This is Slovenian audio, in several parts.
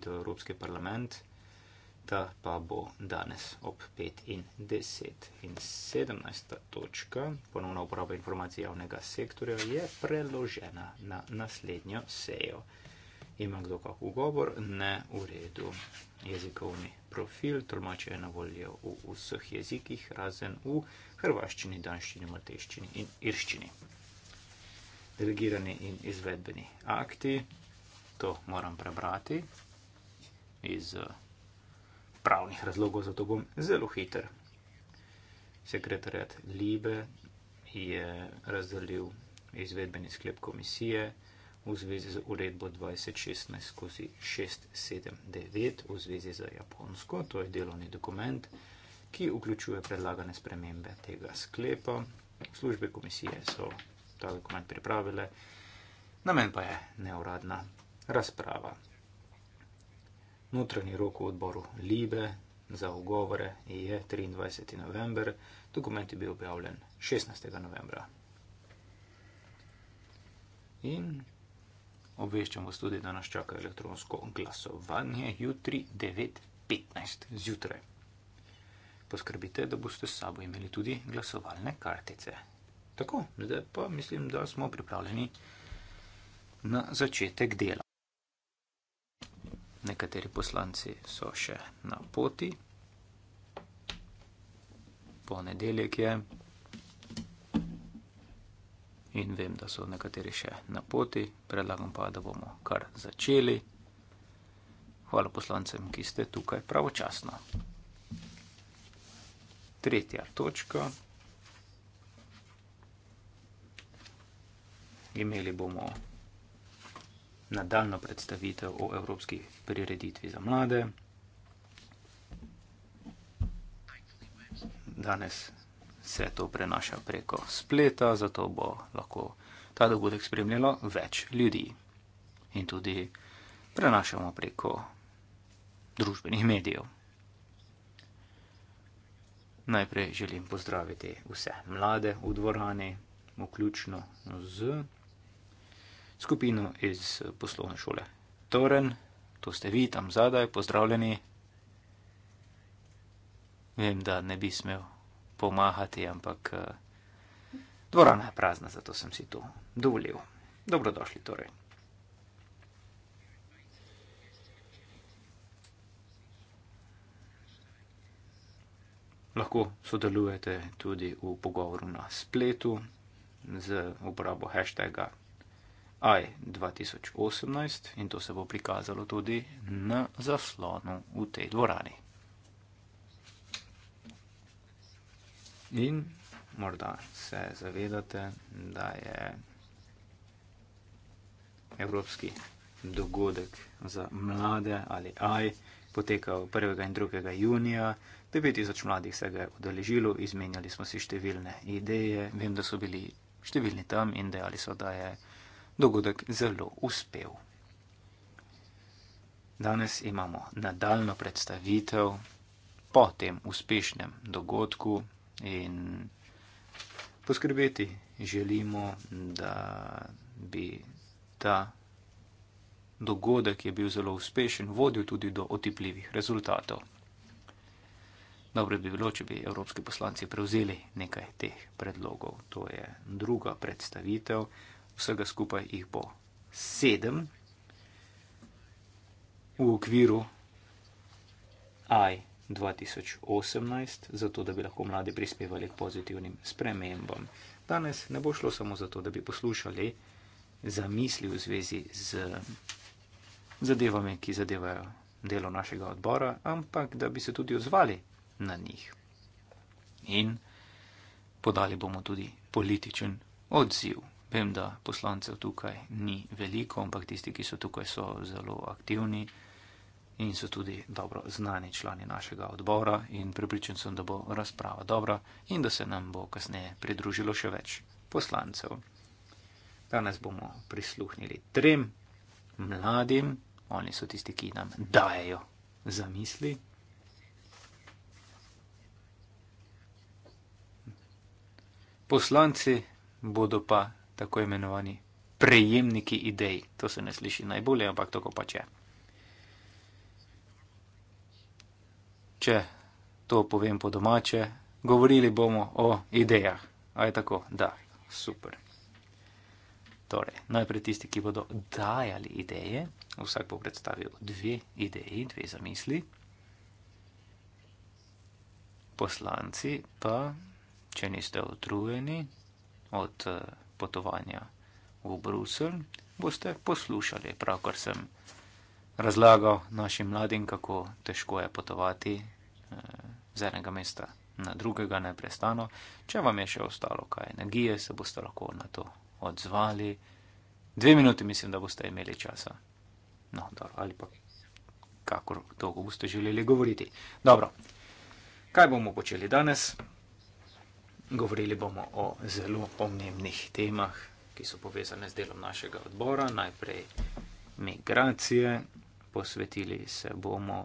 volitev v Evropski parlament, ta pa bo danes ob 5 in 10. In 17. točka, ponovna uporaba informacij javnega sektorja, je preložena na naslednjo sejo. Ima kdo kakšen ugovor? Ne, v redu. Jezikovni profil, tolmače je na voljo v vseh jezikih, razen v hrvaščini, danščini, malteščini in irščini. Delegirani in izvedbeni akti, to moram prebrati iz eh, pravnih razlogov, zato bom zelo hiter. Sekretarjat Libe je razdelil izvedbeni sklep komisije v zvezi z uredbo 2016-679 v zvezi z Japonsko. To je delovni dokument, ki vključuje predlagane spremembe tega sklepa. Službe komisije so ta dokument pripravile, namen pa je neuradna razprava Notranji rok v odboru Libe za ogovore je 23. november, dokument je bil objavljen 16. novembra. In obveščamo tudi, da nas čaka elektronsko glasovanje jutri 9.15 zjutraj. Poskrbite, da boste s sabo imeli tudi glasovalne kartice. Tako, zdaj pa mislim, da smo pripravljeni na začetek dela nekateri poslanci so še na poti. Ponedeljek je in vem, da so nekateri še na poti. Predlagam pa, da bomo kar začeli. Hvala poslancem, ki ste tukaj pravočasno. Tretja točka. Imeli bomo nadaljno predstavitev o evropski prireditvi za mlade. Danes se to prenaša preko spleta, zato bo lahko ta dogodek spremljalo več ljudi. In tudi prenašamo preko družbenih medijev. Najprej želim pozdraviti vse mlade v dvorani, vključno z skupino iz eh, poslovne šole. Toren, to ste vi tam zadaj, pozdravljeni. Vem, da ne bi smel pomahati, ampak eh, dvorana je prazna, zato sem si to dovolil. Dobrodošli torej. Lahko sodelujete tudi v pogovoru na spletu z uporabo hashtaga AI 2018 in to se bo prikazalo tudi na zaslonu v tej dvorani. In morda se zavedate, da je evropski dogodek za mlade ali AI potekal 1. in 2. junija. 9000 mladih se ga je udeležilo, izmenjali smo si številne ideje, vem, da so bili številni tam in dejali so, da je dogodek zelo uspel. Danes imamo nadaljno predstavitev po tem uspešnem dogodku in poskrbeti želimo, da bi ta dogodek, ki je bil zelo uspešen, vodil tudi do otipljivih rezultatov. Dobro bi bilo, če bi evropski poslanci prevzeli nekaj teh predlogov. To je druga predstavitev, vsega skupaj jih bo sedem v okviru AI 2018, zato da bi lahko mladi prispevali k pozitivnim spremembam. Danes ne bo šlo samo zato, da bi poslušali zamisli v zvezi z zadevami, ki zadevajo delo našega odbora, ampak da bi se tudi odzvali na njih. In podali bomo tudi političen odziv. Vem, da poslancev tukaj ni veliko, ampak tisti, ki so tukaj, so zelo aktivni in so tudi dobro znani člani našega odbora in pripričan sem, da bo razprava dobra in da se nam bo kasneje pridružilo še več poslancev. Danes bomo prisluhnili trem mladim, oni so tisti, ki nam dajejo zamisli. Poslanci bodo pa tako imenovani prejemniki idej. To se ne sliši najbolje, ampak tako pa če. Če to povem po domače, govorili bomo o idejah. A je tako? Da, super. Torej, najprej tisti, ki bodo dajali ideje, vsak bo predstavil dve ideji, dve zamisli. Poslanci pa, če niste utrujeni od eh, potovanja v Bruselj, boste poslušali, pravkar sem razlagal našim mladim, kako težko je potovati eh, z enega mesta na drugega neprestano. Če vam je še ostalo kaj energije, se boste lahko na to odzvali. Dve minuti mislim, da boste imeli časa. No, dobro, ali pa kakor dolgo boste želeli govoriti. Dobro, kaj bomo počeli danes? Govorili bomo o zelo pomembnih temah, ki so povezane z delom našega odbora. Najprej migracije, posvetili se bomo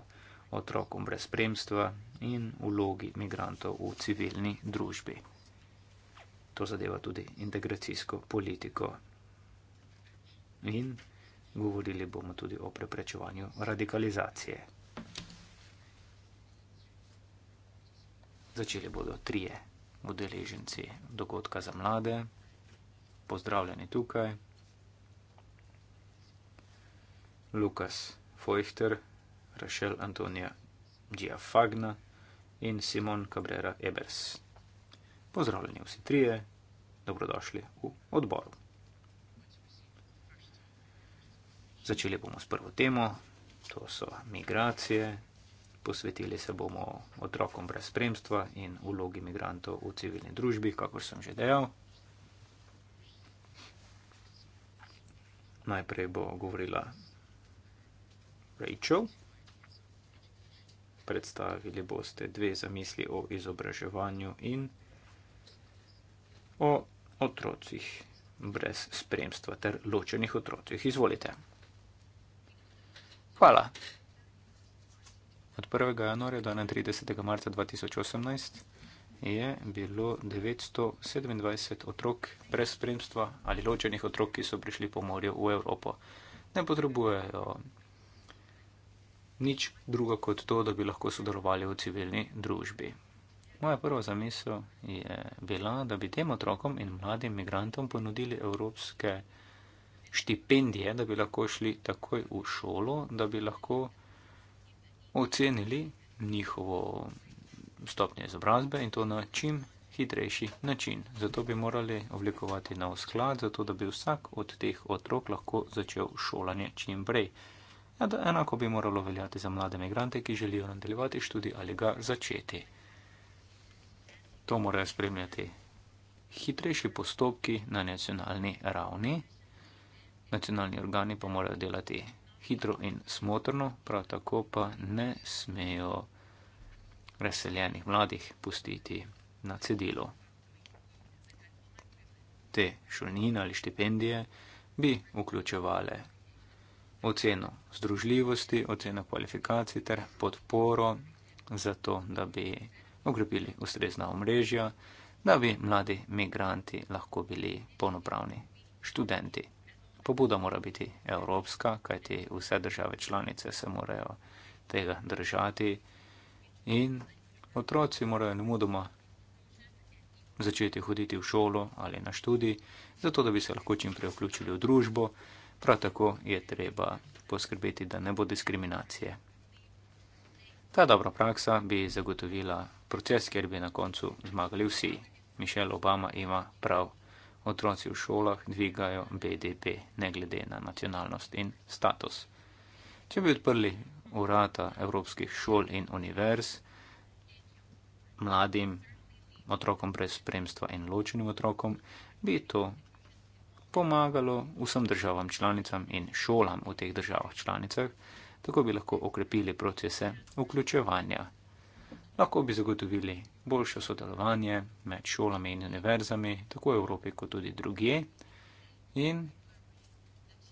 otrokom brez spremstva in vlogi migrantov v civilni družbi. To zadeva tudi integracijsko politiko. In govorili bomo tudi o preprečevanju radikalizacije. Začeli bodo trije udeleženci dogodka za mlade. Pozdravljeni tukaj. Lukas Feuchter, Rašel Antonija Diafagna in Simon Cabrera Ebers. Pozdravljeni vsi trije, dobrodošli v odboru. Začeli bomo s prvo temo, to so migracije, posvetili se bomo otrokom brez spremstva in vlogi imigrantov v civilni družbi, kakor sem že dejal. Najprej bo govorila Rachel. Predstavili boste dve zamisli o izobraževanju in o otrocih brez spremstva ter ločenih otrocih. Izvolite. Hvala. Od 1. januarja do 31. marca 2018 je bilo 927 otrok brez spremstva ali ločenih otrok, ki so prišli po morju v Evropo. Ne potrebujejo nič drugo kot to, da bi lahko sodelovali v civilni družbi. Moja prva zamisel je bila, da bi tem otrokom in mladim migrantom ponudili evropske štipendije, da bi lahko šli takoj v šolo, da bi lahko ocenili njihovo stopnje izobrazbe in to na čim hitrejši način. Zato bi morali oblikovati nov sklad, zato da bi vsak od teh otrok lahko začel šolanje čim prej. Ja, enako bi moralo veljati za mlade imigrante, ki želijo nadaljevati študij ali ga začeti. To morajo spremljati hitrejši postopki na nacionalni ravni, nacionalni organi pa morajo delati hitro in smotrno, prav tako pa ne smejo razseljenih mladih pustiti na cedilu. Te šolnine ali štipendije bi vključevale oceno združljivosti, oceno kvalifikacij ter podporo za to, da bi okrepili ustrezna omrežja, da bi mladi migranti lahko bili polnopravni študenti pobuda mora biti evropska, kajti vse države članice se morajo tega držati in otroci morajo nemudoma začeti hoditi v šolo ali na študij, zato da bi se lahko čim prej vključili v družbo, prav tako je treba poskrbeti, da ne bo diskriminacije. Ta dobra praksa bi zagotovila proces, kjer bi na koncu zmagali vsi. Mišel Obama ima prav otroci v šolah dvigajo BDP, ne glede na nacionalnost in status. Če bi odprli urata evropskih šol in univerz mladim otrokom brez spremstva in ločenim otrokom, bi to pomagalo vsem državam članicam in šolam v teh državah članicah, tako bi lahko okrepili procese vključevanja lahko bi zagotovili boljše sodelovanje med šolami in univerzami, tako v Evropi kot tudi drugje, in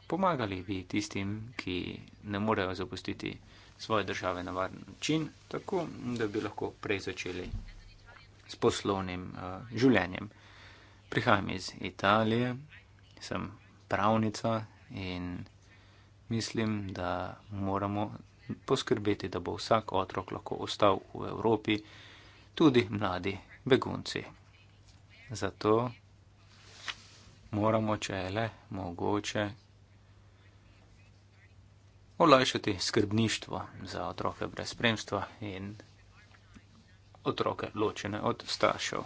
pomagali bi tistim, ki ne morejo zapustiti svoje države na varen način, tako da bi lahko prej začeli s poslovnim uh, življenjem. Prihajam iz Italije, sem pravnica in mislim, da moramo poskrbeti, da bo vsak otrok lahko ostal v Evropi, tudi mladi begunci. Zato moramo, če je le mogoče, olajšati skrbništvo za otroke brez spremstva in otroke ločene od staršev.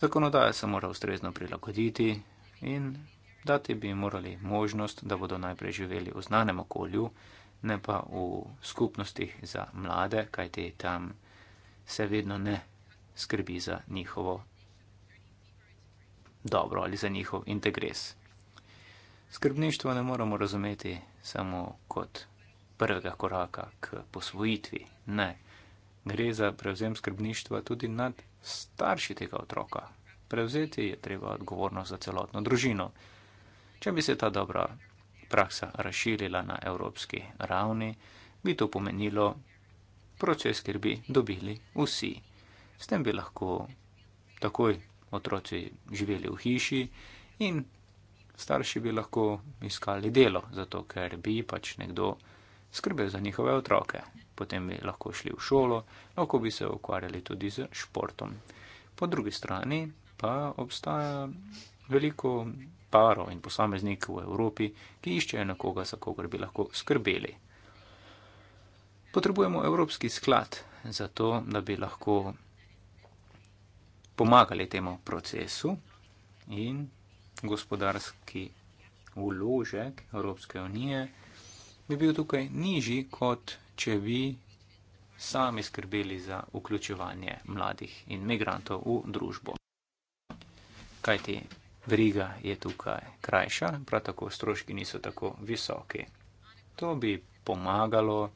Zakonodaja se mora ustrezno prilagoditi in dati bi morali možnost, da bodo najprej živeli v znanem okolju, ne pa v skupnostih za mlade, kajte tam se vedno ne skrbi za njihovo dobro ali za njihov integres. Skrbništvo ne moramo razumeti samo kot prvega koraka k posvojitvi. Ne, gre za prevzem skrbništva tudi nad starši tega otroka. Prevzeti je treba odgovornost za celotno družino. Če bi se ta dobra praksa razširila na evropski ravni, bi to pomenilo proces, kjer bi dobili vsi. S tem bi lahko takoj otroci živeli v hiši in starši bi lahko iskali delo, zato ker bi pač nekdo skrbel za njihove otroke. Potem bi lahko šli v šolo, lahko bi se ukvarjali tudi z športom. Po drugi strani pa obstaja veliko parov in posameznikov v Evropi, ki iščejo nekoga, za kogar bi lahko skrbeli. Potrebujemo Evropski sklad za to, da bi lahko pomagali temu procesu in gospodarski uložek Evropske unije bi bil tukaj nižji, kot če bi sami skrbeli za vključevanje mladih in migrantov v družbo. Kaj ti Vriga je tukaj krajša, prav tako stroški niso tako visoki. To bi pomagalo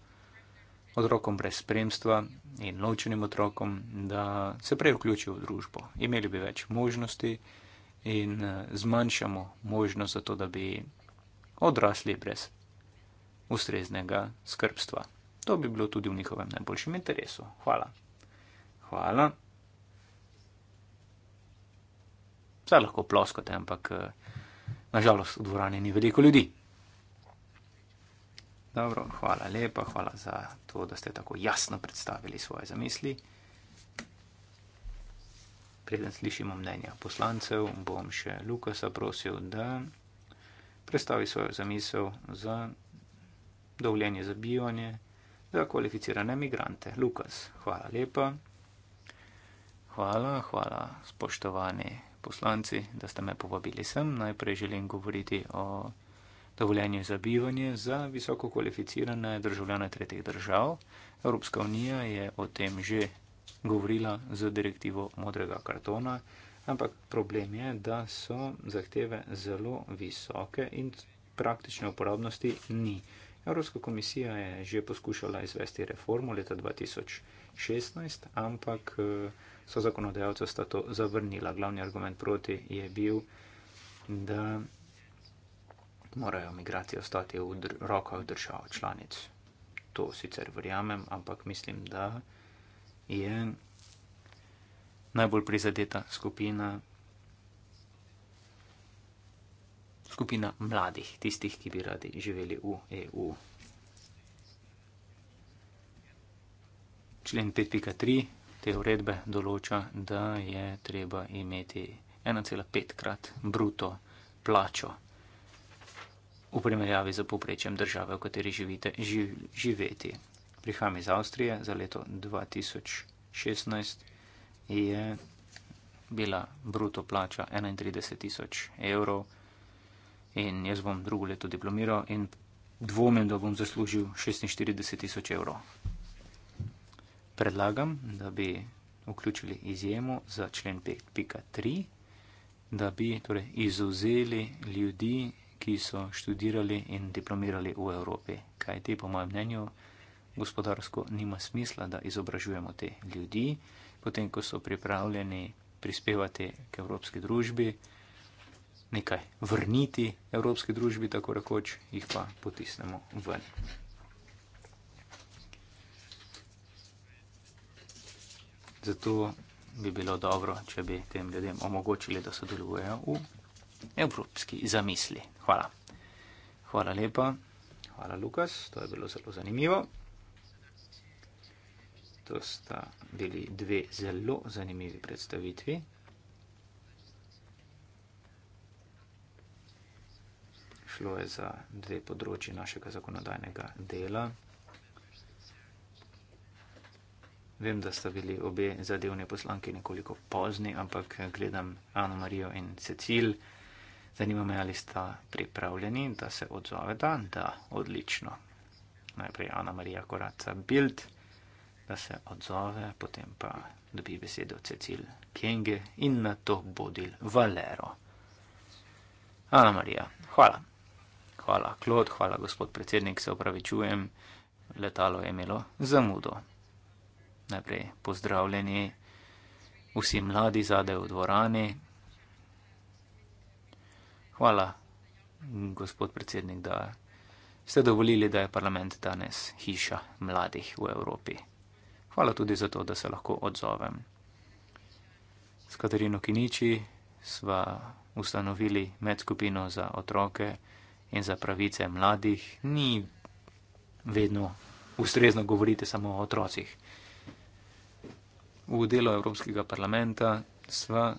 otrokom brez spremstva in ločenim otrokom, da se prej vključijo v družbo. Imeli bi več možnosti in eh, zmanjšamo možnost za to, da bi odrasli brez ustreznega skrbstva. To bi bilo tudi v njihovem najboljšem interesu. Hvala. Hvala. Vse lahko ploskate, ampak eh, nažalost v dvorani ni veliko ljudi. Dobro, hvala lepa, hvala za to, da ste tako jasno predstavili svoje zamisli. Preden slišimo mnenja poslancev, bom še Lukasa prosil, da predstavi svojo zamisel za dovoljenje za bivanje za kvalificirane migrante. Lukas, hvala lepa. Hvala, hvala spoštovani poslanci, da ste me povabili sem. Najprej želim govoriti o dovoljenju za bivanje za visoko kvalificirane državljane tretjih držav. Evropska unija je o tem že govorila z direktivo modrega kartona, ampak problem je, da so zahteve zelo visoke in praktične uporabnosti ni. Evropska komisija je že poskušala izvesti reformo leta 2016, ampak eh, so zakonodajalce sta to zavrnila. Glavni argument proti je bil, da morajo migracije ostati v dr rokah držav članic. To sicer verjamem, ampak mislim, da je najbolj prizadeta skupina. Skupina mladih, tistih, ki bi radi živeli v EU. Člen 5.3 te uredbe določa, da je treba imeti 1,5krat bruto plačo v primerjavi z poprečjem države, v kateri živite, živ, živeti. Prihajam iz Avstrije, za leto 2016 je bila bruto plača 31 tisoč evrov in jaz bom drugo leto diplomiral in dvomim, da bom zaslužil 46 tisoč evrov predlagam, da bi vključili izjemo za člen 5.3, da bi torej, izuzeli ljudi, ki so študirali in diplomirali v Evropi. Kaj ti, po mojem mnenju, gospodarsko nima smisla, da izobražujemo te ljudi, potem ko so pripravljeni prispevati k evropski družbi, nekaj vrniti evropski družbi, tako rekoč, jih pa potisnemo ven. Zato bi bilo dobro, če bi tem ljudem omogočili, da sodelujejo v evropski zamisli. Hvala. Hvala lepa. Hvala, Lukas. To je bilo zelo zanimivo. To sta bili dve zelo zanimivi predstavitvi. Šlo je za dve področji našega zakonodajnega dela. Vem, da sta bili obe zadevni poslanki nekoliko pozni, ampak gledam Ano Marijo in Cecil. Zanima me, ali sta pripravljeni, da se odzoveta. Da, odlično. Najprej Ana Marija Koraca Bild, da se odzove, potem pa dobi besedo Cecil Kenge in na to bodil Valero. Ana Marija, hvala. Hvala, Klod, hvala, gospod predsednik, se opravičujem. Letalo je imelo zamudo. Najprej pozdravljeni vsi mladi zade v dvorani. Hvala, gospod predsednik, da ste dovolili, da je parlament danes hiša mladih v Evropi. Hvala tudi za to, da se lahko odzovem. S Katarino Kiniči sva ustanovili medskupino za otroke in za pravice mladih. Ni vedno ustrezno govoriti samo o otrocih v delo Evropskega parlamenta sva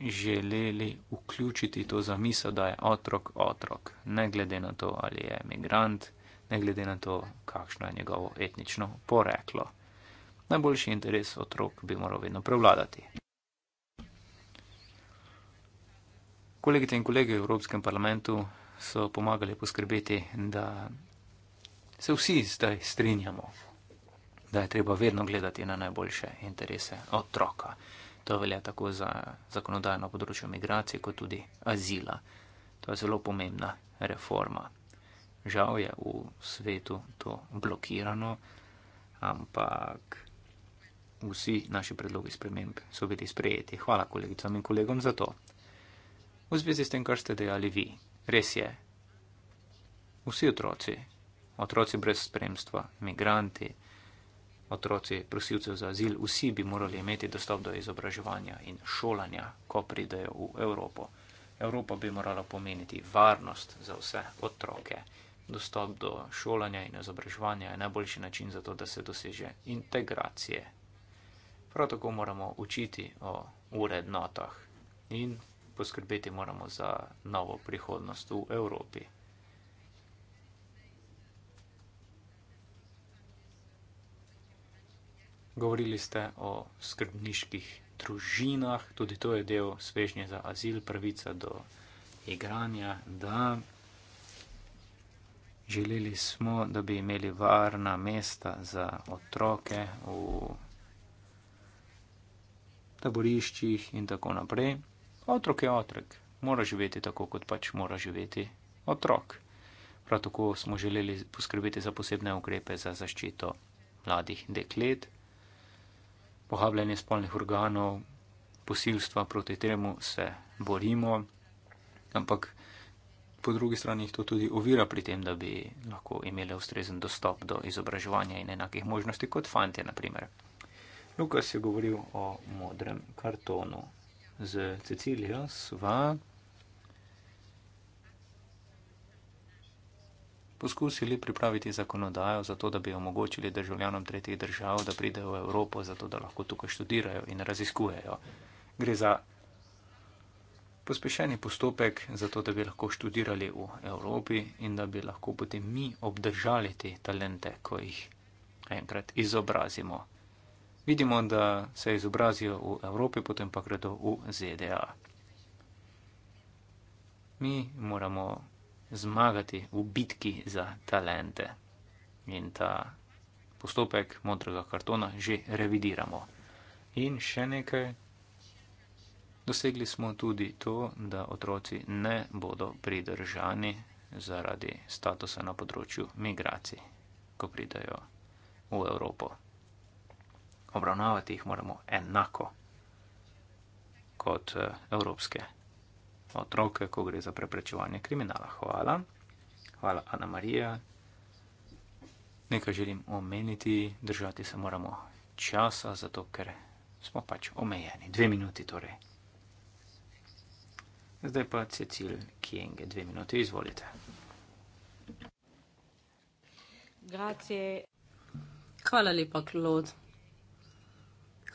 želeli vključiti to zamisel, da je otrok otrok, ne glede na to, ali je emigrant, ne glede na to, kakšno je njegovo etnično poreklo. Najboljši interes otrok bi moral vedno prevladati. Kolegite in kolege v Evropskem parlamentu so pomagali poskrbeti, da se vsi zdaj strinjamo da je treba vedno gledati na najboljše interese otroka. To velja tako za zakonodajno področje migracije, kot tudi azila. To je zelo pomembna reforma. Žal je v svetu to blokirano, ampak vsi naši predlogi sprememb so bili sprejeti. Hvala kolegicam in kolegom za to. V zvezi s tem, kar ste dejali vi, res je. Vsi otroci, otroci brez spremstva, migranti, otroci prosilcev za azil, vsi bi morali imeti dostop do izobraževanja in šolanja, ko pridejo v Evropo. Evropa bi morala pomeniti varnost za vse otroke. Dostop do šolanja in izobraževanja je najboljši način za to, da se doseže integracije. Prav tako moramo učiti o urednotah in poskrbeti moramo za novo prihodnost v Evropi. Govorili ste o skrbniških družinah, tudi to je del svežnje za azil, pravica do igranja. Da. Želeli smo, da bi imeli varna mesta za otroke v taboriščih in tako naprej. Otrok je otrok, mora živeti tako, kot pač mora živeti otrok. Prav tako smo želeli poskrbeti za posebne ukrepe za zaščito mladih deklet pohabljanje spolnih organov, posilstva proti temu se borimo, ampak po drugi strani jih to tudi ovira pri tem, da bi lahko imeli ustrezen dostop do izobraževanja in enakih možnosti kot fanti, naprimer. Lukas je govoril o modrem kartonu. Z Cecilijo sva. poskusili pripraviti zakonodajo za to, da bi omogočili državljanom tretjih držav, da pridejo v Evropo, zato da lahko tukaj študirajo in raziskujejo. Gre za pospešeni postopek, zato da bi lahko študirali v Evropi in da bi lahko potem mi obdržali te talente, ko jih enkrat izobrazimo. Vidimo, da se izobrazijo v Evropi, potem pa gredo v ZDA. Mi moramo zmagati v bitki za talente. In ta postopek modrega kartona že revidiramo. In še nekaj, dosegli smo tudi to, da otroci ne bodo pridržani zaradi statusa na področju migracij, ko pridajo v Evropo. Obravnavati jih moramo enako kot eh, evropske otroke, ko gre za preprečevanje kriminala. Hvala, hvala Ana Marija. Nekaj želim omeniti, držati se moramo časa, zato ker smo pač omejeni. Dve minuti torej. Zdaj pa Cecil Kienge, dve minuti, izvolite. Grazie. Hvala lepa, Klod.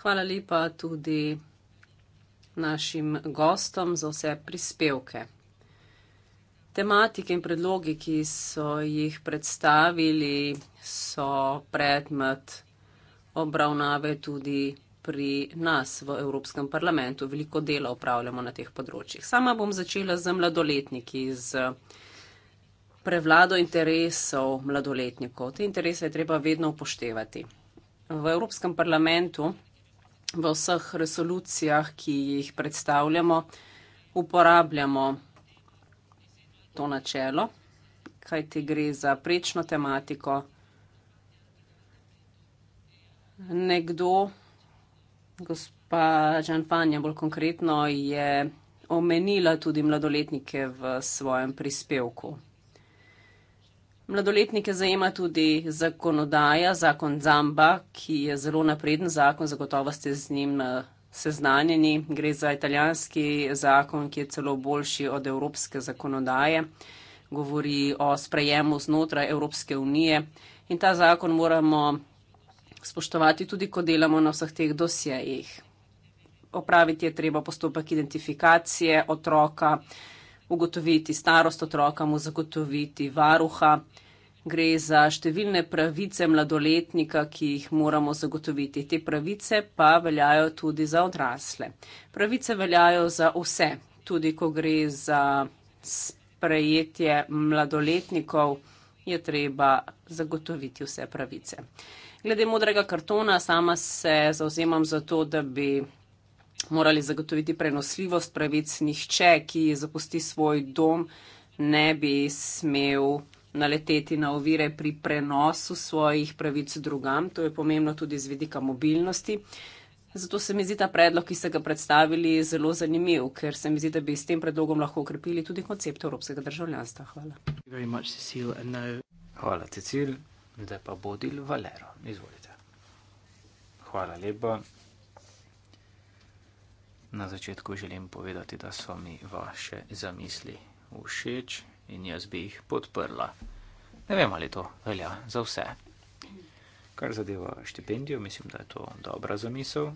Hvala lepa tudi našim gostom za vse prispevke. Tematike in predlogi, ki so jih predstavili, so predmet obravnave tudi pri nas v Evropskem parlamentu. Veliko dela upravljamo na teh področjih. Sama bom začela z mladoletniki, z prevlado interesov mladoletnikov. Te interese je treba vedno upoštevati. V Evropskem parlamentu v vseh resolucijah, ki jih predstavljamo, uporabljamo to načelo, kajti gre za prečno tematiko. Nekdo, gospa Žanfanja bolj konkretno, je omenila tudi mladoletnike v svojem prispevku. Mladoletnike zajema tudi zakonodaja, zakon Zamba, ki je zelo napreden zakon, zagotovo ste z njim eh, seznanjeni. Gre za italijanski zakon, ki je celo boljši od evropske zakonodaje. Govori o sprejemu znotraj Evropske unije in ta zakon moramo spoštovati tudi, ko delamo na vseh teh dosjejih. Opraviti je treba postopek identifikacije otroka ugotoviti starost otroka, mu zagotoviti varuha. Gre za številne pravice mladoletnika, ki jih moramo zagotoviti. Te pravice pa veljajo tudi za odrasle. Pravice veljajo za vse, tudi ko gre za sprejetje mladoletnikov, je treba zagotoviti vse pravice. Glede modrega kartona, sama se zauzemam za to, da bi morali zagotoviti prenosljivost pravic, nihče, ki zapusti svoj dom, ne bi smel naleteti na ovire pri prenosu svojih pravic drugam. To je pomembno tudi z vidika mobilnosti. Zato se mi zdi ta predlog, ki ste ga predstavili, zelo zanimiv, ker se mi zdi, da bi s tem predlogom lahko ukrepili tudi koncept evropskega državljanstva. Hvala. Hvala, Cecil. Zdaj pa bodil Valero. Izvolite. Hvala lepa. Na začetku želim povedati, da so mi vaše zamisli všeč in jaz bi jih podprla. Ne vem, ali to velja za vse. Kar zadeva štipendijo, mislim, da je to dobra zamisel.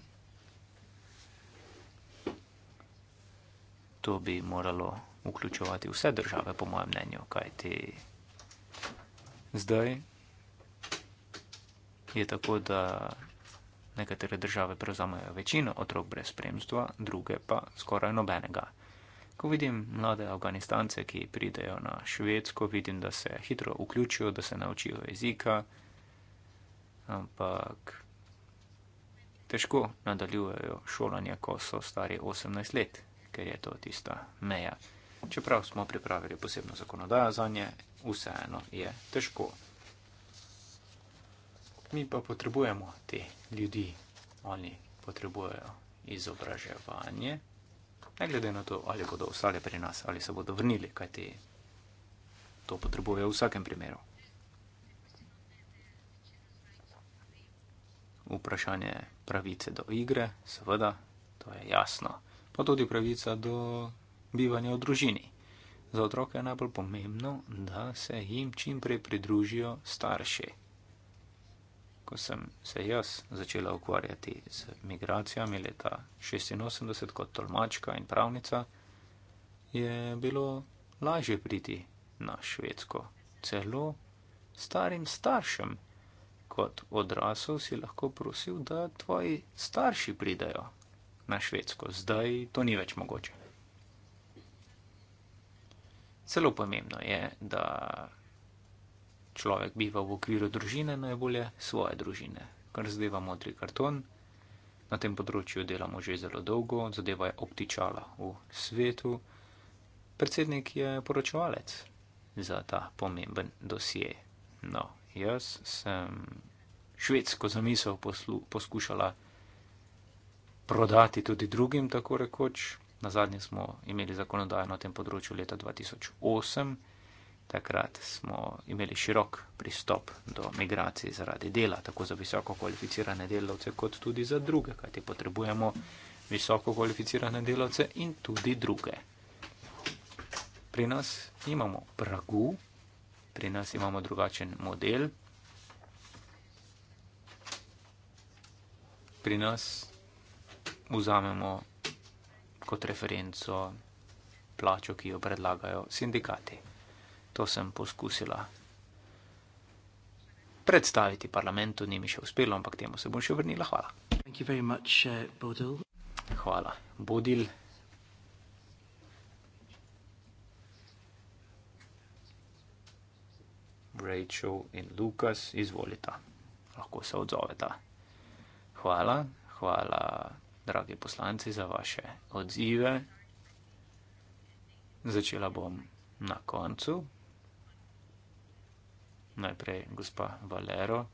To bi moralo vključevati vse države, po mojem mnenju, kajti zdaj je tako, da. Nekatere države prevzamejo večino otrok brez spremstva, druge pa skoraj nobenega. Ko vidim mlade Afganistance, ki pridejo na Švedsko, vidim, da se hitro vključijo, da se naučijo jezika, ampak težko nadaljujejo šolanje, ko so stari 18 let, ker je to tista meja. Čeprav smo pripravili posebno zakonodajo za nje, vseeno je težko mi pa potrebujemo te ljudi, oni potrebujejo izobraževanje, ne glede na to, ali bodo ostali pri nas ali se bodo vrnili, kaj ti to potrebujejo v vsakem primeru. Vprašanje pravice do igre, seveda, to je jasno, pa tudi pravica do bivanja v družini. Za otroke je najbolj pomembno, da se jim čim prej pridružijo starši ko sem se jaz začela ukvarjati z migracijami leta 86 kot tolmačka in pravnica, je bilo lažje priti na švedsko. Celo starim staršem kot odrasel si lahko prosil, da tvoji starši pridajo na švedsko. Zdaj to ni več mogoče. Celo pomembno je, da človek biva v okviru družine, najbolje svoje družine, kar zadeva modri karton. Na tem področju delamo že zelo dolgo, zadeva je optičala v svetu. Predsednik je poročevalec za ta pomemben dosje. No, jaz sem švedsko zamisel poslu, poskušala prodati tudi drugim, tako rekoč. Na zadnje smo imeli zakonodajo na tem področju leta 2008. Takrat smo imeli širok pristop do migracij zaradi dela, tako za visoko kvalificirane delavce, kot tudi za druge, kajti potrebujemo visoko kvalificirane delavce in tudi druge. Pri nas imamo pragu, pri nas imamo drugačen model, pri nas vzamemo kot referenco plačo, ki jo predlagajo sindikati to sem poskusila predstaviti parlamentu, ni mi še uspelo, ampak temu se bom še vrnila. Hvala. Much, uh, Bodil. Hvala. Bodil. Rachel in Lukas, izvolite, lahko se odzoveta. Hvala, hvala, dragi poslanci, za vaše odzive. Začela bom na koncu najprej gospa Valero.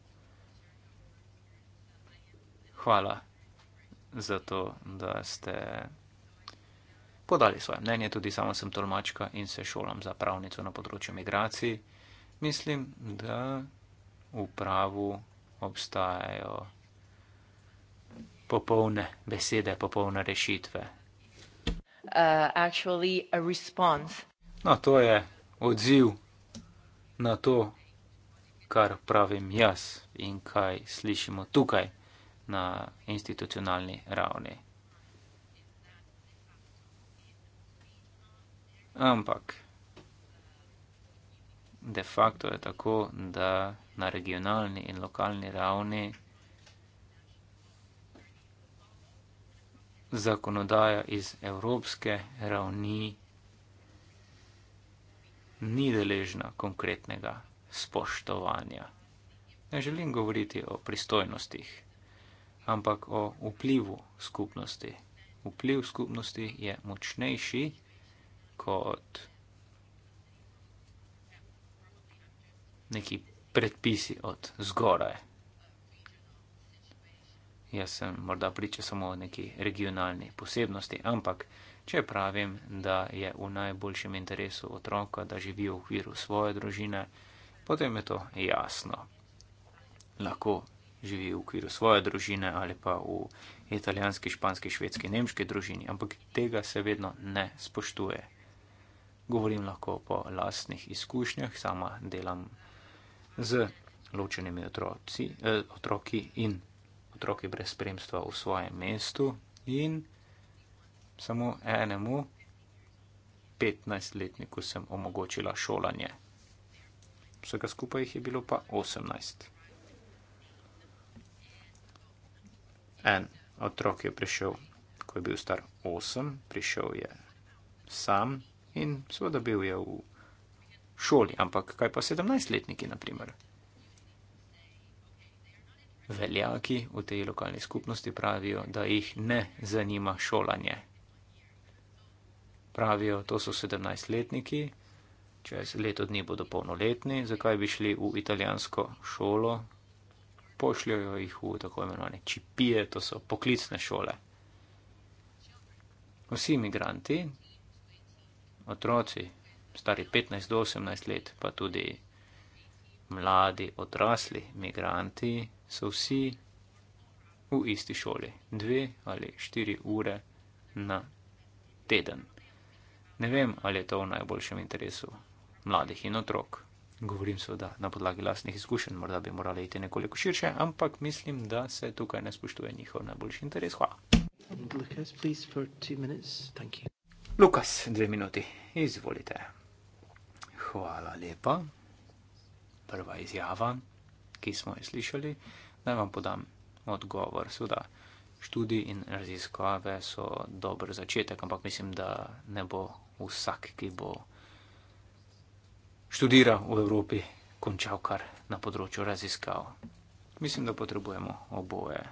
Hvala za to, da ste podali svoje mnenje. Tudi sama sem tolmačka in se šolam za pravnico na področju migracij. Mislim, da v pravu obstajajo popolne besede, popolne rešitve. Uh, no, to je odziv na to, kar pravim jaz in kaj slišimo tukaj na institucionalni ravni. Ampak de facto je tako, da na regionalni in lokalni ravni zakonodaja iz evropske ravni ni deležna konkretnega spoštovanja. Ne želim govoriti o pristojnostih, ampak o vplivu skupnosti. Vpliv skupnosti je močnejši kot neki predpisi od zgoraj. Jaz sem morda priča samo o neki regionalni posebnosti, ampak če pravim, da je v najboljšem interesu otroka, da živi v okviru svoje družine, potem je to jasno. Lahko živi v okviru svoje družine ali pa v italijanski, španski, švedski, nemški družini, ampak tega se vedno ne spoštuje. Govorim lahko po lastnih izkušnjah, sama delam z ločenimi otroci, eh, otroki in otroki brez spremstva v svojem mestu in samo enemu 15-letniku sem omogočila šolanje vsega skupaj jih je bilo pa 18. En otrok je prišel, ko je bil star 8, prišel je sam in seveda bil je v šoli, ampak kaj pa 17-letniki, naprimer? Veljaki v tej lokalni skupnosti pravijo, da jih ne zanima šolanje. Pravijo, to so 17-letniki, čez leto dni bodo polnoletni, zakaj bi šli v italijansko šolo, pošljajo jih v tako imenovane čipije, to so poklicne šole. Vsi imigranti, otroci, stari 15 do 18 let, pa tudi mladi, odrasli imigranti, so vsi v isti šoli, dve ali štiri ure na teden. Ne vem, ali je to v najboljšem interesu mladih in otrok. Govorim seveda na podlagi lastnih izkušenj, morda bi morali iti nekoliko širše, ampak mislim, da se tukaj ne spoštuje njihov najboljši interes. Hvala. Lukas, dve minuti, izvolite. Hvala lepa. Prva izjava, ki smo jo slišali, naj vam podam odgovor. Seveda, študij in raziskave so dober začetek, ampak mislim, da ne bo vsak, ki bo študira v Evropi, končal kar na področju raziskav. Mislim, da potrebujemo oboje.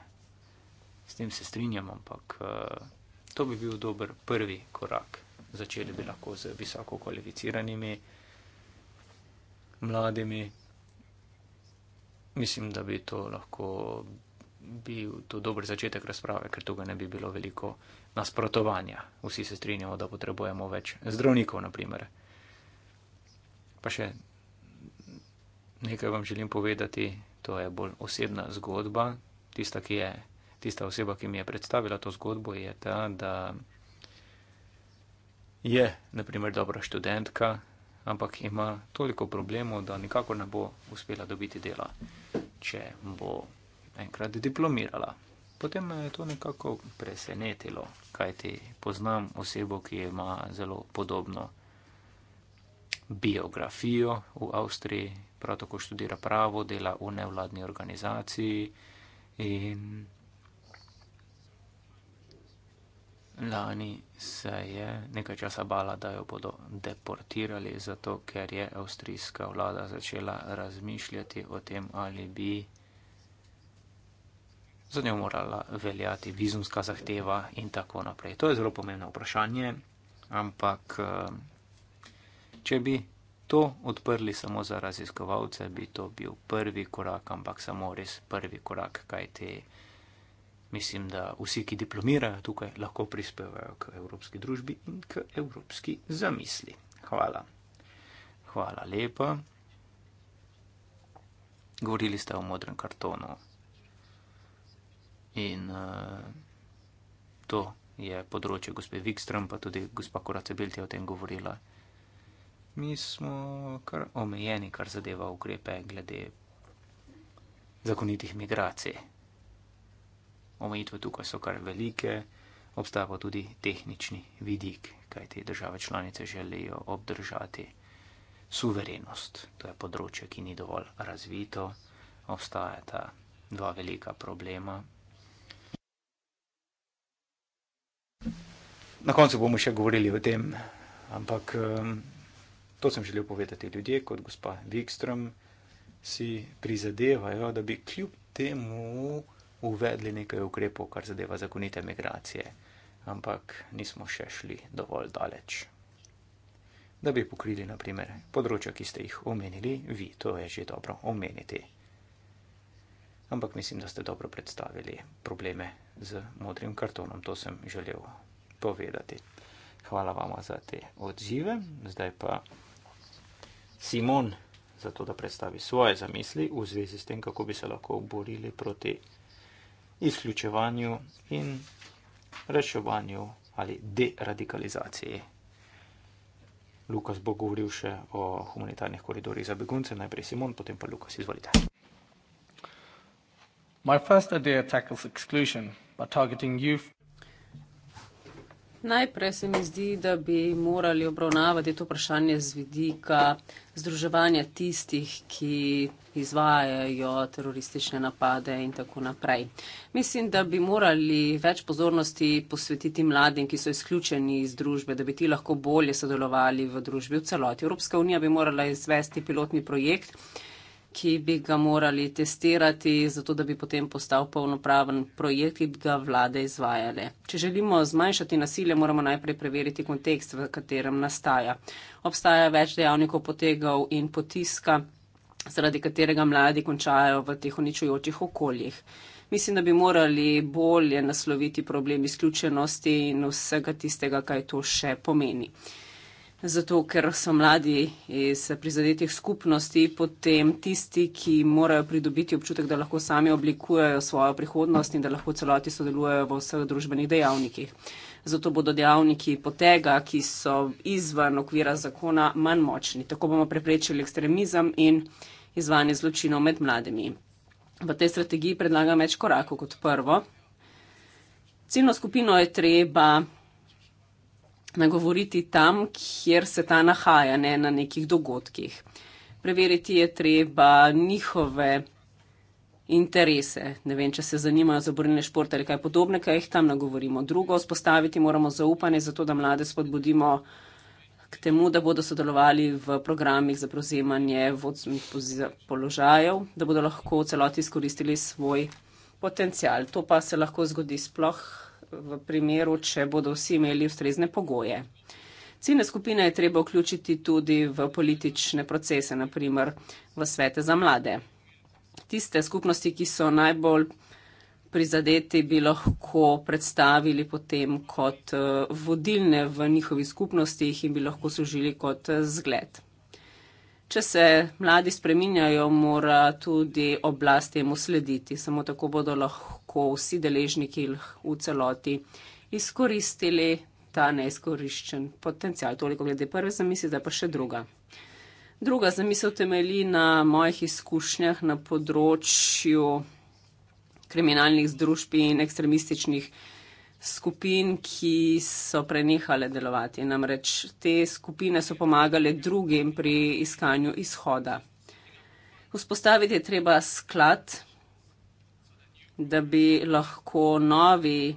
S tem se strinjam, ampak eh, to bi bil dober prvi korak. Začeli bi lahko z visoko kvalificiranimi mladimi. Mislim, da bi to lahko bil to dober začetek razprave, ker tukaj ne bi bilo veliko nasprotovanja. Vsi se strinjamo, da potrebujemo več zdravnikov, naprimer. Pa še nekaj vam želim povedati, to je bolj osebna zgodba. Tista, je, tista oseba, ki mi je predstavila to zgodbo, je ta, da je, naprimer, dobra študentka, ampak ima toliko problemov, da nikakor ne bo uspela dobiti dela, če bo enkrat diplomirala. Potem me je to nekako presenetilo, kajti poznam osebo, ki ima zelo podobno biografijo v Avstriji, prav tako študira pravo, dela v nevladni organizaciji in lani se je nekaj časa bala, da jo bodo deportirali, zato ker je avstrijska vlada začela razmišljati o tem, ali bi za njo morala veljati vizumska zahteva in tako naprej. To je zelo pomembno vprašanje, ampak eh, Če bi to odprli samo za raziskovalce, bi to bil prvi korak, ampak samo res prvi korak, kaj te. Mislim, da vsi, ki diplomirajo tukaj, lahko prispevajo k evropski družbi in k evropski zamisli. Hvala. Hvala lepa. Govorili ste o modrem kartonu. In uh, to je področje gospe Vikstrom, pa tudi gospa Koracebilt je o tem govorila mi smo kar omejeni, kar zadeva ukrepe glede zakonitih migracij. Omejitve tukaj so kar velike, obstaja pa tudi tehnični vidik, kaj te države članice želijo obdržati. Suverenost, to je področje, ki ni dovolj razvito, obstajata dva velika problema. Na koncu bomo še govorili o tem, ampak. Um, to sem želel povedati. Ljudje kot gospa Wikström si prizadevajo, da bi kljub temu uvedli nekaj ukrepov, kar zadeva zakonite migracije, ampak nismo še šli dovolj daleč. Da bi pokrili, na primer, področja, ki ste jih omenili, vi to je že dobro omeniti. Ampak mislim, da ste dobro predstavili probleme z modrim kartonom, to sem želel povedati. Hvala vam za te odzive, zdaj pa. Simon, zato da predstavi svoje zamisli v zvezi s tem, kako bi se lahko borili proti izključevanju in reševanju ali deradikalizaciji. Lukas bo govoril še o humanitarnih koridorjih za begunce, najprej Simon, potem pa Lukas, izvolite. My first idea tackles exclusion by targeting youth Najprej se mi zdi, da bi morali obravnavati to vprašanje z vidika združevanja tistih, ki izvajajo teroristične napade in tako naprej. Mislim, da bi morali več pozornosti posvetiti mladim, ki so izključeni iz družbe, da bi ti lahko bolje sodelovali v družbi v celoti. Evropska unija bi morala izvesti pilotni projekt, ki bi ga morali testirati, zato da bi potem postal polnopraven projekt, ki bi ga vlade izvajale. Če želimo zmanjšati nasilje, moramo najprej preveriti kontekst, v katerem nastaja. Obstaja več dejavnikov potegov in potiska, zaradi katerega mladi končajo v teh uničujočih okoljih. Mislim, da bi morali bolje nasloviti problem izključenosti in vsega tistega, kaj to še pomeni zato ker so mladi iz prizadetih skupnosti potem tisti, ki morajo pridobiti občutek, da lahko sami oblikujejo svojo prihodnost in da lahko celoti sodelujejo v vseh družbenih dejavnikih. Zato bodo dejavniki potega, ki so izven okvira zakona, manj močni. Tako bomo preprečili ekstremizem in izvanje zločinov med mladimi. V tej strategiji predlagam več korakov kot prvo. Ciljno skupino je treba nagovoriti tam, kjer se ta nahaja, ne na nekih dogodkih. Preveriti je treba njihove interese. Ne vem, če se zanimajo za borilne športe ali kaj podobne, kaj jih tam nagovorimo. Drugo, spostaviti moramo zaupanje, zato da mlade spodbudimo k temu, da bodo sodelovali v programih za prevzemanje vodstvenih položajev, da bodo lahko v celoti izkoristili svoj potencial. To pa se lahko zgodi sploh v primeru, če bodo vsi imeli ustrezne pogoje. Ciljne skupine je treba vključiti tudi v politične procese, naprimer v svete za mlade. Tiste skupnosti, ki so najbolj prizadeti, bi lahko predstavili potem kot eh, vodilne v njihovih skupnostih in bi lahko služili kot eh, zgled. Če se mladi spreminjajo, mora tudi oblast temu slediti. Samo tako bodo lahko vsi deležniki v celoti izkoristili ta neizkoriščen potencial. Toliko glede prve zamisli, da pa še druga. Druga zamisel temelji na mojih izkušnjah na področju kriminalnih združb in ekstremističnih združb skupin, ki so prenehale delovati. Namreč te skupine so pomagale drugim pri iskanju izhoda. Vzpostaviti je treba sklad, da bi lahko novi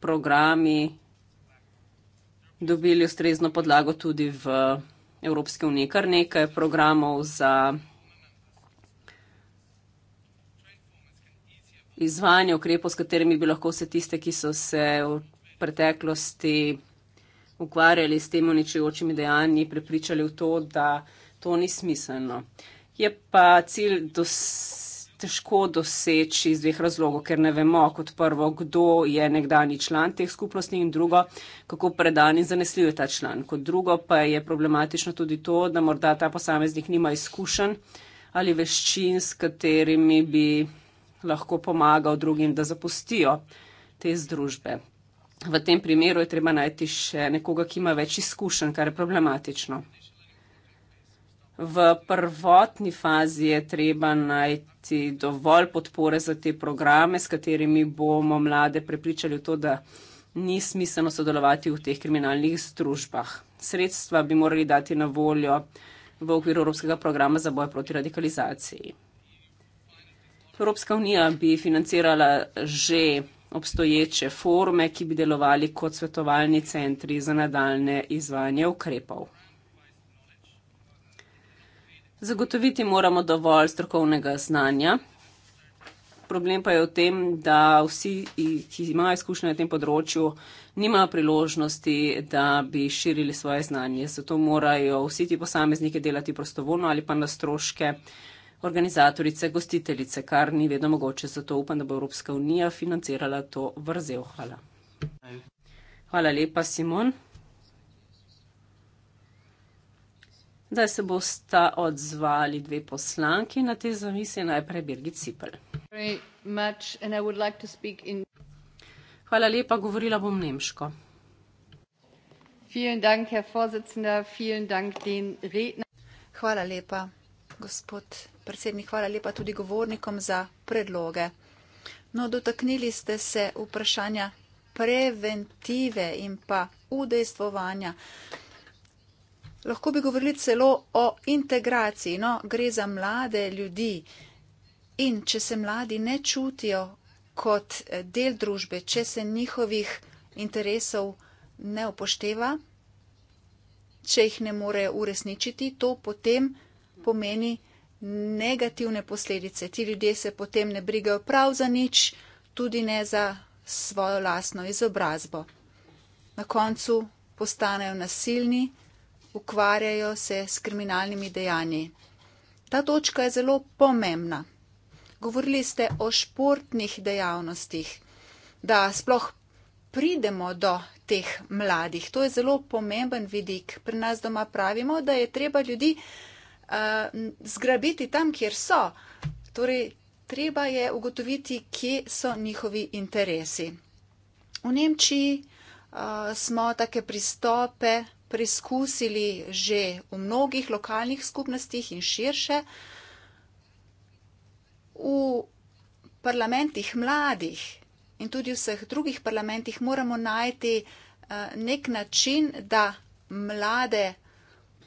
programi dobili ustrezno podlago tudi v Evropske unije. Kar nekaj programov za. izvajanje ukrepov, s katerimi bi lahko vse tiste, ki so se v preteklosti ukvarjali s temi uničujočimi dejanji, prepričali v to, da to ni smiselno. Je pa cilj dos težko doseči iz dveh razlogov, ker ne vemo, kot prvo, kdo je nekdani član teh skupnosti in drugo, kako predan in zanesljiv je ta član. Kot drugo pa je problematično tudi to, da morda ta posameznik nima izkušenj ali veščin, s katerimi bi lahko pomagal drugim, da zapustijo te združbe. V tem primeru je treba najti še nekoga, ki ima več izkušenj, kar je problematično. V prvotni fazi je treba najti dovolj podpore za te programe, s katerimi bomo mlade prepričali v to, da ni smiselno sodelovati v teh kriminalnih združbah. Sredstva bi morali dati na voljo v okviru Evropskega programa za boj proti radikalizaciji. Evropska unija bi financirala že obstoječe forme, ki bi delovali kot svetovalni centri za nadaljne izvajanje ukrepov. Zagotoviti moramo dovolj strokovnega znanja. Problem pa je v tem, da vsi, ki imajo izkušnje na tem področju, nimajo priložnosti, da bi širili svoje znanje. Zato morajo vsi ti posamezniki delati prostovoljno ali pa na stroške uh, organizatorice, gostiteljice, kar ni vedno mogoče. Zato upam, da bo Evropska unija financirala to vrzel. Hvala. Hvala lepa, Simon. Zdaj se bosta odzvali dve poslanki na te zamisli, najprej Birgit Cipel. Hvala lepa, govorila bom nemško. Hvala lepa, gospod predsednik, hvala lepa tudi govornikom za predloge. No, dotaknili ste se vprašanja preventive in pa udejstvovanja. Lahko bi govorili celo o integraciji, no, gre za mlade ljudi. In če se mladi ne čutijo kot eh, del družbe, če se njihovih interesov ne upošteva, če jih ne more uresničiti, to potem pomeni negativne posledice. Ti ljudje se potem ne brigajo prav za nič, tudi ne za svojo lasno izobrazbo. Na koncu postanejo nasilni, ukvarjajo se s kriminalnimi dejanji. Ta točka je zelo pomembna. Govorili ste o športnih dejavnostih, da sploh pridemo do teh mladih. To je zelo pomemben vidik. Pri nas doma pravimo, da je treba ljudi uh, zgrabiti tam, kjer so. Torej, treba je ugotoviti, kje so njihovi interesi. V Nemčiji uh, smo take pristope preizkusili že v mnogih lokalnih skupnostih in širše. V parlamentih mladih in tudi v vseh drugih parlamentih moramo najti uh, nek način, da mlade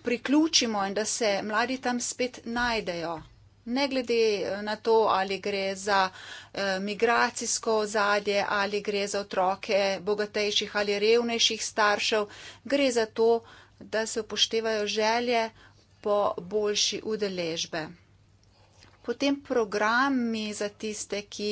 priključimo in da se mladi tam spet najdejo. Ne glede eh, na to, ali gre za eh, migracijsko ozadje, ali gre za otroke bogatejših ali revnejših staršev, gre za to, da se upoštevajo želje po boljši udeležbe. Potem programi za tiste, ki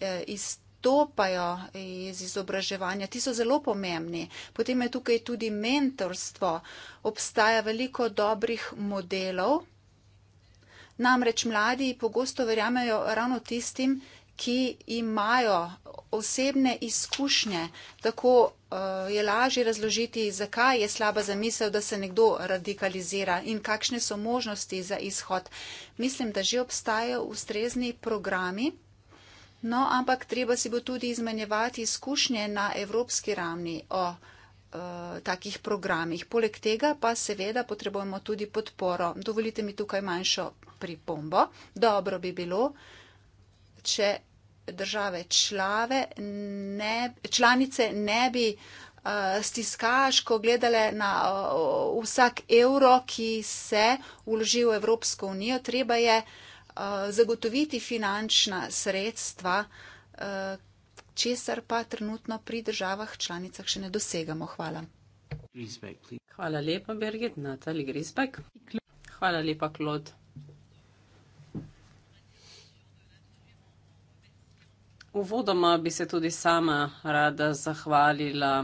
eh, iz izstopajo iz izobraževanja, ti so zelo pomembni. Potem je tukaj tudi mentorstvo. Obstaja veliko dobrih modelov. Namreč mladi pogosto verjamejo ravno tistim, ki imajo osebne izkušnje. Tako uh, je lažje razložiti, zakaj je slaba zamisel, da se nekdo radikalizira in kakšne so možnosti za izhod. Mislim, da že obstajajo ustrezni programi. No, ampak treba si bo tudi izmenjevati izkušnje na evropski ravni o uh, takih programih. Poleg tega pa seveda potrebujemo tudi podporo. Dovolite mi tukaj manjšo pripombo. Dobro bi bilo, če države člave, ne, članice ne bi uh, stiskaško gledale na uh, vsak evro, ki se vloži v Evropsko unijo. Treba je. Uh, Eh, zagotoviti finančna sredstva, eh, česar pa trenutno pri državah članicah še ne dosegamo. Hvala. Hvala lepa, Birgit, Natalija Grisbek. Hvala lepa, Klod. Uvodoma bi se tudi sama rada zahvalila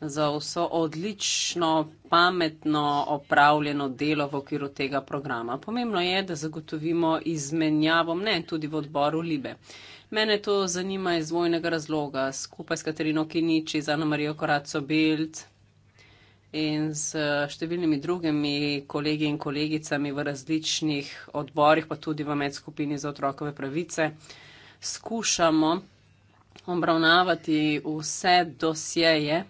za vso odlično, pametno opravljeno delo v okviru tega programa. Pomembno je, da zagotovimo izmenjavo mnen tudi v odboru Libe. Mene to zanima iz vojnega razloga, skupaj s Katarino Kiniči, z Ana Marijo Koraco Bild in s številnimi drugimi kolegi in kolegicami v različnih odborih, pa tudi v medskupini za otrokove pravice, skušamo obravnavati vse dosjeje,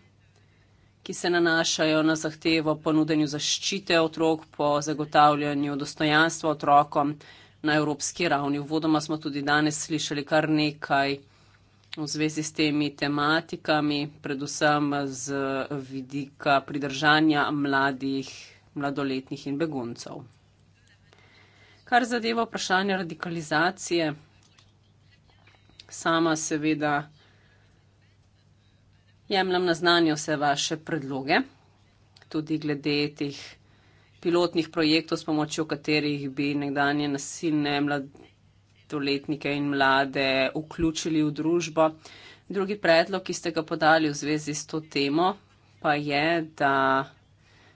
ki se nanašajo na zahtevo ponudenju zaščite otrok po zagotavljanju dostojanstva otrokom na evropski ravni. Vodoma smo tudi danes slišali kar nekaj v zvezi s temi tematikami, predvsem z vidika pridržanja mladih, mladoletnih in beguncev. Kar zadeva vprašanje radikalizacije, sama seveda. Jemljem na znanje vse vaše predloge, tudi glede teh pilotnih projektov, s pomočjo katerih bi nekdanje nasilne mladoletnike in mlade vključili v družbo. Drugi predlog, ki ste ga podali v zvezi s to temo, pa je, da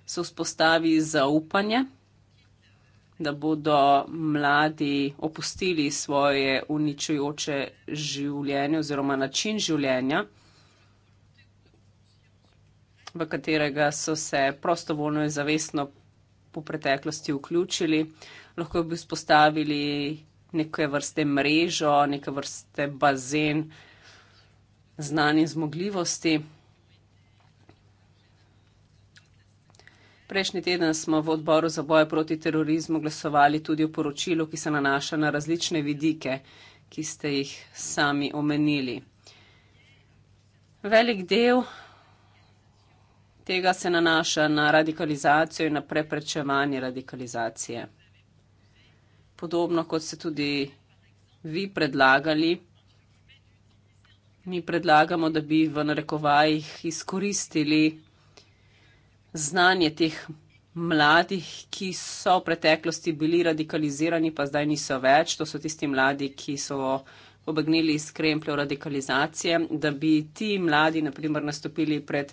se vzpostavi zaupanje, da bodo mladi opustili svoje uničujoče življenje oziroma način življenja v katerega so se prostovoljno in zavestno po preteklosti vključili. Lahko bi spostavili neke vrste mrežo, neke vrste bazen znanje in zmogljivosti. Prejšnji teden smo v odboru za boje proti terorizmu glasovali tudi o poročilu, ki se nanaša na različne vidike, ki ste jih sami omenili. Velik del tega se nanaša na radikalizacijo in na preprečevanje radikalizacije. Podobno kot ste tudi vi predlagali, mi predlagamo, da bi v narekovajih izkoristili znanje teh mladih, ki so v preteklosti bili radikalizirani, pa zdaj niso več. To so tisti mladi, ki so pobegnili iz krempljev radikalizacije, da bi ti mladi, naprimer, nastopili pred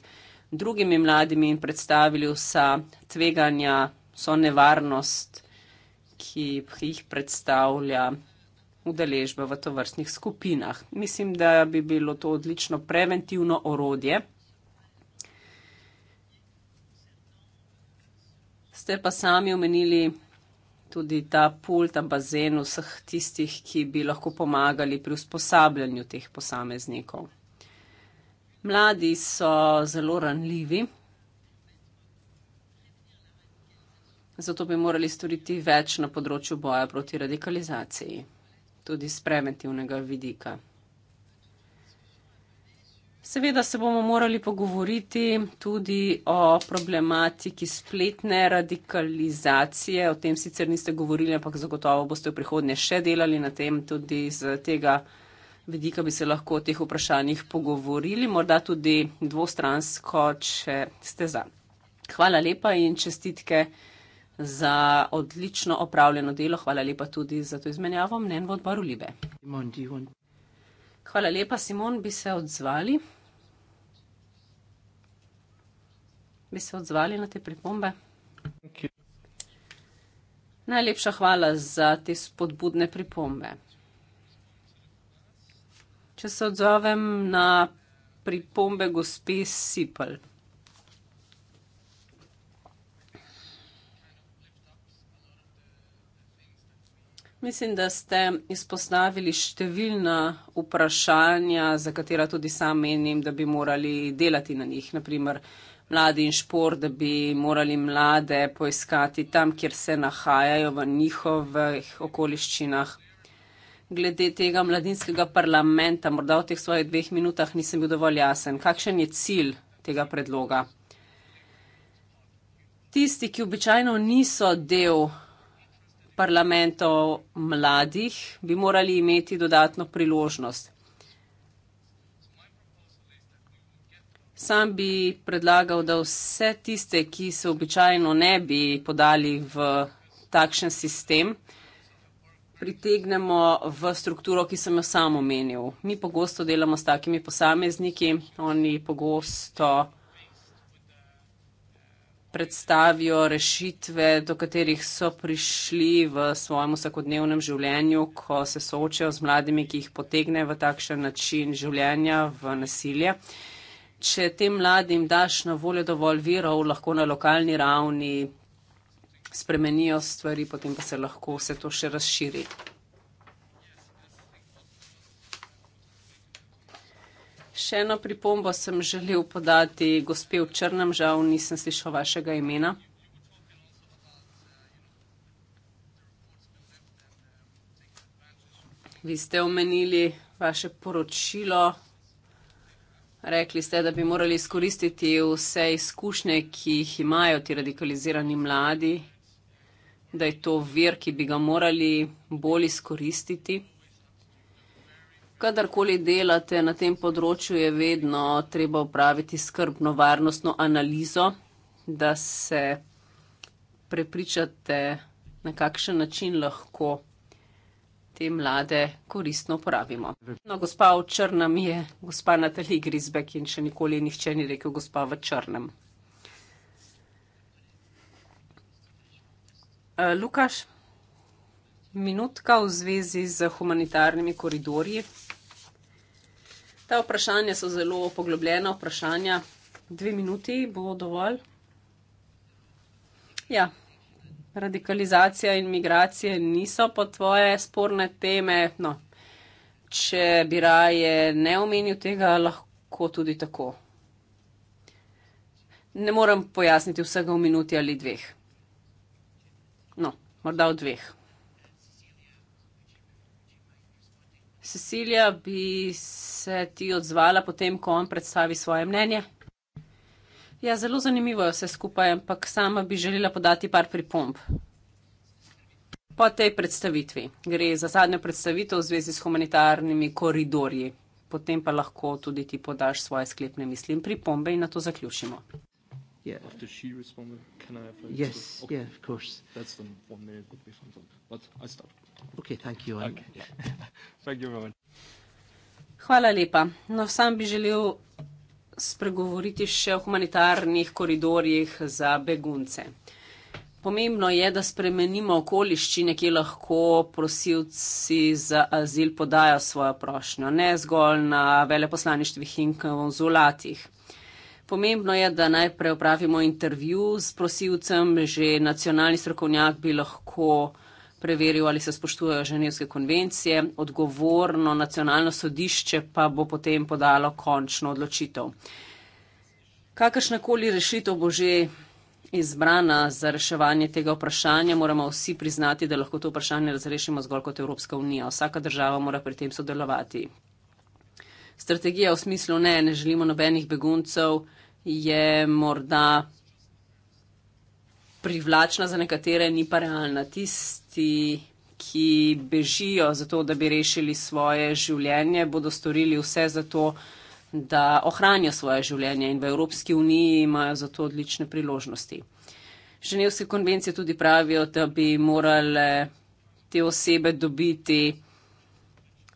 drugimi mladimi in predstavili vsa tveganja, so nevarnost, ki jih predstavlja udeležba v tovrstnih skupinah. Mislim, da bi bilo to odlično preventivno orodje. Ste pa sami omenili tudi ta pult, ta bazen vseh tistih, ki bi lahko pomagali pri usposabljanju teh posameznikov. Mladi so zelo ranljivi, zato bi morali storiti več na področju boja proti radikalizaciji, tudi z preventivnega vidika. Seveda se bomo morali pogovoriti tudi o problematiki spletne radikalizacije. O tem sicer niste govorili, ampak zagotovo boste v prihodnje še delali na tem tudi z tega vidika bi se lahko o teh vprašanjih pogovorili, morda tudi dvostransko, če ste za. Hvala lepa in čestitke za odlično opravljeno delo. Hvala lepa tudi za to izmenjavo mnen v odboru Libe. Hvala lepa, Simon, bi se odzvali. Bi se odzvali na te pripombe? Najlepša hvala za te spodbudne pripombe. Če se odzovem na pripombe gospe Sipal. Mislim, da ste izpostavili številna vprašanja, za katera tudi sam menim, da bi morali delati na njih. Naprimer, mladi in šport, da bi morali mlade poiskati tam, kjer se nahajajo v njihovih okoliščinah glede tega mladinskega parlamenta, morda v teh svojih dveh minutah nisem bil dovolj jasen. Kakšen je cilj tega predloga? Tisti, ki običajno niso del parlamentov mladih, bi morali imeti dodatno priložnost. Sam bi predlagal, da vse tiste, ki se običajno ne bi podali v takšen sistem, pritegnemo v strukturo, ki sem jo sam omenil. Mi pogosto delamo s takimi posamezniki, oni pogosto predstavijo rešitve, do katerih so prišli v svojem vsakodnevnem življenju, ko se soočajo z mladimi, ki jih potegne v takšen način življenja v nasilje. Če tem mladim daš na voljo dovolj virov, lahko na lokalni ravni spremenijo stvari, potem pa se lahko vse to še razširi. Še eno pripombo sem želel podati gospe v Črnem, žal nisem slišal vašega imena. Vi ste omenili vaše poročilo, rekli ste, da bi morali izkoristiti vse izkušnje, ki jih imajo ti radikalizirani mladi da je to vir, ki bi ga morali bolj izkoristiti. Kadarkoli delate na tem področju, je vedno treba upraviti skrbno varnostno analizo, da se prepričate, na kakšen način lahko te mlade koristno uporabimo. No, gospa v črnem je gospa Natalija Grisbek in še nikoli nihče ni rekel gospa v črnem. Eh, Lukaš, minutka v zvezi z humanitarnimi koridorji. Ta vprašanja so zelo poglobljena, vprašanja. Dve minuti bo dovolj. Ja, radikalizacija in migracije niso po tvoje sporne teme. No, če bi raje ne omenil tega, lahko tudi tako. Ne morem pojasniti vsega v minuti ali dveh morda o dveh. Cecilija, bi se ti odzvala potem, ko on predstavi svoje mnenje? Ja, zelo zanimivo je vse skupaj, ampak sama bi želela podati par pripomb. Po tej predstavitvi gre za zadnjo predstavitev v zvezi s humanitarnimi koridorji. Potem pa lahko tudi ti podaš svoje sklepne misli in pripombe in na to zaključimo. Yeah. After she responded, can I have a Yes, sort of, okay, yeah, of course. That's the one minute would be fun. But I stop. Okay, thank you. Okay. thank you, Roman. Hvala lepa. No, sam bi želel spregovoriti še o humanitarnih koridorjih za begunce. Pomembno je, da spremenimo okoliščine, ki lahko prosilci za azil podajo svojo prošnjo, ne zgolj na veleposlaništvih in konzulatih. Pomembno je, da najprej opravimo intervju s prosilcem, že nacionalni strokovnjak bi lahko preveril, ali se spoštujejo ženevske konvencije, odgovorno nacionalno sodišče pa bo potem podalo končno odločitev. Kakršnakoli rešitev bo že izbrana za reševanje tega vprašanja, moramo vsi priznati, da lahko to vprašanje razrešimo zgolj kot Evropska unija. Vsaka država mora pri tem sodelovati strategija v smislu ne, ne želimo nobenih beguncev, je morda privlačna za nekatere, ni pa realna. Tisti, ki bežijo za to, da bi rešili svoje življenje, bodo storili vse za to, da ohranijo svoje življenje in v Evropski uniji imajo za to odlične priložnosti. Ženevske konvencije tudi pravijo, da bi morale te osebe dobiti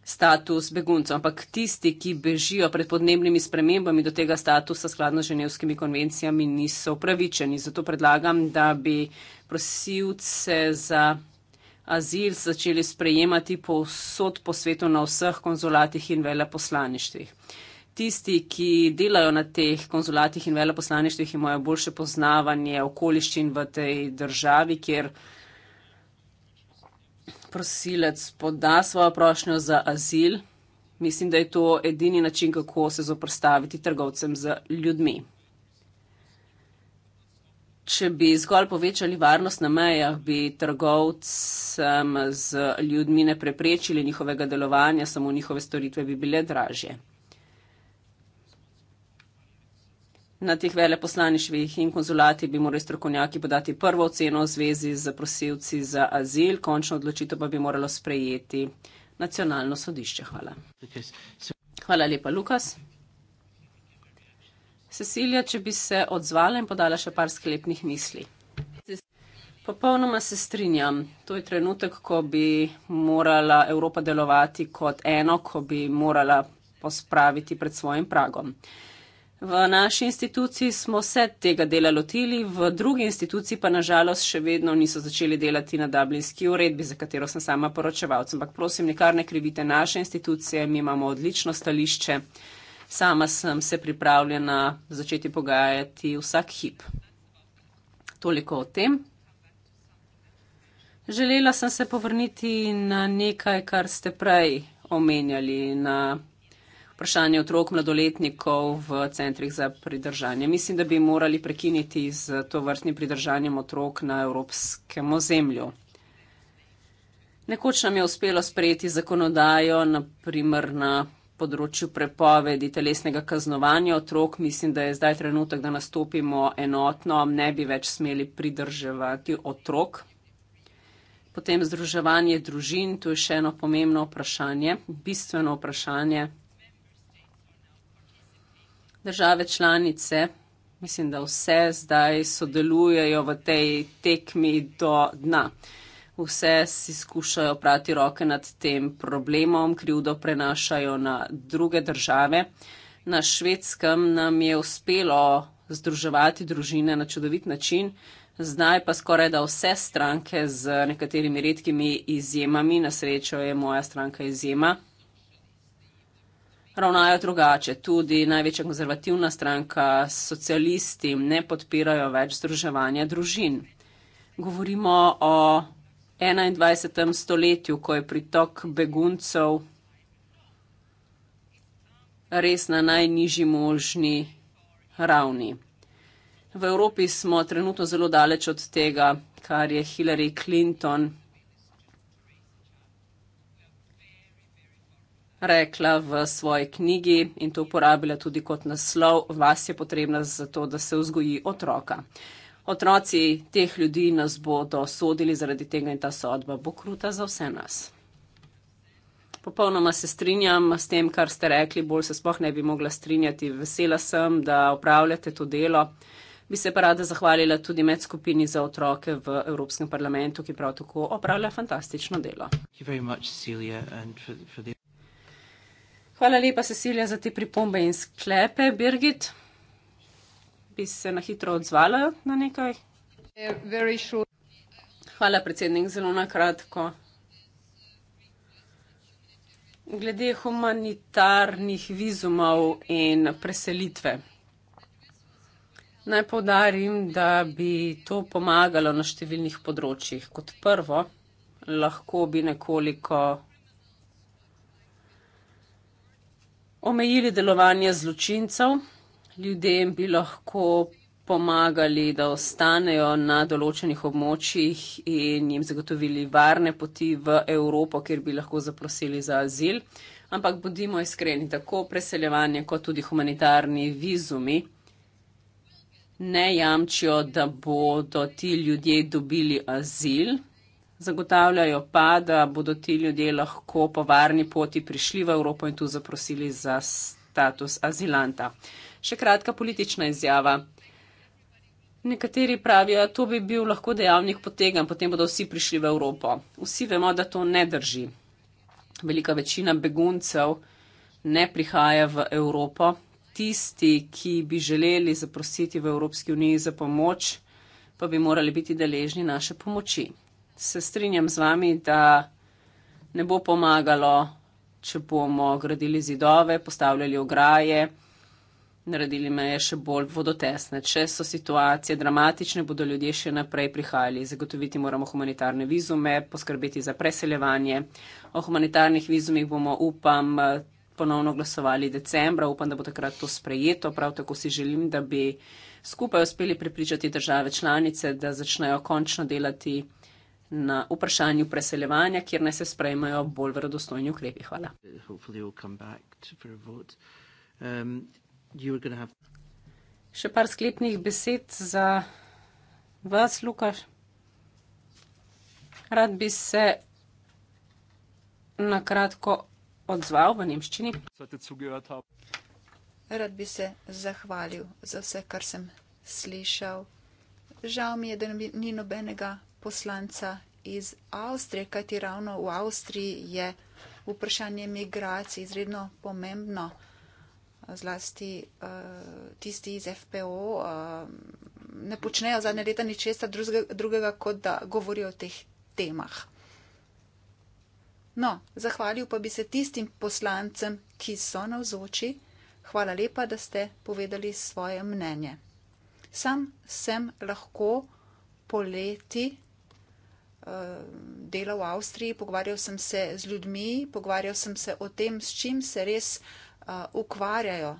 status beguncev, ampak tisti, ki bežijo pred podnebnimi spremembami do tega statusa skladno z ženevskimi konvencijami, niso upravičeni. Zato predlagam, da bi prosilce za azil začeli sprejemati povsod po svetu na vseh konzulatih in veleposlaništvih. Tisti, ki delajo na teh konzulatih in veleposlaništvih, imajo boljše poznavanje okoliščin v tej državi, kjer prosilec poda svojo prošnjo za azil, mislim, da je to edini način, kako se zoprstaviti trgovcem z ljudmi. Če bi zgolj povečali varnost na mejah, bi trgovcem z ljudmi ne preprečili njihovega delovanja, samo njihove storitve bi bile dražje. na teh veleposlaniških in konzulati bi morali strokovnjaki podati prvo oceno v zvezi z prosilci za azil, končno odločitev pa bi moralo sprejeti nacionalno sodišče. Hvala. Hvala lepa, Lukas. Cecilija, če bi se odzvala in podala še par sklepnih misli. Popolnoma se strinjam. To je trenutek, ko bi morala Evropa delovati kot eno, ko bi morala pospraviti pred svojim pragom. V naši instituciji smo se tega dela lotili, v drugi instituciji pa nažalost še vedno niso začeli delati na dublinski uredbi, za katero sem sama poročevalcem. Ampak prosim, nikar ne krivite naše institucije, mi imamo odlično stališče. Sama sem se pripravljena začeti pogajati vsak hip. Toliko o tem. Želela sem se povrniti na nekaj, kar ste prej omenjali, na vprašanje otrok, mladoletnikov v centrih za pridržanje. Mislim, da bi morali prekiniti z to vrstnim pridržanjem otrok na evropskem ozemlju. Nekoč nam je uspelo sprejeti zakonodajo, naprimer na področju prepovedi telesnega kaznovanja otrok. Mislim, da je zdaj trenutek, da nastopimo enotno, ne bi več smeli pridrževati otrok. Potem združevanje družin, to je še eno pomembno vprašanje, bistveno vprašanje države članice, mislim, da vse zdaj sodelujejo v tej tekmi do dna. Vse si skušajo prati roke nad tem problemom, krivdo prenašajo na druge države. Na švedskem nam je uspelo združevati družine na čudovit način, zdaj pa skoraj da vse stranke z nekaterimi redkimi izjemami, na srečo je moja stranka izjema, ravnajo drugače. Tudi največja konzervativna stranka, socialisti ne podpirajo več združevanja družin. Govorimo o 21. stoletju, ko je pritok beguncev res na najnižji možni ravni. V Evropi smo trenutno zelo daleč od tega, kar je Hillary Clinton rekla v svoji knjigi in to uporabila tudi kot naslov, vas je potrebna za to, da se vzgoji otroka. Otroci teh ljudi nas bodo sodili zaradi tega in ta sodba bo kruta za vse nas. Popolnoma se strinjam s tem, kar ste rekli, bolj se spoh ne bi mogla strinjati. Vesela sem, da upravljate to delo. Bi se pa rada zahvalila tudi med skupini za otroke v Evropskem parlamentu, ki prav tako opravlja fantastično delo. Hvala lepa, Cecilija, za te pripombe in sklepe, Birgit. Bi se na hitro odzvala na nekaj? Hvala, predsednik, zelo na kratko. Glede humanitarnih vizumov in preselitve. Naj povdarim, da bi to pomagalo na številnih področjih. Kot prvo, lahko bi nekoliko omejili delovanje zločincev, ljudem bi lahko pomagali, da ostanejo na določenih območjih in jim zagotovili varne poti v Evropo, kjer bi lahko zaprosili za azil. Ampak bodimo iskreni, tako preseljevanje kot tudi humanitarni vizumi ne jamčijo, da bodo ti ljudje dobili azil, Zagotavljajo pa, da bodo ti ljudje lahko po varni poti prišli v Evropo in tu zaprosili za status azilanta. Še kratka politična izjava. Nekateri pravijo, da ja, to bi bil lahko dejavnik potegan, potem bodo vsi prišli v Evropo. Vsi vemo, da to ne drži. Velika večina beguncev ne prihaja v Evropo. Tisti, ki bi želeli zaprositi v Evropski uniji za pomoč, pa bi morali biti deležni naše pomoči se strinjam z vami, da ne bo pomagalo, če bomo gradili zidove, postavljali ograje, naredili meje še bolj vodotesne. Če so situacije dramatične, bodo ljudje še naprej prihajali. Zagotoviti moramo humanitarne vizume, poskrbeti za preseljevanje. O humanitarnih vizumih bomo, upam, ponovno glasovali decembra. Upam, da bo takrat to sprejeto. Prav tako si želim, da bi skupaj uspeli prepričati države članice, da začnejo končno delati na vprašanju preseljevanja, kjer naj se sprejmejo bolj verodostojni ukrepi. Hvala. Um, Še par sklepnih besed za vas, Lukaš. Rad bi se na kratko odzval v nemščini. Rad bi se zahvalil za vse, kar sem slišal. Žal mi je, da ni nobenega poslanca iz Avstrije, kajti ravno v Avstriji je vprašanje migracij izredno pomembno, zlasti uh, tisti iz FPO uh, ne počnejo zadnje leta ničesta drugega, drugega, kot da govorijo o teh temah. No, zahvalil pa bi se tistim poslancem, ki so navzoči. Hvala lepa, da ste povedali svoje mnenje. Sam sem lahko poleti Eh, dela v Avstriji, pogovarjal sem se z ljudmi, pogovarjal sem se o tem, s čim se res uh, ukvarjajo.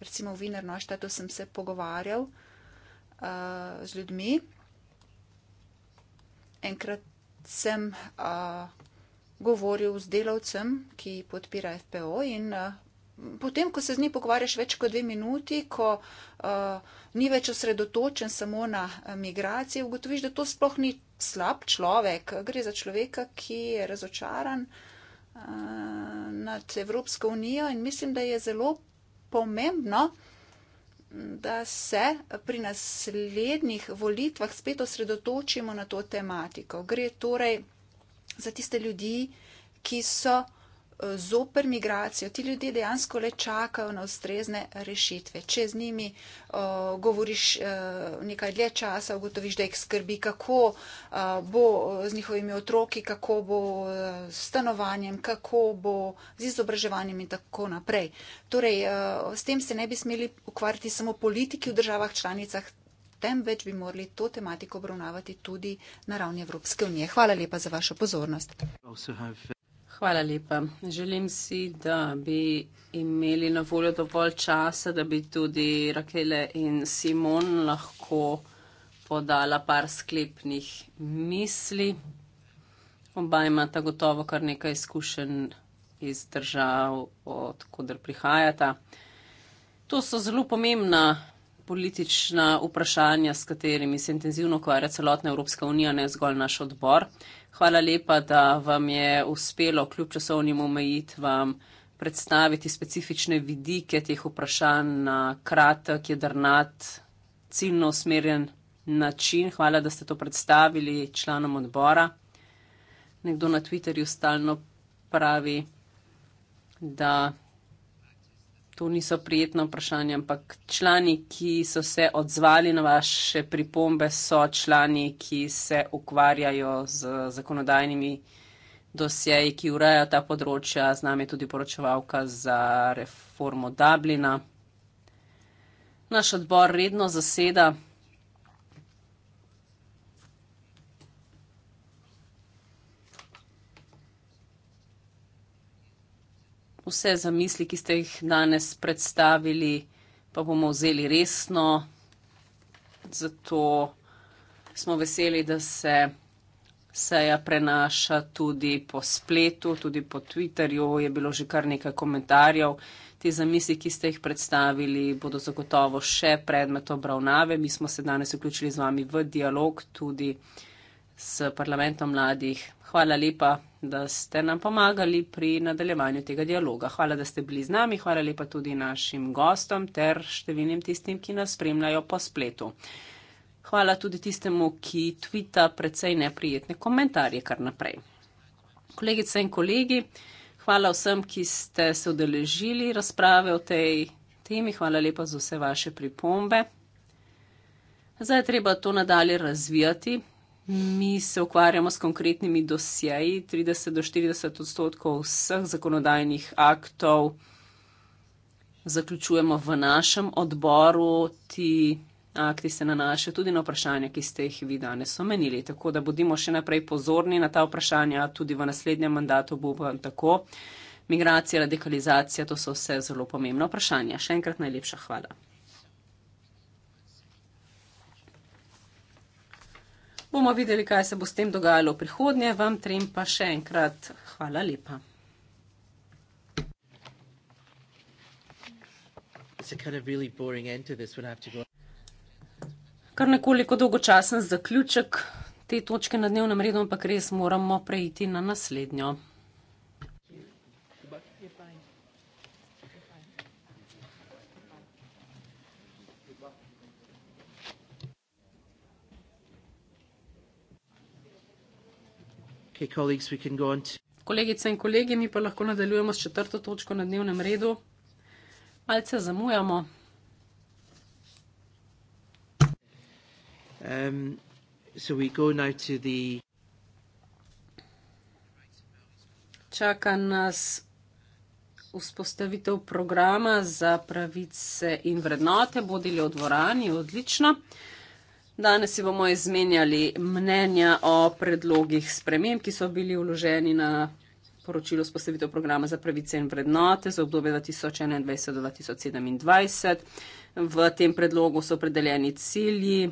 Recimo v Wiener Neustadtu sem se pogovarjal uh, z ljudmi. Enkrat sem uh, govoril z delavcem, ki podpira FPO in uh, Potem, ko se z njim pogovarjaš več kot dve minuti, ko uh, ni več osredotočen samo na migracije, ugotoviš, da to sploh ni slab človek, gre za človeka, ki je razočaran uh, nad Evropsko unijo in mislim, da je zelo pomembno, da se pri naslednjih volitvah spet osredotočimo na to tematiko. Gre torej za tiste ljudi, ki so zoper migracijo. Ti ljudje dejansko le čakajo na ustrezne rešitve. Če z njimi uh, govoriš uh, nekaj dlje časa, ugotoviš, da jih skrbi, kako uh, bo z njihovimi otroki, kako bo s uh, stanovanjem, kako bo z izobraževanjem in tako naprej. Torej, uh, s tem se ne bi smeli ukvarjati samo politiki v državah članicah, temveč bi morali to tematiko obravnavati tudi na ravni Evropske unije. Hvala lepa za vašo pozornost. Hvala lepa. Želim si, da bi imeli na voljo dovolj časa, da bi tudi Rakele in Simon lahko podala par sklepnih misli. Oba imata gotovo kar nekaj izkušenj iz držav, odkudr prihajata. To so zelo pomembna politična vprašanja, s katerimi se intenzivno ukvarja celotna Evropska unija, ne zgolj naš odbor. Hvala lepa, da vam je uspelo kljub časovnim omejitvam predstaviti specifične vidike teh vprašanj na kratek, jedrnat, ciljno usmerjen način. Hvala, da ste to predstavili članom odbora. Nekdo na Twitterju stalno pravi, da To niso prijetna vprašanja, ampak člani, ki so se odzvali na vaše pripombe, so člani, ki se ukvarjajo z zakonodajnimi dosjeji, ki urejajo ta področja. Z nami je tudi poročevalka za reformo Dublina. Naš odbor redno zaseda. vse zamisli, ki ste jih danes predstavili, pa bomo vzeli resno. Zato smo veseli, da se seja prenaša tudi po spletu, tudi po Twitterju. Je bilo že kar nekaj komentarjev. Te zamisli, ki ste jih predstavili, bodo zagotovo še predmet obravnave. Mi smo se danes vključili z vami v dialog tudi s parlamentom mladih. Hvala lepa, da ste nam pomagali pri nadaljevanju tega dialoga. Hvala, da ste bili z nami. Hvala lepa tudi našim gostom ter številnim tistim, ki nas spremljajo po spletu. Hvala tudi tistemu, ki tvita precej neprijetne komentarje kar naprej. Kolegice in kolegi, hvala vsem, ki ste se odeležili razprave o tej temi. Hvala lepa za vse vaše pripombe. Zdaj je treba to nadalje razvijati. Mi se ukvarjamo s konkretnimi dosjeji. 30 do 40 odstotkov vseh zakonodajnih aktov zaključujemo v našem odboru. Ti akti se nanašajo tudi na vprašanja, ki ste jih vi danes omenili. Tako da bodimo še naprej pozorni na ta vprašanja, tudi v naslednjem mandatu bo vam tako. Migracija, radikalizacija, to so vse zelo pomembna vprašanja. Še enkrat najlepša hvala. Bomo videli, kaj se bo s tem dogajalo v prihodnje, vam trem pa še enkrat hvala lepa. Kar nekoliko dolgočasen zaključek te točke na dnevnem redu, ampak res moramo preiti na naslednjo. Kolegice in kolegi, mi pa lahko nadaljujemo s četrto točko na dnevnem redu. Malce zamujamo. Um, the... Čaka nas vzpostavitev programa za pravice in vrednote, bodili v dvorani, odlično. Danes si bomo izmenjali mnenja o predlogih sprememb, ki so bili vloženi na poročilo spostavitev programa za pravice in vrednote za obdobje 2021-2027. V tem predlogu so opredeljeni cilji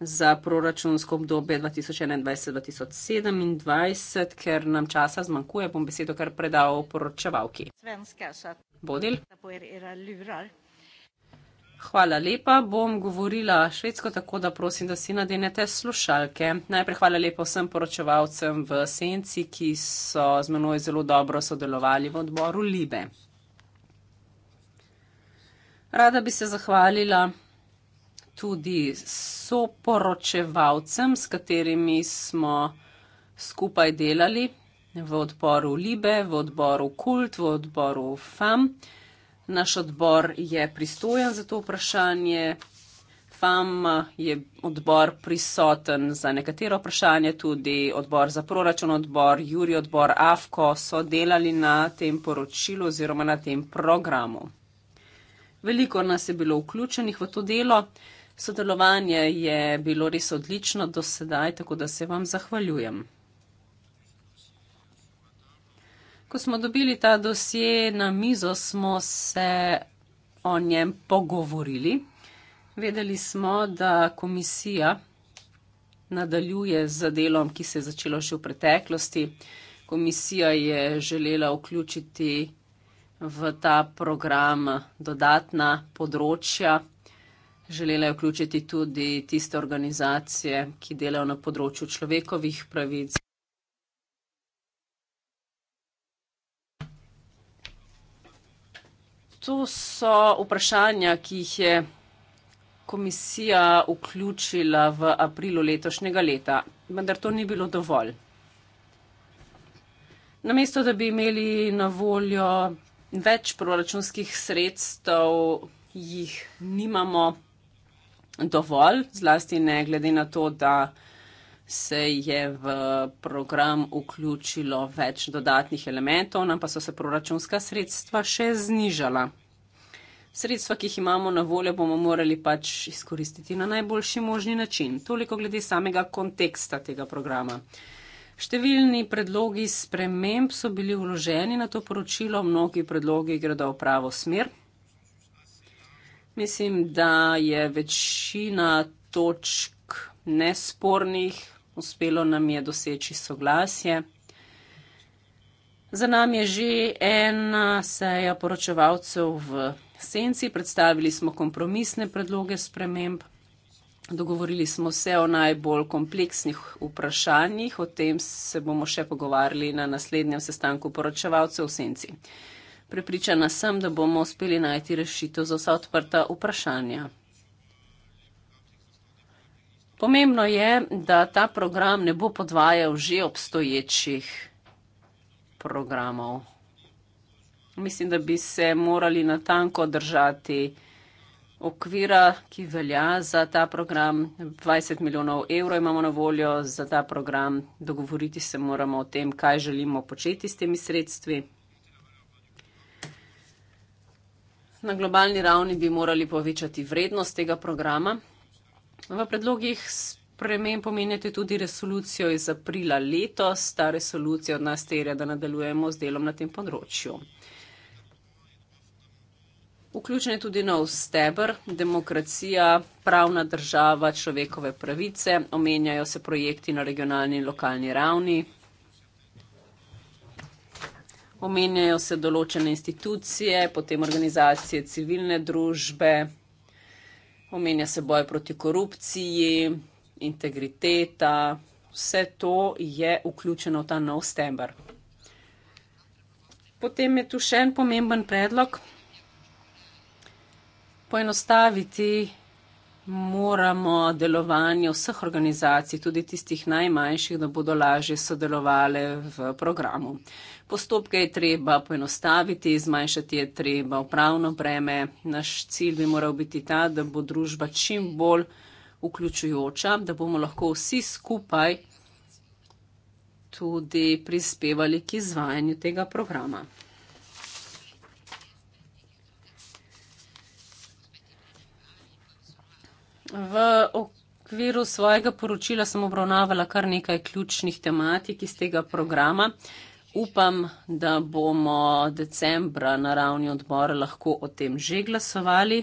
za proračunsko obdobje 2021-2027, ker nam časa zmanjkuje, bom besedo kar predal poročevalki. Svenska, Bodil. Hvala lepa. Bom govorila švedsko, tako da prosim, da si nadenete slušalke. Najprej hvala lepa vsem poročevalcem v Senci, ki so z menoj zelo dobro sodelovali v odboru Libe. Rada bi se zahvalila tudi soporočevalcem, s katerimi smo skupaj delali v odboru Libe, v odboru Kult, v odboru FAM. Naš odbor je pristojen za to vprašanje. Vam je odbor prisoten za nekatero vprašanje, tudi odbor za proračun, odbor Juri, odbor AFKO so delali na tem poročilu oziroma na tem programu. Veliko nas je bilo vključenih v to delo, sodelovanje je bilo res odlično do sedaj, tako da se vam zahvaljujem. ko smo dobili ta dosje na mizo, smo se o njem pogovorili. Vedeli smo, da komisija nadaljuje z delom, ki se je začelo še v preteklosti. Komisija je želela vključiti v ta program dodatna področja. Želela je vključiti tudi tiste organizacije, ki delajo na področju človekovih pravic. tu so vprašanja, ki jih je komisija vključila v aprilu letošnjega leta, vendar to ni bilo dovolj. Namesto, da bi imeli na voljo več proračunskih sredstev, jih nimamo dovolj, zlasti ne glede na to, da se je v program vključilo več dodatnih elementov, nam pa so se proračunska sredstva še znižala. Sredstva, ki jih imamo na voljo, bomo morali pač izkoristiti na najboljši možni način. Toliko glede samega konteksta tega programa. Številni predlogi sprememb so bili vloženi na to poročilo, mnogi predlogi gredo v pravo smer. Mislim, da je večina točk nespornih, uspelo nam je doseči soglasje. Za nami je že ena seja poročevalcev v senci, predstavili smo kompromisne predloge sprememb, dogovorili smo se o najbolj kompleksnih vprašanjih, o tem se bomo še pogovarjali na naslednjem sestanku poročevalcev v senci. Prepričana sem, da bomo uspeli najti rešitev za vsa odprta vprašanja. Pomembno je, da ta program ne bo podvajal že obstoječih programov. Mislim, da bi se morali natanko držati okvira, ki velja za ta program. 20 milijonov evrov imamo na voljo za ta program. Dogovoriti se moramo o tem, kaj želimo početi s temi sredstvi. Na globalni ravni bi morali povečati vrednost tega programa, V predlogih sprememb pomenjate tudi resolucijo iz aprila letos. Ta resolucija od nas terja, da nadaljujemo z delom na tem področju. Vključen je tudi nov stebr, demokracija, pravna država, človekove pravice, omenjajo se projekti na regionalni in lokalni ravni, omenjajo se določene institucije, potem organizacije civilne družbe, omenja se boj proti korupciji, integriteta, vse to je vključeno v ta nov stebr. Potem je tu še en pomemben predlog: poenostaviti moramo delovanje vseh organizacij, tudi tistih najmanjših, da bodo lažje sodelovali v programu. Postopke je treba poenostaviti, zmanjšati je treba upravno breme. Naš cilj bi moral biti ta, da bo družba čim bolj vključujoča, da bomo lahko vsi skupaj tudi prispevali k izvajanju tega programa. v okviru svojega poročila sem obravnavala kar nekaj ključnih tematik iz tega programa. Upam, da bomo decembra na ravni odbora lahko o tem že glasovali.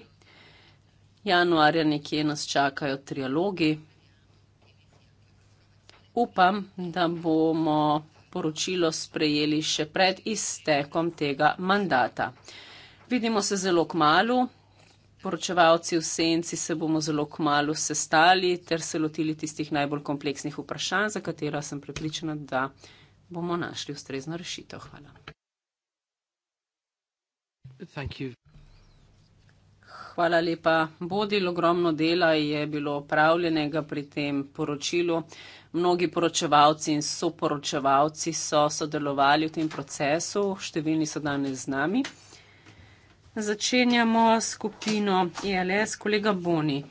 Januarja nekje nas čakajo trialogi. Upam, da bomo poročilo sprejeli še pred iztekom tega mandata. Vidimo se zelo k malu. Poročevalci v senci se bomo zelo kmalo sestali ter se lotili tistih najbolj kompleksnih vprašanj, za katera sem prepričana, da bomo našli ustrezno rešitev. Hvala. Hvala lepa, Bodil. Ogromno dela je bilo opravljenega pri tem poročilu. Mnogi poročevalci in soporočevalci so sodelovali v tem procesu, številni so danes z nami. Začenjamo skupino ILS, e kolega Boni.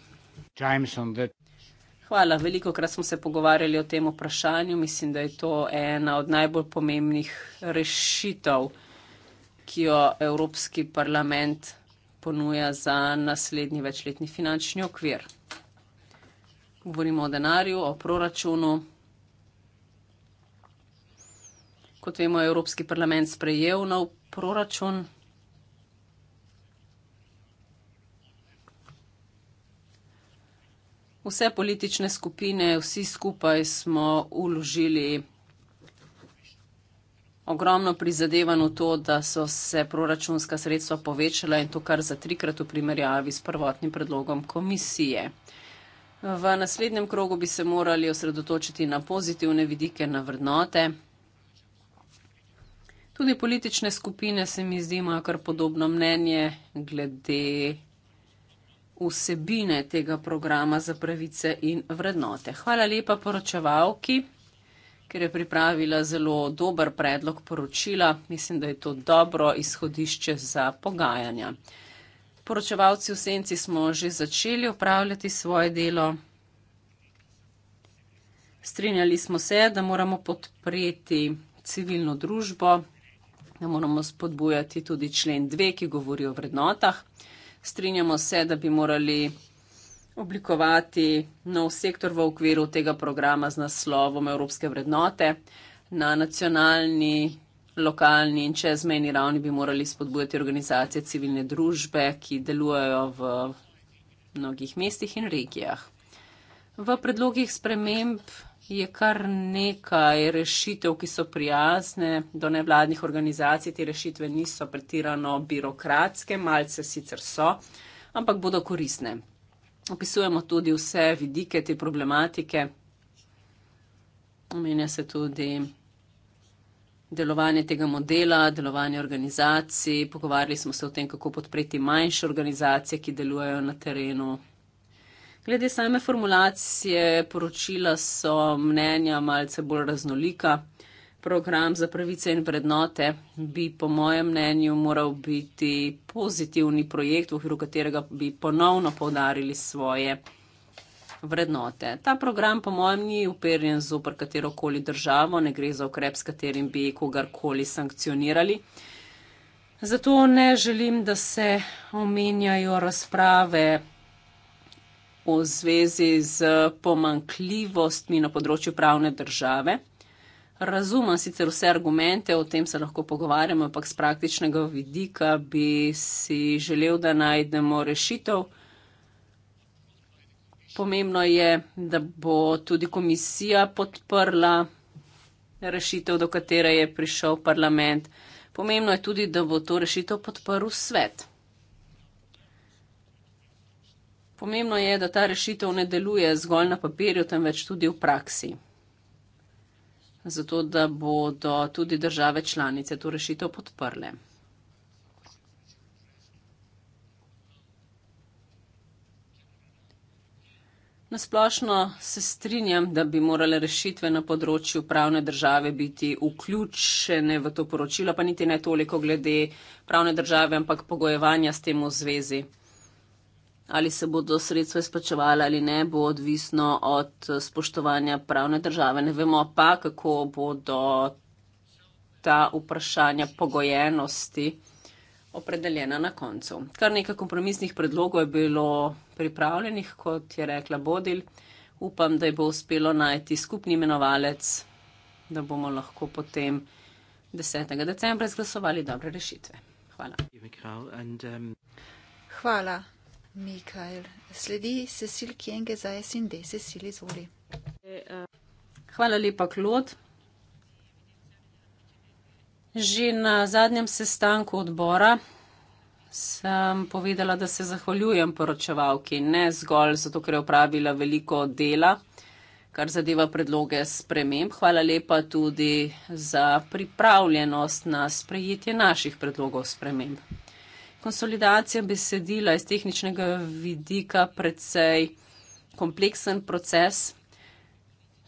Hvala, veliko krat smo se pogovarjali o tem vprašanju. Mislim, da je to ena od najbolj pomembnih rešitev, ki jo Evropski parlament ponuja za naslednji večletni finančni okvir. Govorimo o denarju, o proračunu. Kot vemo, je Evropski parlament sprejel nov proračun Vse politične skupine, vsi skupaj smo uložili ogromno prizadevanj v to, da so se proračunska sredstva povečala in to kar za trikrat v primerjavi s prvotnim predlogom komisije. V naslednjem krogu bi se morali osredotočiti na pozitivne vidike, na vrednote. Tudi politične skupine se mi zdi imajo kar podobno mnenje glede vsebine tega programa za pravice in vrednote. Hvala lepa poročevalki, ker je pripravila zelo dober predlog poročila. Mislim, da je to dobro izhodišče za pogajanja. Poročevalci v senci smo že začeli upravljati svoje delo. Strinjali smo se, da moramo podpreti civilno družbo, da moramo spodbujati tudi člen 2, ki govori o vrednotah strinjamo se, da bi morali oblikovati nov sektor v okviru tega programa z naslovom Evropske vrednote. Na nacionalni, lokalni in čezmejni ravni bi morali spodbujati organizacije civilne družbe, ki delujejo v mnogih mestih in regijah. V predlogih sprememb je kar nekaj rešitev, ki so prijazne do nevladnih organizacij. Te rešitve niso pretirano birokratske, malce sicer so, ampak bodo korisne. Opisujemo tudi vse vidike te problematike. Omenja se tudi delovanje tega modela, delovanje organizacij. Pogovarjali smo se o tem, kako podpreti manjše organizacije, ki delujejo na terenu. Glede same formulacije poročila so mnenja malce bolj raznolika. Program za pravice in vrednote bi po mojem mnenju moral biti pozitivni projekt, v okviru katerega bi ponovno povdarili svoje vrednote. Ta program po mojem ni uperjen zoper katerokoli državo, ne gre za ukrep, s katerim bi kogarkoli sankcionirali. Zato ne želim, da se omenjajo razprave v zvezi z pomankljivostmi na področju pravne države. Razumem sicer vse argumente, o tem se lahko pogovarjamo, ampak z praktičnega vidika bi si želel, da najdemo rešitev. Pomembno je, da bo tudi komisija podprla rešitev, do katere je prišel parlament. Pomembno je tudi, da bo to rešitev podprl svet. Pomembno je, da ta rešitev ne deluje zgolj na papirju, temveč tudi v praksi. Zato, da bodo tudi države članice to rešitev podprle. Nasplošno se strinjam, da bi morale rešitve na področju pravne države biti vključene v to poročilo, pa niti ne toliko glede pravne države, ampak pogojevanja s tem v zvezi ali se bodo sredstva izplačevala ali ne, bo odvisno od eh, spoštovanja pravne države. Ne vemo pa, kako bodo ta vprašanja pogojenosti opredeljena na koncu. Kar nekaj kompromisnih predlogov je bilo pripravljenih, kot je rekla Bodil. Upam, da je bo uspelo najti skupni imenovalec, da bomo lahko potem 10. decembra izglasovali dobre rešitve. Hvala. Um, Hvala. Mikael. Sledi Cecil Kienge za SND. Cecil, izvoli. Hvala lepa, Klod. Že na zadnjem sestanku odbora sem povedala, da se zahvaljujem poročevalki, ne zgolj zato, ker je opravila veliko dela, kar zadeva predloge sprememb. Hvala lepa tudi za pripravljenost na sprejetje naših predlogov sprememb konsolidacija besedila iz tehničnega vidika precej kompleksen proces.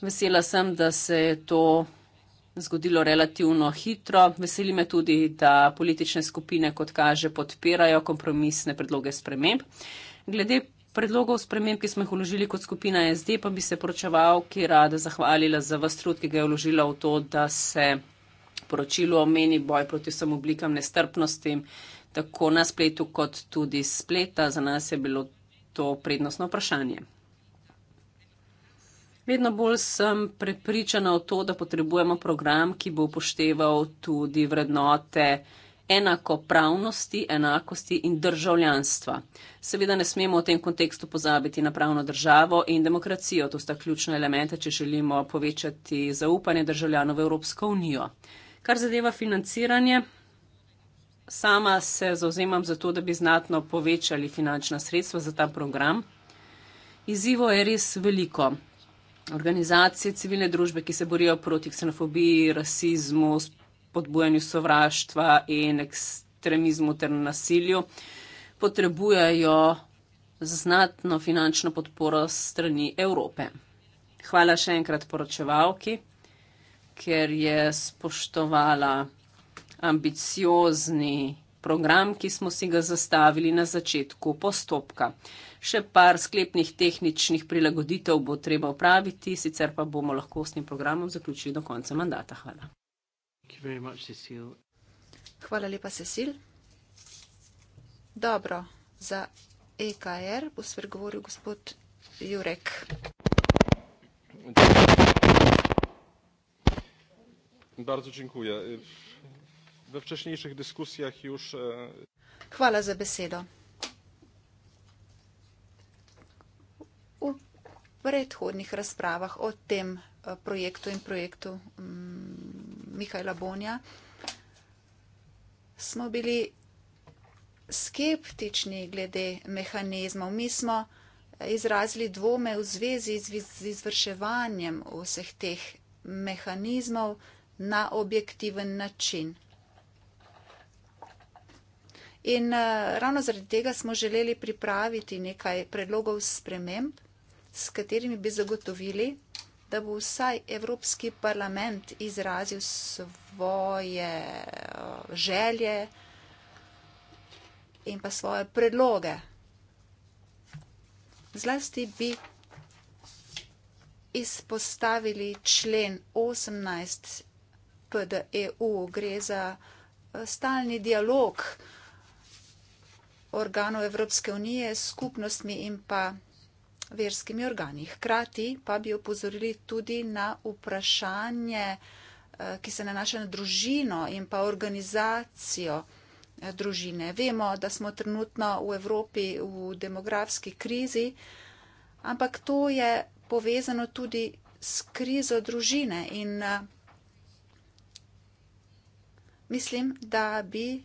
Vesela sem, da se je to zgodilo relativno hitro. Veseli me tudi, da politične skupine, kot kaže, podpirajo kompromisne predloge sprememb. Glede predlogov sprememb, ki smo jih vložili kot skupina SD, pa bi se poročeval, ki rada zahvalila za vse trud, ki ga je vložila v to, da se poročilo omeni boj proti vsem oblikam nestrpnosti, tako na spletu, kot tudi spleta, za nas je bilo to prednostno vprašanje. Vedno bolj sem prepričana o to, da potrebujemo program, ki bo upošteval tudi vrednote enakopravnosti, enakosti in državljanstva. Seveda ne smemo v tem kontekstu pozabiti na pravno državo in demokracijo. To sta ključna elementa, če želimo povečati zaupanje državljanov v Evropsko unijo. Kar zadeva financiranje, Sama se zauzemam za to, da bi znatno povečali finančna sredstva za ta program. Izzivo je res veliko. Organizacije civilne družbe, ki se borijo proti ksenofobiji, rasizmu, podbujanju sovraštva in ekstremizmu ter nasilju, potrebujajo znatno finančno podporo strani Evrope. Hvala še enkrat poročevalki, ker je spoštovala ambiciozni program, ki smo si ga zastavili na začetku postopka. Še par sklepnih tehničnih prilagoditev bo treba upraviti, sicer pa bomo lahko s tem programom zaključili do konca mandata. Hvala. Much, Hvala lepa, Cecil. Dobro, za EKR bo spregovoril gospod Jurek. Bardzo dziękuję v včasnejših diskusijah už. E, Hvala za besedo. V predhodnih razpravah o tem e, projektu in projektu mm, Mihajla Bonja smo bili skeptični glede mehanizmov. Mi smo izrazili dvome v zvezi z izvrševanjem vseh teh mehanizmov na objektiven način. In uh, ravno zaradi tega smo želeli pripraviti nekaj predlogov sprememb, s katerimi bi zagotovili, da bo vsaj Evropski parlament izrazil svoje uh, želje in pa svoje predloge. Zlasti bi izpostavili člen 18 PDEU, gre za eh, stalni dialog, uh, organov Evropske unije s skupnostmi in pa verskimi organi. Hkrati pa bi opozorili tudi na vprašanje, eh, ki se nanaša na družino in pa organizacijo eh, družine. Vemo, da smo trenutno v Evropi v demografski krizi, ampak to je povezano tudi s krizo družine in eh, mislim, da bi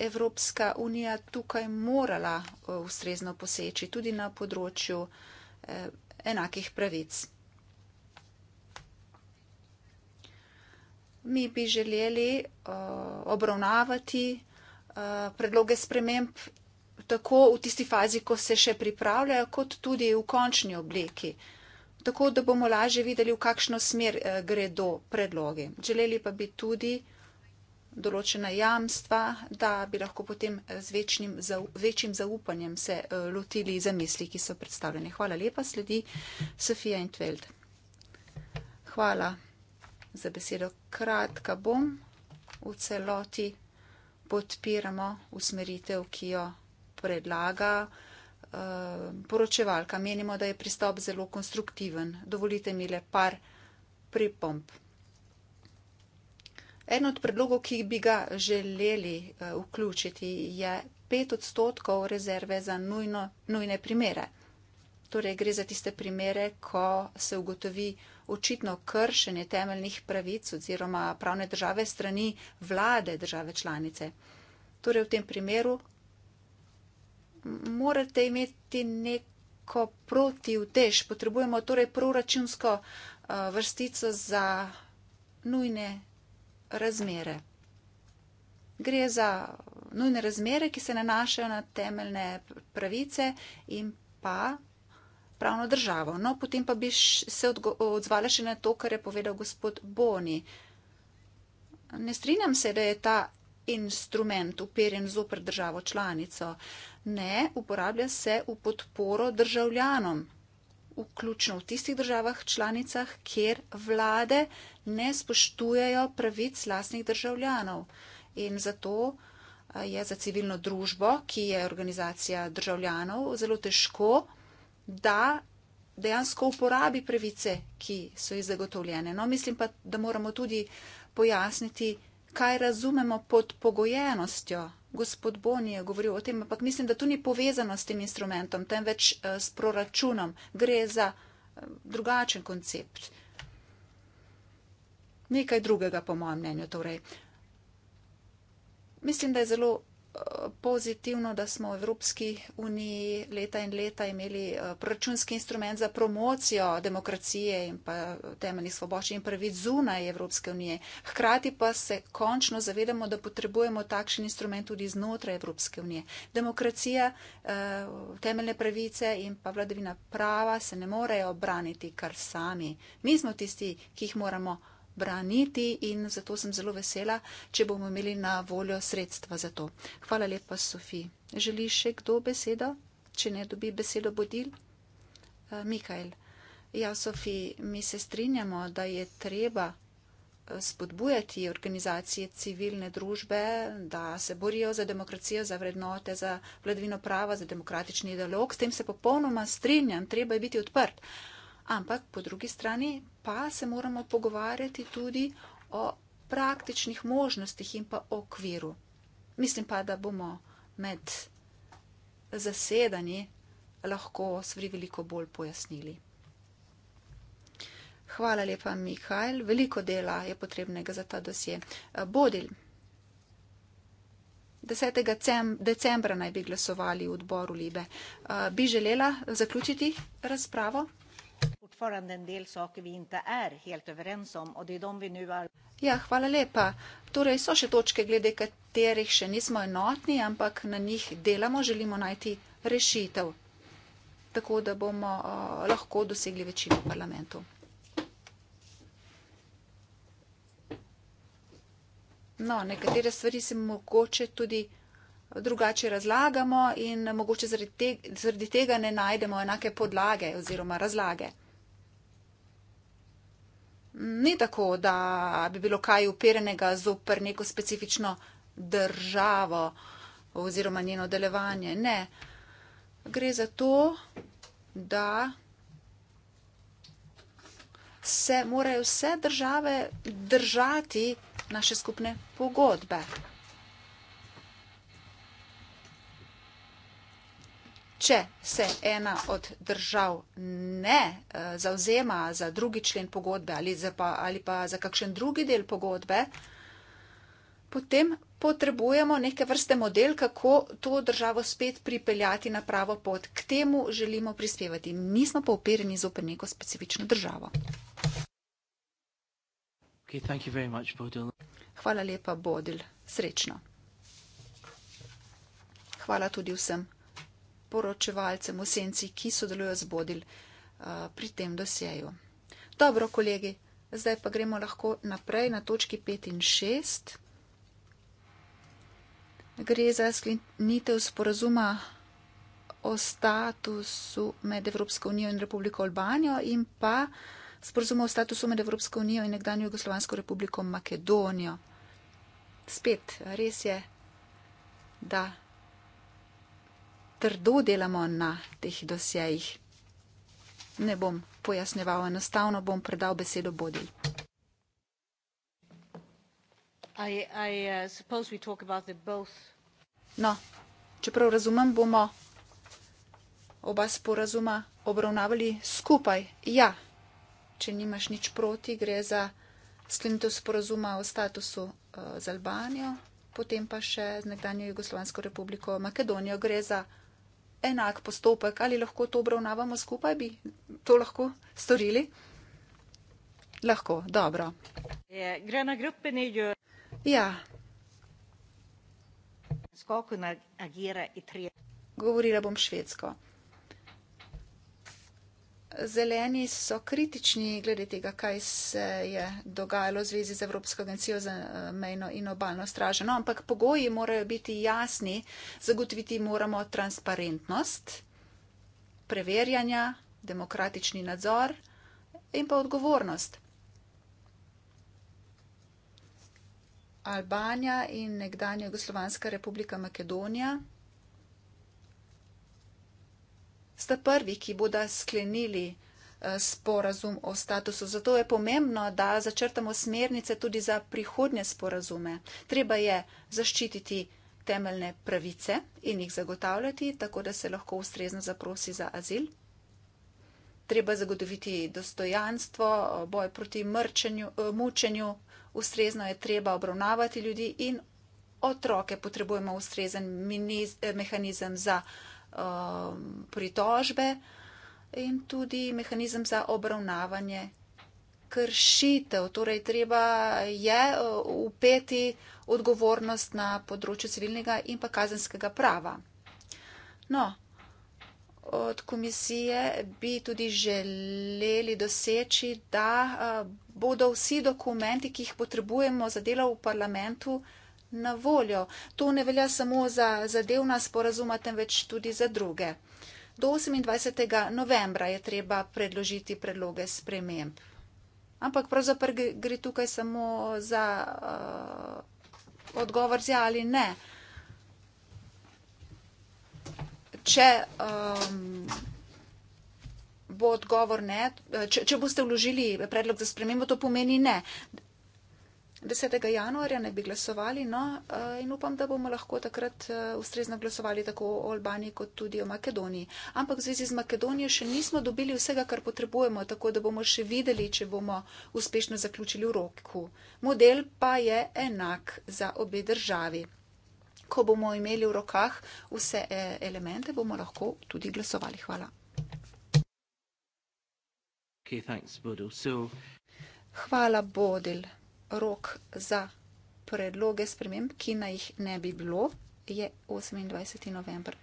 Evropska unija tukaj morala eh, ustrezno poseči tudi na področju eh, enakih pravic. Mi bi želeli eh, obravnavati predloge sprememb tako v tisti fazi, ko se še pripravljajo, kot tudi v končni obliki. Tako, da bomo lažje videli, v kakšno smer gredo predloge. Želeli pa bi tudi, določena jamstva, da bi lahko potem z večnim, večjim zaupanjem se eh, lotili zamisli, ki so predstavljene. Hvala lepa, sledi Sofija Entveld. Hvala za besedo. Kratka bom, v celoti podpiramo usmeritev, ki jo predlaga eh, poročevalka. Menimo, da je pristop zelo konstruktiven. Dovolite mi le par pripomp. En od predlogov, ki bi ga želeli eh, vključiti, je 5 odstotkov rezerve za nujno, nujne primere. Torej, gre za tiste primere, ko se ugotovi očitno kršenje temeljnih pravic oziroma pravne države strani vlade države članice. Torej, v tem primeru morate imeti neko protivtež. Potrebujemo torej proračunsko eh, vrstico za nujne razmere. Gre za nujne razmere, ki se nanašajo na temeljne pravice in pa pravno državo. No, potem pa bi se odzvala še na to, kar je povedal gospod Boni. Ne strinjam se, da je ta instrument uperjen zoper državo članico. Ne, uporablja se v podporo državljanom vključno v tistih državah članicah, kjer vlade ne spoštujejo pravic lastnih državljanov. In zato je za civilno družbo, ki je organizacija državljanov, zelo težko, da dejansko uporabi pravice, ki so ji zagotovljene. No, mislim pa, da moramo tudi pojasniti, kaj razumemo pod pogojenostjo gospod Boni je govoril o tem, ampak mislim, da to ni povezano s tem instrumentom, temveč eh, s proračunom. Gre za eh, drugačen koncept. Nekaj drugega, po mojem mnenju. Torej. Mislim, da je zelo pozitivno, da smo v Evropski uniji leta in leta imeli eh, proračunski instrument za promocijo demokracije in pa temeljnih svoboščin in pravic zunaj Evropske unije. Hkrati pa se končno zavedamo, da potrebujemo takšen instrument tudi znotraj Evropske unije. Demokracija, eh, temeljne pravice in pa vladavina prava se ne morejo obraniti kar sami. Mi smo tisti, ki jih moramo obraniti braniti in zato sem zelo vesela, če bomo imeli na voljo sredstva za to. Hvala lepa, Sofiji. Želi še kdo besedo? Če ne dobi besedo, bodil? Eh, Mikael. Ja, Sofiji, mi se strinjamo, da je treba eh, spodbujati organizacije civilne družbe, da se borijo za demokracijo, za vrednote, za vladvino prava, za demokratični dialog. S tem se popolnoma strinjam, treba je biti odprt. Ampak po drugi strani pa se moramo pogovarjati tudi o praktičnih možnostih in pa o okviru. Mislim pa, da bomo med zasedanji lahko stvari veliko bolj pojasnili. Hvala lepa, Mihajl. Veliko dela je potrebnega za ta dosje. Eh, Bodil. 10. decembra naj bi glasovali v odboru Libe. Eh, bi želela zaključiti razpravo? fortfarande en del saker vi inte är helt överens om och det är de vi nu har. Ja, hvala lepa. Torej, so še točke, glede katerih še nismo enotni, ampak na njih delamo, želimo najti rešitev, tako da bomo uh, lahko dosegli večino v parlamentu. No, nekatere stvari se mogoče tudi drugače razlagamo in mogoče zaradi tega ne najdemo enake podlage oziroma razlage ni tako, da bi bilo kaj uperenega zoper neko specifično državo oziroma njeno delovanje. Ne. Gre za to, da se morajo vse države držati naše skupne pogodbe. če se ena od držav ne eh, zauzema za drugi člen pogodbe ali, pa, ali pa za kakšen drugi del pogodbe, potem potrebujemo neke vrste model, kako to državo spet pripeljati na pravo pot. K temu želimo prispevati. Nismo pa upereni zopet neko specifično državo. Okay, much, Hvala lepa, Bodil. Srečno. Hvala tudi vsem poročevalcem v senci, ki sodelujo z Bodil eh, pri tem dosjeju. Dobro, kolegi, zdaj pa gremo lahko naprej na točki 5 in 6. Gre za sklenitev sporazuma o statusu med Evropsko unijo in Republiko Albanijo in pa sporazuma o statusu med Evropsko unijo in nekdanjo Jugoslovansko republiko Makedonijo. Spet, res je, da trdo delamo na teh dosjejih. Ne bom pojasneval, enostavno bom predal besedo Bodil. I, I, uh, no, čeprav razumem, bomo oba sporazuma obravnavali skupaj. Ja, če nimaš nič proti, gre za sklenitev sporazuma o statusu uh, z Albanijo, potem pa še z nekdanjo Jugoslovansko republiko Makedonijo. Gre za enak postopek, ali lahko to obravnavamo skupaj, bi to lahko storili? Lahko, dobro. Gre na grupe nedjo. Ja. Govorila bom švedsko. Zeleni so kritični glede tega, kaj se je dogajalo v zvezi z Evropsko agencijo za eh, mejno in obalno stražo. No, ampak pogoji morajo biti jasni, zagotoviti moramo transparentnost, preverjanja, demokratični nadzor in pa odgovornost. Albanija in nekdanja Jugoslovanska republika Makedonija sta prvi, ki bodo sklenili eh, sporazum o statusu. Zato je pomembno, da začrtamo smernice tudi za prihodnje sporazume. Treba je zaščititi temeljne pravice in jih zagotavljati, tako da se lahko ustrezno zaprosi za azil. Treba zagotoviti dostojanstvo, boj proti mrčenju, eh, mučenju, ustrezno je treba obravnavati ljudi in otroke potrebujemo ustrezen eh, mehanizem za um, pritožbe in tudi mehanizem za obravnavanje kršitev. Torej, treba je uh, upeti odgovornost na področju civilnega in pa kazenskega prava. No, od komisije bi tudi želeli doseči, da uh, bodo vsi dokumenti, ki jih potrebujemo za delo v parlamentu, uh, na voljo. To ne velja samo za zadevna sporazuma, temveč tudi za druge. Do 28. novembra je treba predložiti predloge sprememb. Ampak pravzaprav gre tukaj samo za uh, odgovor za ja ali ne. Če um, bo odgovor ne, če, če boste vložili predlog za spremembo, to pomeni ne. 10. januarja ne bi glasovali no, eh, in upam, da bomo lahko takrat eh, ustrezno glasovali tako o Albaniji kot tudi o Makedoniji. Ampak v zvezi z Makedonijo še nismo dobili vsega, kar potrebujemo, tako da bomo še videli, če bomo uspešno zaključili v roku. Model pa je enak za obe državi. Ko bomo imeli v rokah vse eh, elemente, bomo lahko tudi glasovali. Hvala. Okay, thanks, Hvala, Bodil rok za predloge sprememb, ki naj jih ne bi bilo, je 28. november.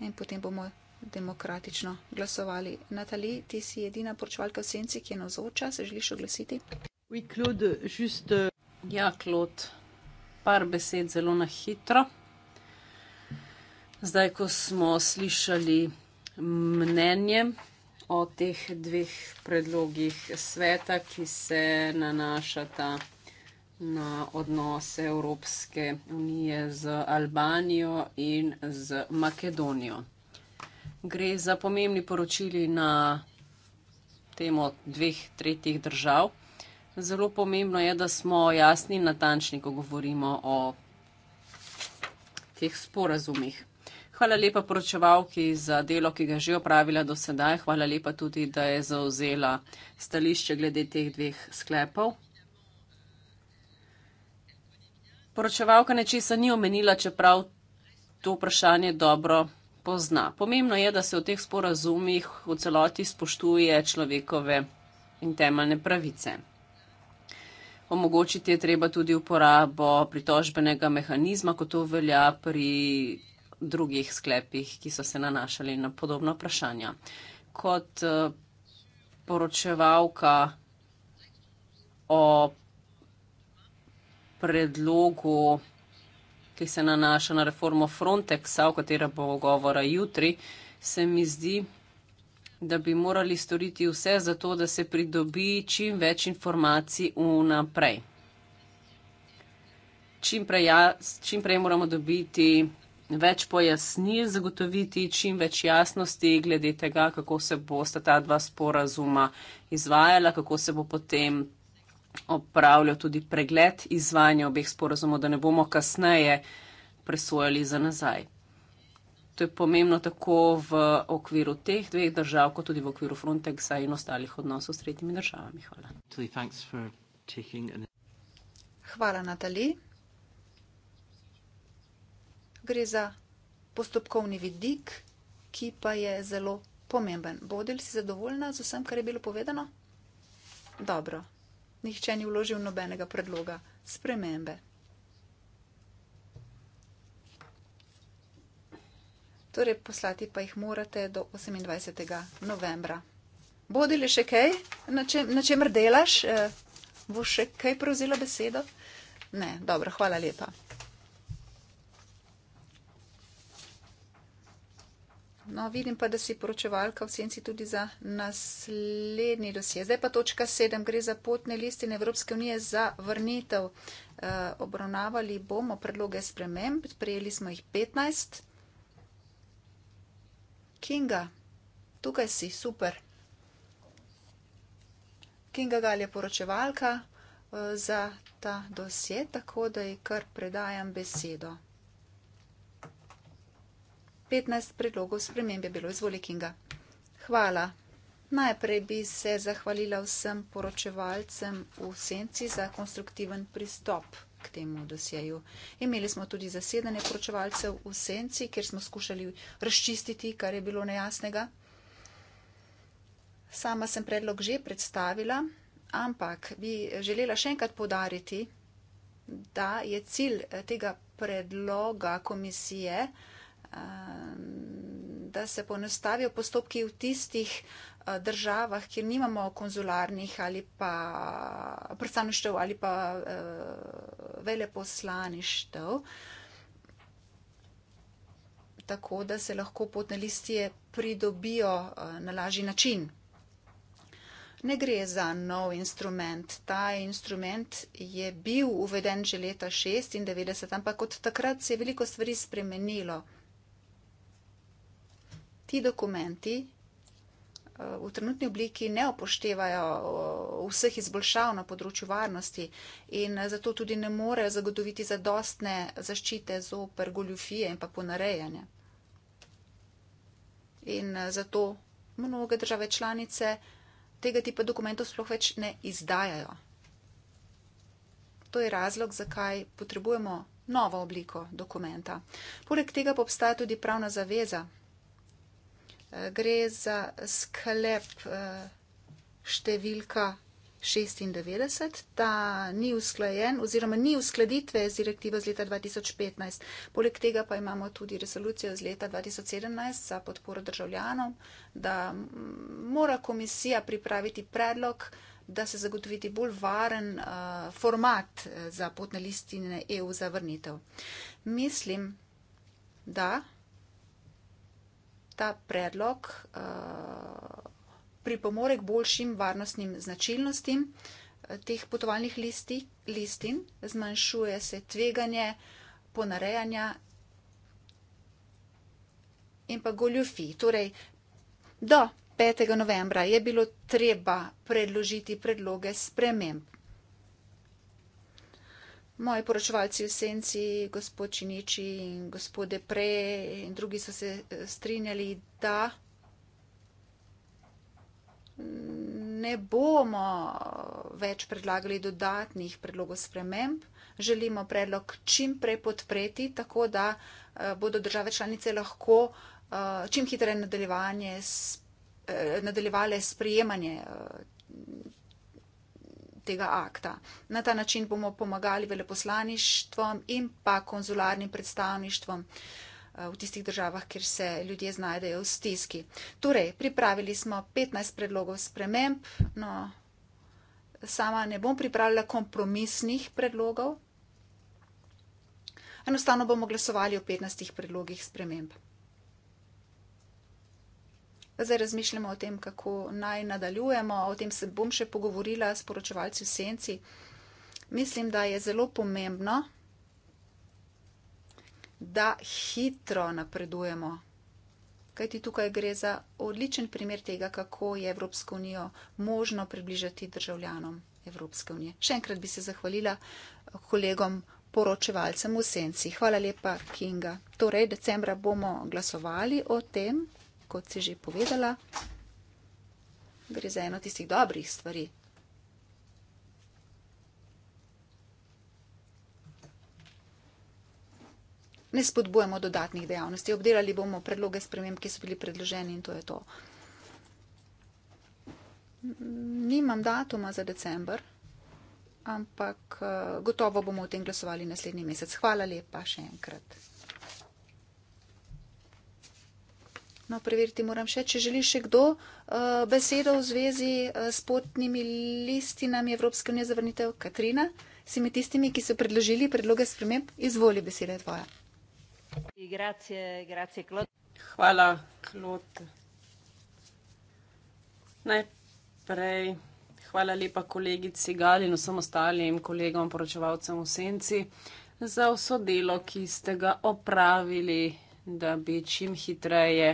In potem bomo demokratično glasovali. Natali, ti si edina poročevalka v senci, ki je navzoča, se želiš oglasiti? Oui, Claude, juste... Euh, ja, Klod, par besed zelo na hitro. Zdaj, ko smo slišali mnenje o teh dveh predlogih sveta, ki se nanašata na odnose Evropske unije z Albanijo in z Makedonijo. Gre za pomembni poročili na temo dveh tretjih držav. Zelo pomembno je, da smo jasni in natančni, ko govorimo o teh sporazumih. Hvala lepa poročevalki za delo, ki ga je že opravila do sedaj. Hvala lepa tudi, da je zauzela stališče glede teh dveh sklepov. Poročevalka nečesa ni omenila, čeprav to vprašanje dobro pozna. Pomembno je, da se v teh sporazumih v celoti spoštuje človekove in temeljne pravice. Omogočiti je treba tudi uporabo pritožbenega mehanizma, kot to velja pri drugih sklepih, ki so se nanašali na podobna vprašanja. Kot eh, poročevalka o predlogu, ki se nanaša na reformo Frontexa, o katera bo govora jutri, se mi zdi, da bi morali storiti vse za to, da se pridobi čim več informacij vnaprej. Čim prej, ja, čim prej moramo dobiti več pojasnil, zagotoviti čim več jasnosti glede tega, kako se bosta ta dva sporazuma izvajala, kako se bo potem opravljal tudi pregled izvajanja obeh sporazumov, da ne bomo kasneje presojali za nazaj. To je pomembno tako v okviru teh dveh držav, kot tudi v okviru Frontexa in ostalih odnosov s tretjimi državami. Hvala. Hvala, Natalija gre za postopkovni vidik, ki pa je zelo pomemben. Bodil si zadovoljna z vsem, kar je bilo povedano? Dobro, nihče ni vložil nobenega predloga spremembe. Torej, poslati pa jih morate do 28. novembra. Bodil je še kaj, na, čem, na čemer delaš? Eh, bo še kaj prevzela besedo? Ne, dobro, hvala lepa. No, vidim pa, da si poročevalka v senci tudi za naslednji dosje. Zdaj pa točka sedem gre za potne listine Evropske unije za vrnitev. E, obravnavali bomo predloge sprememb, prejeli smo jih 15. Kinga, tukaj si, super. Kinga Gal je poročevalka e, za ta dosje, tako da ji kar predajam besedo. 15 predlogov sprememb je bilo izvolikinga. Hvala. Najprej bi se zahvalila vsem poročevalcem v senci za konstruktiven pristop k temu dosjeju. Imeli smo tudi zasedanje poročevalcev v senci, kjer smo skušali razčistiti, kar je bilo nejasnega. Sama sem predlog že predstavila, ampak bi želela še enkrat podariti, da je cilj eh, tega predloga komisije, da se ponestavijo postopki v tistih eh, državah, kjer nimamo konzularnih ali pa predstavništev ali pa eh, veleposlaništev. Tako da se lahko potne listje pridobijo eh, na lažji način. Ne gre za nov instrument. Ta instrument je bil uveden že leta 96, ampak od takrat se je veliko stvari spremenilo ti dokumenti eh, v trenutni obliki ne upoštevajo eh, vseh izboljšav na področju varnosti in eh, zato tudi ne morejo zagotoviti zadostne zaščite zoper goljufije in pa ponarejanje. In zato mnoge države članice tega tipa dokumentov sploh več ne izdajajo. To je razlog, zakaj potrebujemo novo obliko dokumenta. Poleg tega pa obstaja tudi pravna zaveza gre za sklep eh, številka 96, ta ni usklajen oziroma ni uskladitve z direktivo z leta 2015. Poleg tega pa imamo tudi resolucijo z leta 2017 za podporo državljanom, da mm, mora komisija pripraviti predlog, da se zagotoviti bolj varen uh, format eh, za potne listine EU za vrnitev. Mislim, da ta predlog eh, pripomore k boljšim varnostnim značilnostim eh, teh potovalnih listi, listin, zmanjšuje se tveganje ponarejanja in pa goljufi. Torej, do 5. novembra je bilo treba predložiti predloge sprememb. Moji poročevalci v senci, gospod Činiči in gospod Depre in drugi so se eh, strinjali, da ne bomo eh, več predlagali dodatnih predlogov sprememb. Želimo predlog čim prej podpreti, tako da eh, bodo države članice lahko čim hitreje nadaljevale sprejemanje tega akta. Na ta način bomo pomagali veleposlaništvom in pa konzularnim predstavništvom eh, v tistih državah, kjer se ljudje znajdejo v stiski. Torej, pripravili smo 15 predlogov sprememb, no, sama ne bom pripravila kompromisnih predlogov. Enostavno bomo glasovali o 15 predlogih sprememb zdaj razmišljamo o tem, kako naj nadaljujemo, o tem se bom še pogovorila s poročevalci v senci. Mislim, da je zelo pomembno, da hitro napredujemo. Kaj ti tukaj gre za odličen primer tega, kako je Evropsko unijo možno približati državljanom Evropske unije. Še enkrat bi se zahvalila kolegom poročevalcem v senci. Hvala lepa, Kinga. Torej, decembra bomo glasovali o tem, kot si že povedala, gre za eno tistih dobrih stvari. Ne spodbujamo dodatnih dejavnosti, obdelali bomo predloge sprememb, ki so bili predloženi in to je to. Nimam datuma za decembr, ampak eh, gotovo bomo o tem glasovali naslednji mesec. Hvala lepa še enkrat. No, preveriti moram še, če želi še kdo eh, besedo v zvezi eh, s potnimi listinami Evropske unije za vrnitev. Katrina, si med tistimi, ki so predložili predloge sprememb, izvoli besede tvoja. Grazie, grazie, Hvala, Klot. Najprej. Hvala lepa kolegici Gali in vsem ostalim kolegom, poročevalcem v Senci, za vso delo, ki ste ga opravili, da bi čim hitreje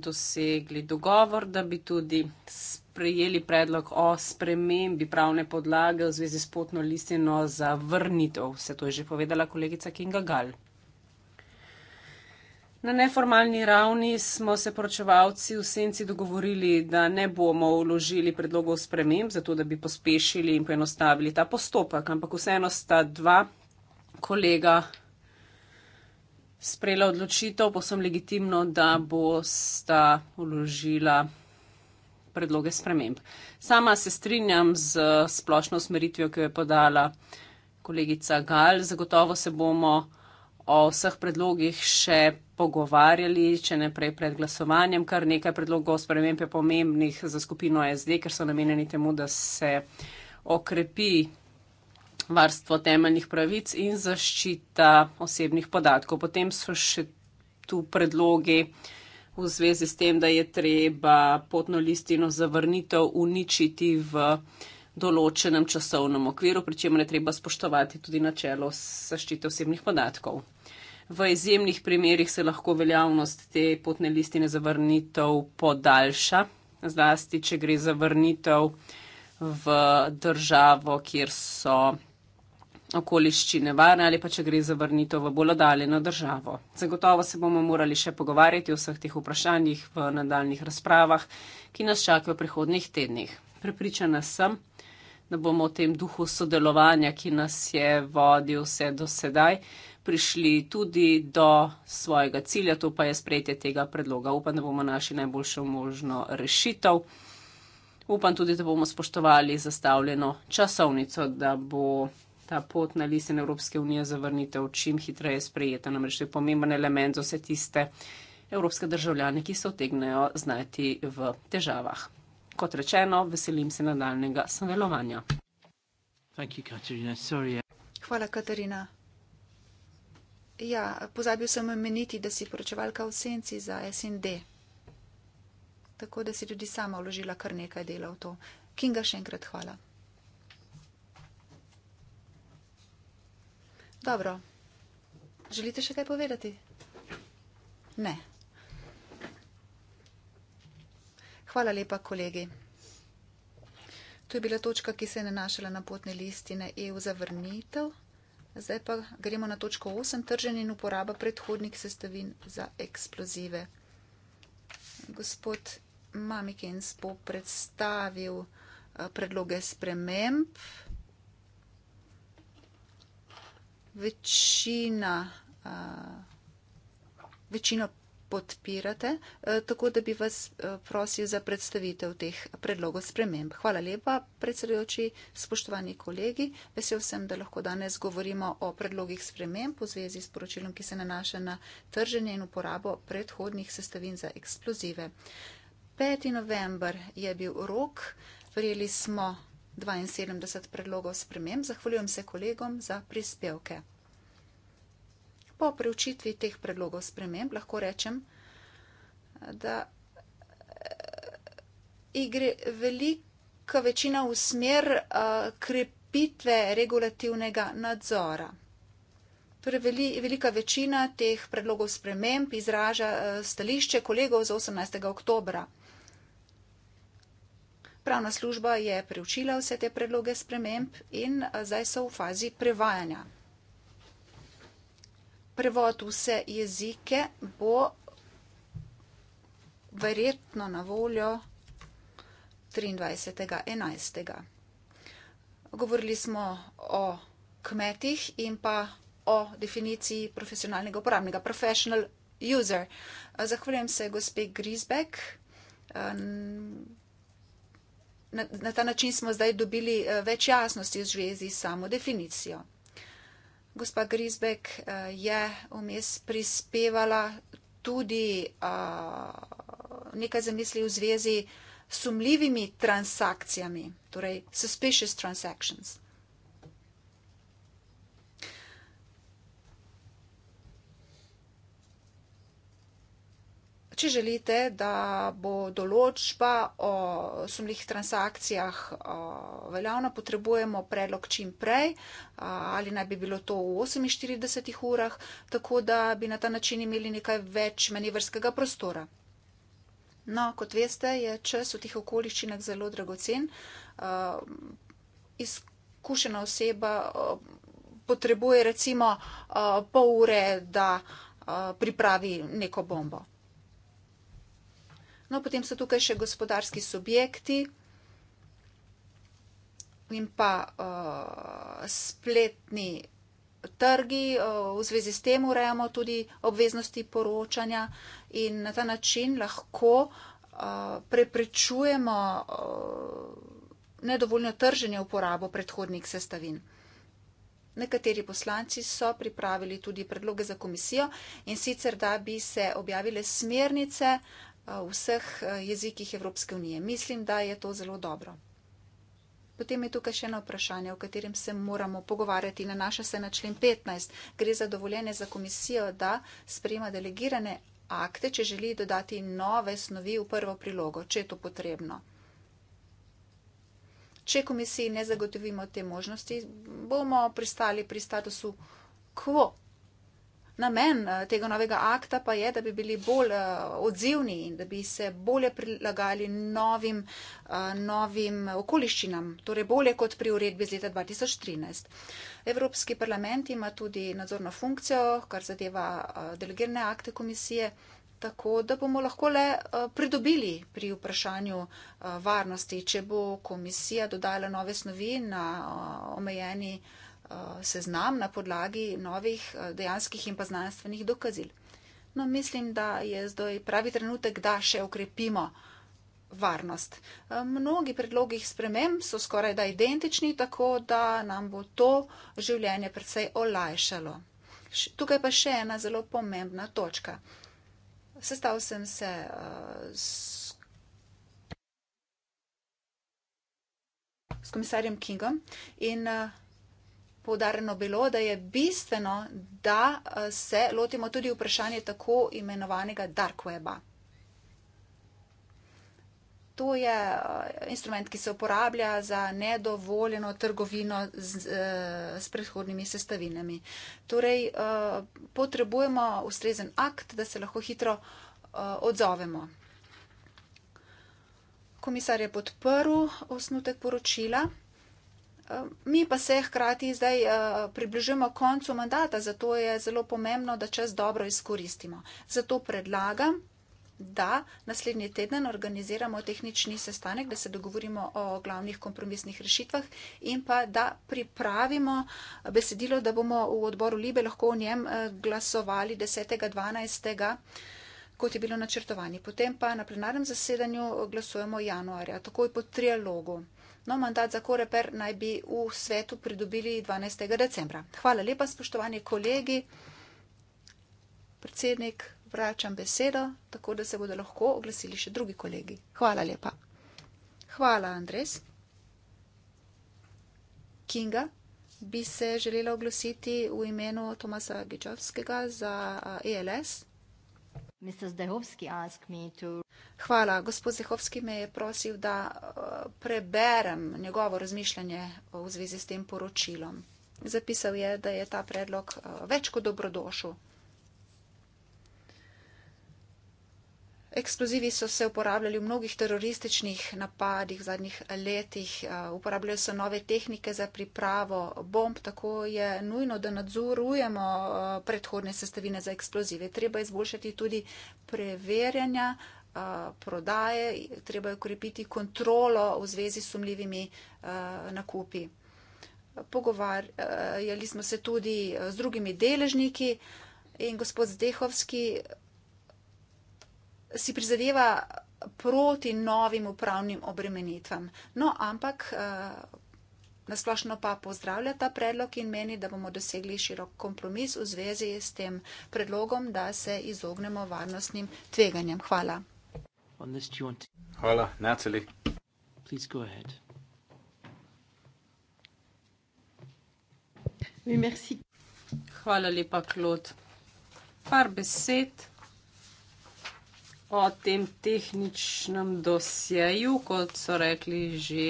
dosegli dogovor, da bi tudi sprejeli predlog o spremembi pravne podlage v zvezi s potno listino za vrnitev. Vse to je že povedala kolegica Kinga Gal. Na neformalni ravni smo se poročevalci v senci dogovorili, da ne bomo uložili predlogov sprememb, zato da bi pospešili in poenostavili ta postopek, ampak vseeno sta dva kolega sprejela odločitev, posem legitimno, da bosta uložila predloge sprememb. Sama se strinjam z splošno smeritvijo, ki jo je podala kolegica Gal. Zagotovo se bomo o vseh predlogih še pogovarjali, če ne prej pred glasovanjem, kar nekaj predlogov sprememb je pomembnih za skupino SD, ker so namenjeni temu, da se okrepi varstvo temeljnih pravic in zaščita osebnih podatkov. Potem so še tu predlogi v zvezi s tem, da je treba potno listino zavrnitev uničiti v določenem časovnem okviru, pri čemer je treba spoštovati tudi načelo zaščite osebnih podatkov. V izjemnih primerjih se lahko veljavnost te potne listine zavrnitev podaljša, zlasti, če gre zavrnitev v državo, kjer so okoliščine varne ali pa če gre za vrnitev v bolj oddaljeno državo. Zagotovo se bomo morali še pogovarjati o vseh teh vprašanjih v nadaljnih razpravah, ki nas čakajo v prihodnih tednih. Prepričana sem, da bomo v tem duhu sodelovanja, ki nas je vodil vse do sedaj, prišli tudi do svojega cilja, to pa je sprejetje tega predloga. Upam, da bomo našli najboljšo možno rešitev. Upam tudi, da bomo spoštovali zastavljeno časovnico, da bo ta pot na listen Evropske unije za vrnitev čim hitreje sprejeta. Namreč je pomemben element za vse tiste evropske državljane, ki se otegnejo znati v težavah. Kot rečeno, veselim se nadaljnega sodelovanja. Hvala, Katarina. Ja, pozabil sem omeniti, da si poročevalka v senci za SND. Tako da si tudi sama vložila kar nekaj dela v to. Kinga, še enkrat hvala. Dobro. Želite še kaj povedati? Ne. Hvala lepa, kolegi. To je bila točka, ki se je nanašala na potne listine EU za vrnitev. Zdaj pa gremo na točko 8, trženje in uporaba predhodnih sestavin za eksplozive. Gospod Mamikens bo predstavil eh, predloge sprememb. večina, uh, večino podpirate, uh, tako da bi vas uh, prosil za predstavitev teh predlogov sprememb. Hvala lepa, predsedujoči, spoštovani kolegi. Vesel sem, da lahko danes govorimo o predlogih sprememb v zvezi s poročilom, ki se nanaša na trženje in uporabo predhodnih sestavin za eksplozive. 5. november je bil rok, verjeli smo. 72 predlogov sprememb. Zahvaljujem se kolegom za prispevke. Po preučitvi teh predlogov sprememb lahko rečem, da eh, igre velika večina v smer eh, krepitve regulativnega nadzora. Torej, velika večina teh predlogov sprememb izraža eh, stališče kolegov z 18. oktobra Pravna služba je preučila vse te predloge sprememb in zdaj so v fazi prevajanja. Prevod vse jezike bo verjetno na voljo 23.11. Govorili smo o kmetih in pa o definiciji profesionalnega uporabnika, professional user. Zahvaljujem se gospe Grisbek na, na ta način smo zdaj dobili eh, več jasnosti v zvezi s samo definicijo. Gospa Grisbek eh, je vmes prispevala tudi uh, nekaj zamisli v zvezi s sumljivimi transakcijami, torej suspicious transactions. če želite, da bo določba o sumljih transakcijah veljavna, potrebujemo predlog čim prej, ali naj bi bilo to v 48 urah, tako da bi na ta način imeli nekaj več manevrskega prostora. No, kot veste, je čas v teh okoliščinah zelo dragocen. Izkušena oseba potrebuje recimo pol ure, da pripravi neko bombo. No, potem so tukaj še gospodarski subjekti in pa uh, spletni trgi. Uh, v zvezi s tem urejamo tudi obveznosti poročanja in na ta način lahko uh, preprečujemo uh, nedovoljno trženje uporabo predhodnih sestavin. Nekateri poslanci so pripravili tudi predloge za komisijo in sicer, da bi se objavile smernice uh, vseh jezikih Evropske unije. Mislim, da je to zelo dobro. Potem je tukaj še eno vprašanje, o katerem se moramo pogovarjati. Nanaša se na člen 15. Gre za dovoljenje za komisijo, da sprema delegirane akte, če želi dodati nove snovi v prvo prilogo, če je to potrebno. Če komisiji ne zagotovimo te možnosti, bomo pristali pri statusu quo, Namen eh, tega novega akta pa je, da bi bili bolj eh, odzivni in da bi se bolje prilagali novim, eh, novim okoliščinam, torej bolje kot pri uredbi z leta 2013. Evropski parlament ima tudi nadzorno funkcijo, kar zadeva delegirane akte komisije, tako da bomo lahko le pridobili pri vprašanju varnosti, če bo komisija dodala nove snovi na omejeni. Eh, seznam na podlagi novih eh, dejanskih in pa znanstvenih dokazil. No, mislim, da je zdaj pravi trenutek, da še okrepimo varnost. Eh, mnogi predlogih spremem so skoraj da identični, tako da nam bo to življenje predvsej olajšalo. Tukaj pa še ena zelo pomembna točka. Sestal sem se s, s komisarjem Kingom in poudarjeno bilo, da je bistveno, da eh, se lotimo tudi vprašanje tako imenovanega dark weba. To je eh, instrument, ki se uporablja za nedovoljeno trgovino z, z eh, predhodnimi sestavinami. Torej, potrebujemo ustrezen akt, da se lahko hitro odzovemo. Komisar je podprl osnutek poročila. Mi pa se hkrati zdaj eh, približujemo koncu mandata, zato je zelo pomembno, da čas dobro izkoristimo. Zato predlagam, da naslednji teden organiziramo tehnični sestanek, da se dogovorimo o glavnih kompromisnih rešitvah in pa da pripravimo besedilo, da bomo v odboru Libe lahko o njem eh, glasovali 10. 12. kot je bilo načrtovani. Potem pa na plenarnem zasedanju glasujemo januarja, takoj po trialogu. No, mandat za koreper naj bi v svetu pridobili 12. decembra. Hvala lepa, spoštovani kolegi. Predsednik, vračam besedo, tako da se bodo lahko oglasili še drugi kolegi. Hvala lepa. Hvala, Andres. Kinga, bi se želela oglasiti v imenu Tomasa Gičovskega za ELS? Hvala. Gospod Zehovski me je prosil, da eh, preberem njegovo razmišljanje v zvezi s tem poročilom. Zapisal je, da je ta predlog eh, več kot dobrodošel. Eksplozivi so se uporabljali v mnogih terorističnih napadih v zadnjih letih, eh, uporabljajo se nove tehnike za pripravo bomb, tako je nujno, da nadzorujemo eh, predhodne sestavine za eksplozive. Treba izboljšati tudi preverjanja eh, prodaje, treba je ukrepiti kontrolo v zvezi s sumljivimi nakupi. Pogovarjali smo se tudi z drugimi deležniki in gospod Zdehovski si prizadeva proti novim upravnim obremenitvam. No, ampak eh, nasplošno pa pozdravlja ta predlog in meni, da bomo dosegli širok kompromis v zvezi s tem predlogom, da se izognemo varnostnim tveganjem. Hvala. Hvala, Naceli. Hvala lepa, Klod. Par besed o tem tehničnem dosjeju, kot so rekli že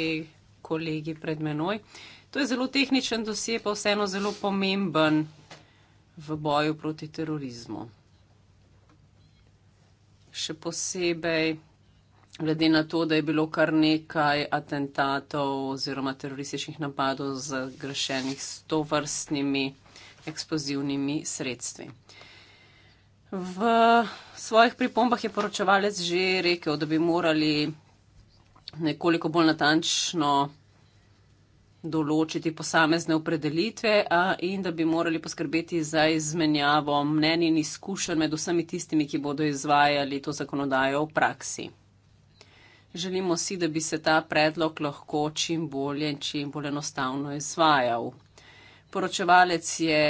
kolegi pred menoj. To je zelo tehničen dosje, pa vseeno zelo pomemben v boju proti terorizmu. Še posebej glede na to, da je bilo kar nekaj atentatov oziroma terorističnih napadov zagrešenih s tovrstnimi eksplozivnimi sredstvi v svojih pripombah je poročevalec že rekel, da bi morali nekoliko bolj natančno določiti posamezne opredelitve a, in da bi morali poskrbeti za izmenjavo mnen in izkušenj med vsemi tistimi, ki bodo izvajali to zakonodajo v praksi. Želimo si, da bi se ta predlog lahko čim bolje in čim bolj enostavno izvajal. Poročevalec je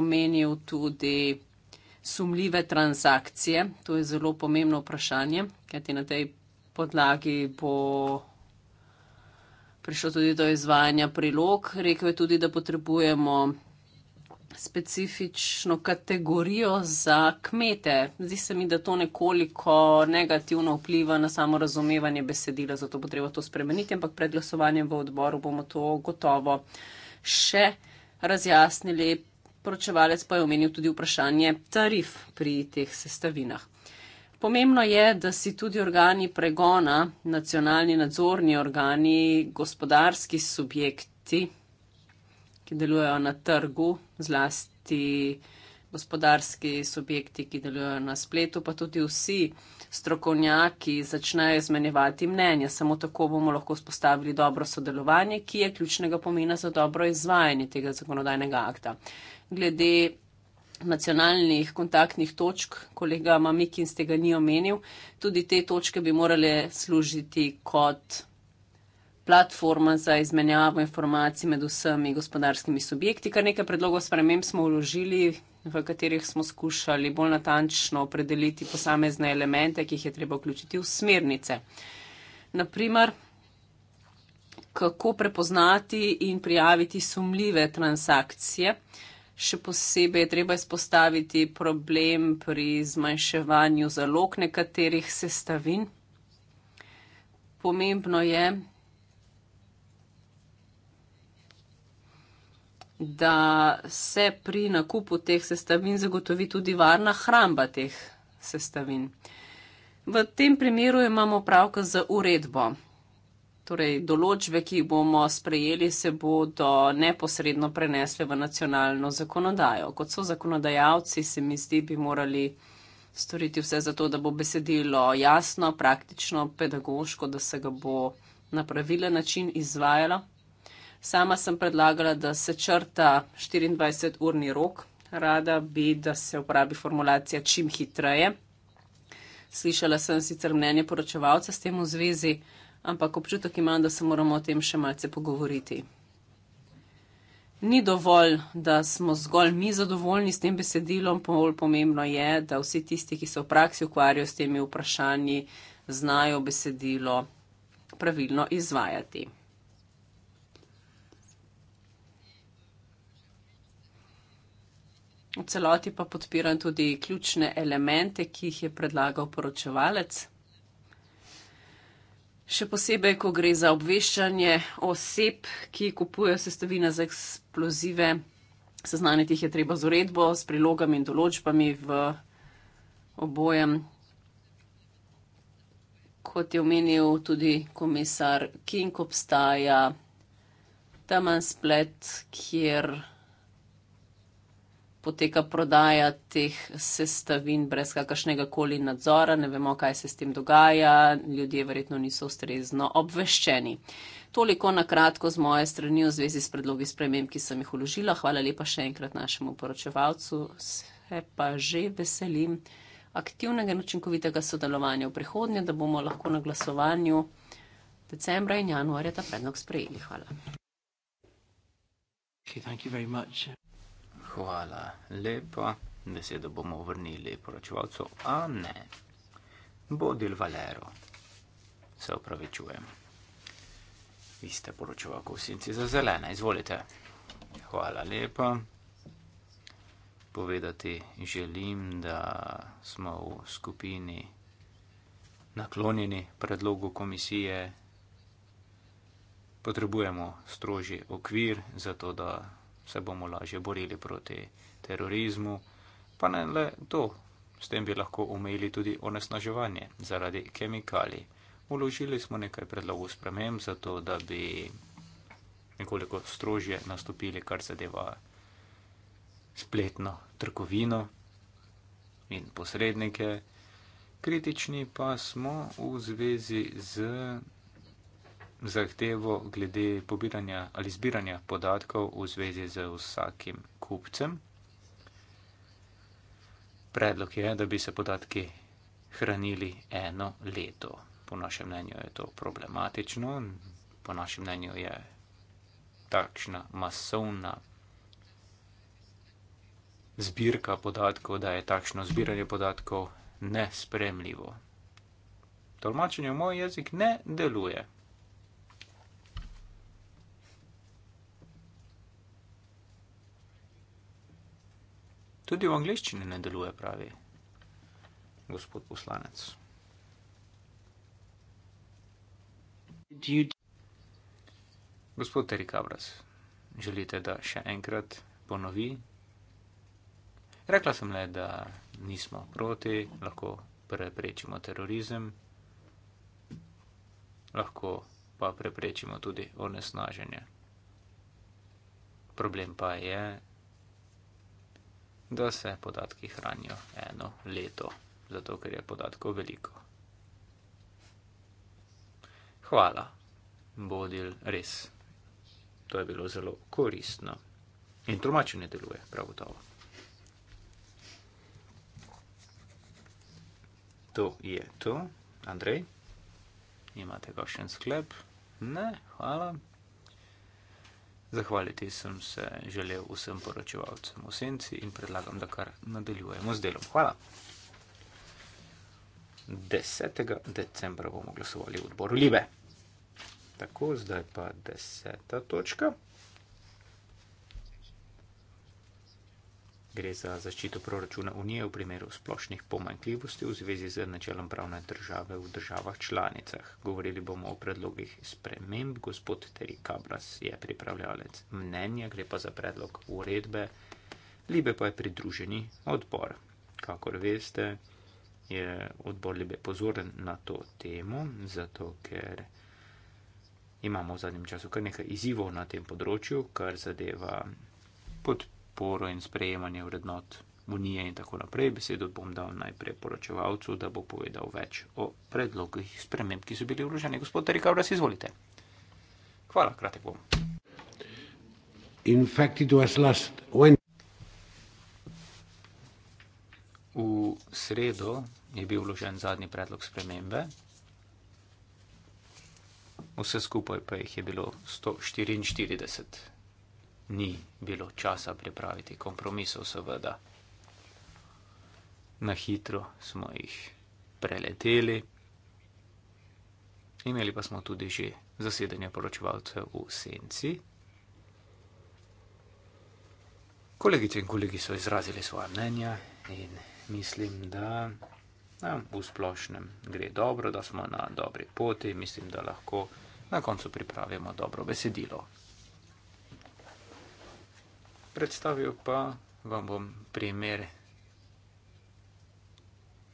omenil tudi sumljive transakcije? To je zelo pomembno vprašanje, ker ti na tej podlagi bo prišlo tudi do izvajanja prilog. Rekel je tudi, da potrebujemo specifično kategorijo za kmete. Zdi se mi, da to nekoliko negativno vpliva na samo razumevanje besedila, zato bo treba to spremeniti, ampak pred glasovanjem v odboru bomo to gotovo še razjasnili poročevalec pa je omenil tudi vprašanje tarif pri teh sestavinah. Pomembno je, da si tudi organi pregona, nacionalni nadzorni organi, gospodarski subjekti, ki delujejo na trgu, zlasti gospodarski subjekti, ki delujejo na spletu, pa tudi vsi strokovnjaki začnejo izmenjevati mnenja. Samo tako bomo lahko spostavili dobro sodelovanje, ki je ključnega pomena za dobro izvajanje tega zakonodajnega akta glede nacionalnih kontaktnih točk, kolega Mamikin ste ga ni omenil, tudi te točke bi morale služiti kot platforma za izmenjavo informacij med vsemi gospodarskimi subjekti. Kar nekaj predlogov sprememb smo uložili, v katerih smo skušali bolj natančno opredeliti posamezne elemente, ki jih je treba vključiti v smernice. Naprimer, kako prepoznati in prijaviti sumljive transakcije. Še posebej je treba izpostaviti problem pri zmanjševanju zalog nekaterih sestavin. Pomembno je, da se pri nakupu teh sestavin zagotovi tudi varna hramba teh sestavin. V tem primeru imamo pravka z uredbo torej določbe, ki jih bomo sprejeli, se bodo neposredno prenesle v nacionalno zakonodajo. Kot so zakonodajalci, se mi zdi, bi morali storiti vse za to, da bo besedilo jasno, praktično, pedagoško, da se ga bo na pravilen način izvajalo. Sama sem predlagala, da se črta 24-urni rok, rada bi, da se uporabi formulacija čim hitreje. Slišala sem sicer mnenje poročevalca s tem v zvezi, ampak občutek imam, da se moramo o tem še malce pogovoriti. Ni dovolj, da smo zgolj mi zadovoljni s tem besedilom, bolj pomembno je, da vsi tisti, ki se v praksi ukvarjajo s temi vprašanji, znajo besedilo pravilno izvajati. V celoti pa podpiram tudi ključne elemente, ki jih je predlagal poročevalec. Še posebej, ko gre za obveščanje oseb, ki kupujejo sestavine za eksplozive, seznaniti jih je treba z uredbo, s prilogami in določbami v obojem. Kot je omenil tudi komisar King, obstaja tamen splet, kjer poteka prodaja teh sestavin brez kakršnega koli nadzora, ne vemo, kaj se s tem dogaja, ljudje verjetno niso ustrezno obveščeni. Toliko na kratko z moje strani v zvezi s predlogi sprememb, ki sem jih uložila. Hvala lepa še enkrat našemu poročevalcu, se pa že veselim aktivnega in učinkovitega sodelovanja v prihodnje, da bomo lahko na glasovanju decembra in januarja ta predlog sprejeli. Hvala. Okay, thank you very much. Hvala lepa. Besedo bomo vrnili poročevalcu. A ne. Bodil Valero. Se opravičujem. Vi ste poročevalko v senci za zelena. Izvolite. Hvala lepa. Povedati želim, da smo v skupini naklonjeni predlogu komisije. Potrebujemo strožji okvir, zato da se bomo lažje borili proti terorizmu. Pa ne le to, s tem bi lahko omejili tudi onesnaževanje zaradi kemikalij. Uložili smo nekaj predlogov sprememb, zato da bi nekoliko strožje nastopili, kar zadeva spletno trgovino in posrednike. Kritični pa smo v zvezi z zahtevo glede pobiranja ali zbiranja podatkov v zvezi z vsakim kupcem. Predlog je, da bi se podatki hranili eno leto. Po našem mnenju je to problematično, po našem mnenju je takšna masovna zbirka podatkov, da je takšno zbiranje podatkov nespremljivo. Tolmačenje v moj jezik ne deluje. Tudi v angliščini ne deluje, pravi gospod poslanec. Gospod Terry Cabras, želite, da še enkrat ponovi? Rekla sem le, da nismo proti, lahko preprečimo terorizem, lahko pa preprečimo tudi onesnaženje. Problem pa je, da se podatki hranijo eno leto, zato ker je podatkov veliko. Hvala, Bodil, res. To je bilo zelo koristno. In tromačenje deluje, prav gotovo. To je to, Andrej. Imate kakšen sklep? Ne, hvala. Zahvaliti sem se želel vsem poročevalcem v senci in predlagam, da kar nadaljujemo z delom. Hvala. 10. decembra bomo glasovali v odboru Libe. Tako, zdaj pa 10. točka. Gre za zaščito proračuna Unije v primeru splošnih pomankljivosti v zvezi z načelom pravne države v državah članicah. Govorili bomo o predlogih sprememb. Gospod Terry Cabras je pripravljalec mnenja, gre pa za predlog uredbe. Libe pa je pridruženi odbor. Kakor veste, je odbor Libe pozoren na to temo, zato ker imamo v zadnjem času kar nekaj izzivov na tem področju, kar zadeva podpiranje podporo in sprejemanje vrednot unije in tako naprej. Besedo bom dal najprej poročevalcu, da bo povedal več o predlogih sprememb, ki so bili vloženi. Gospod Terikavras, izvolite. Hvala, kratek bom. V sredo je bil vložen zadnji predlog spremembe, vse skupaj pa jih je bilo 144 ni bilo časa pripraviti kompromisov, seveda. Na hitro smo jih preleteli, imeli pa smo tudi že zasedanje poročevalcev v senci. Kolegice in kolegi so izrazili svoje mnenja in mislim, da nam v splošnem gre dobro, da smo na dobri poti, mislim, da lahko na koncu pripravimo dobro besedilo predstavil pa vam bom primer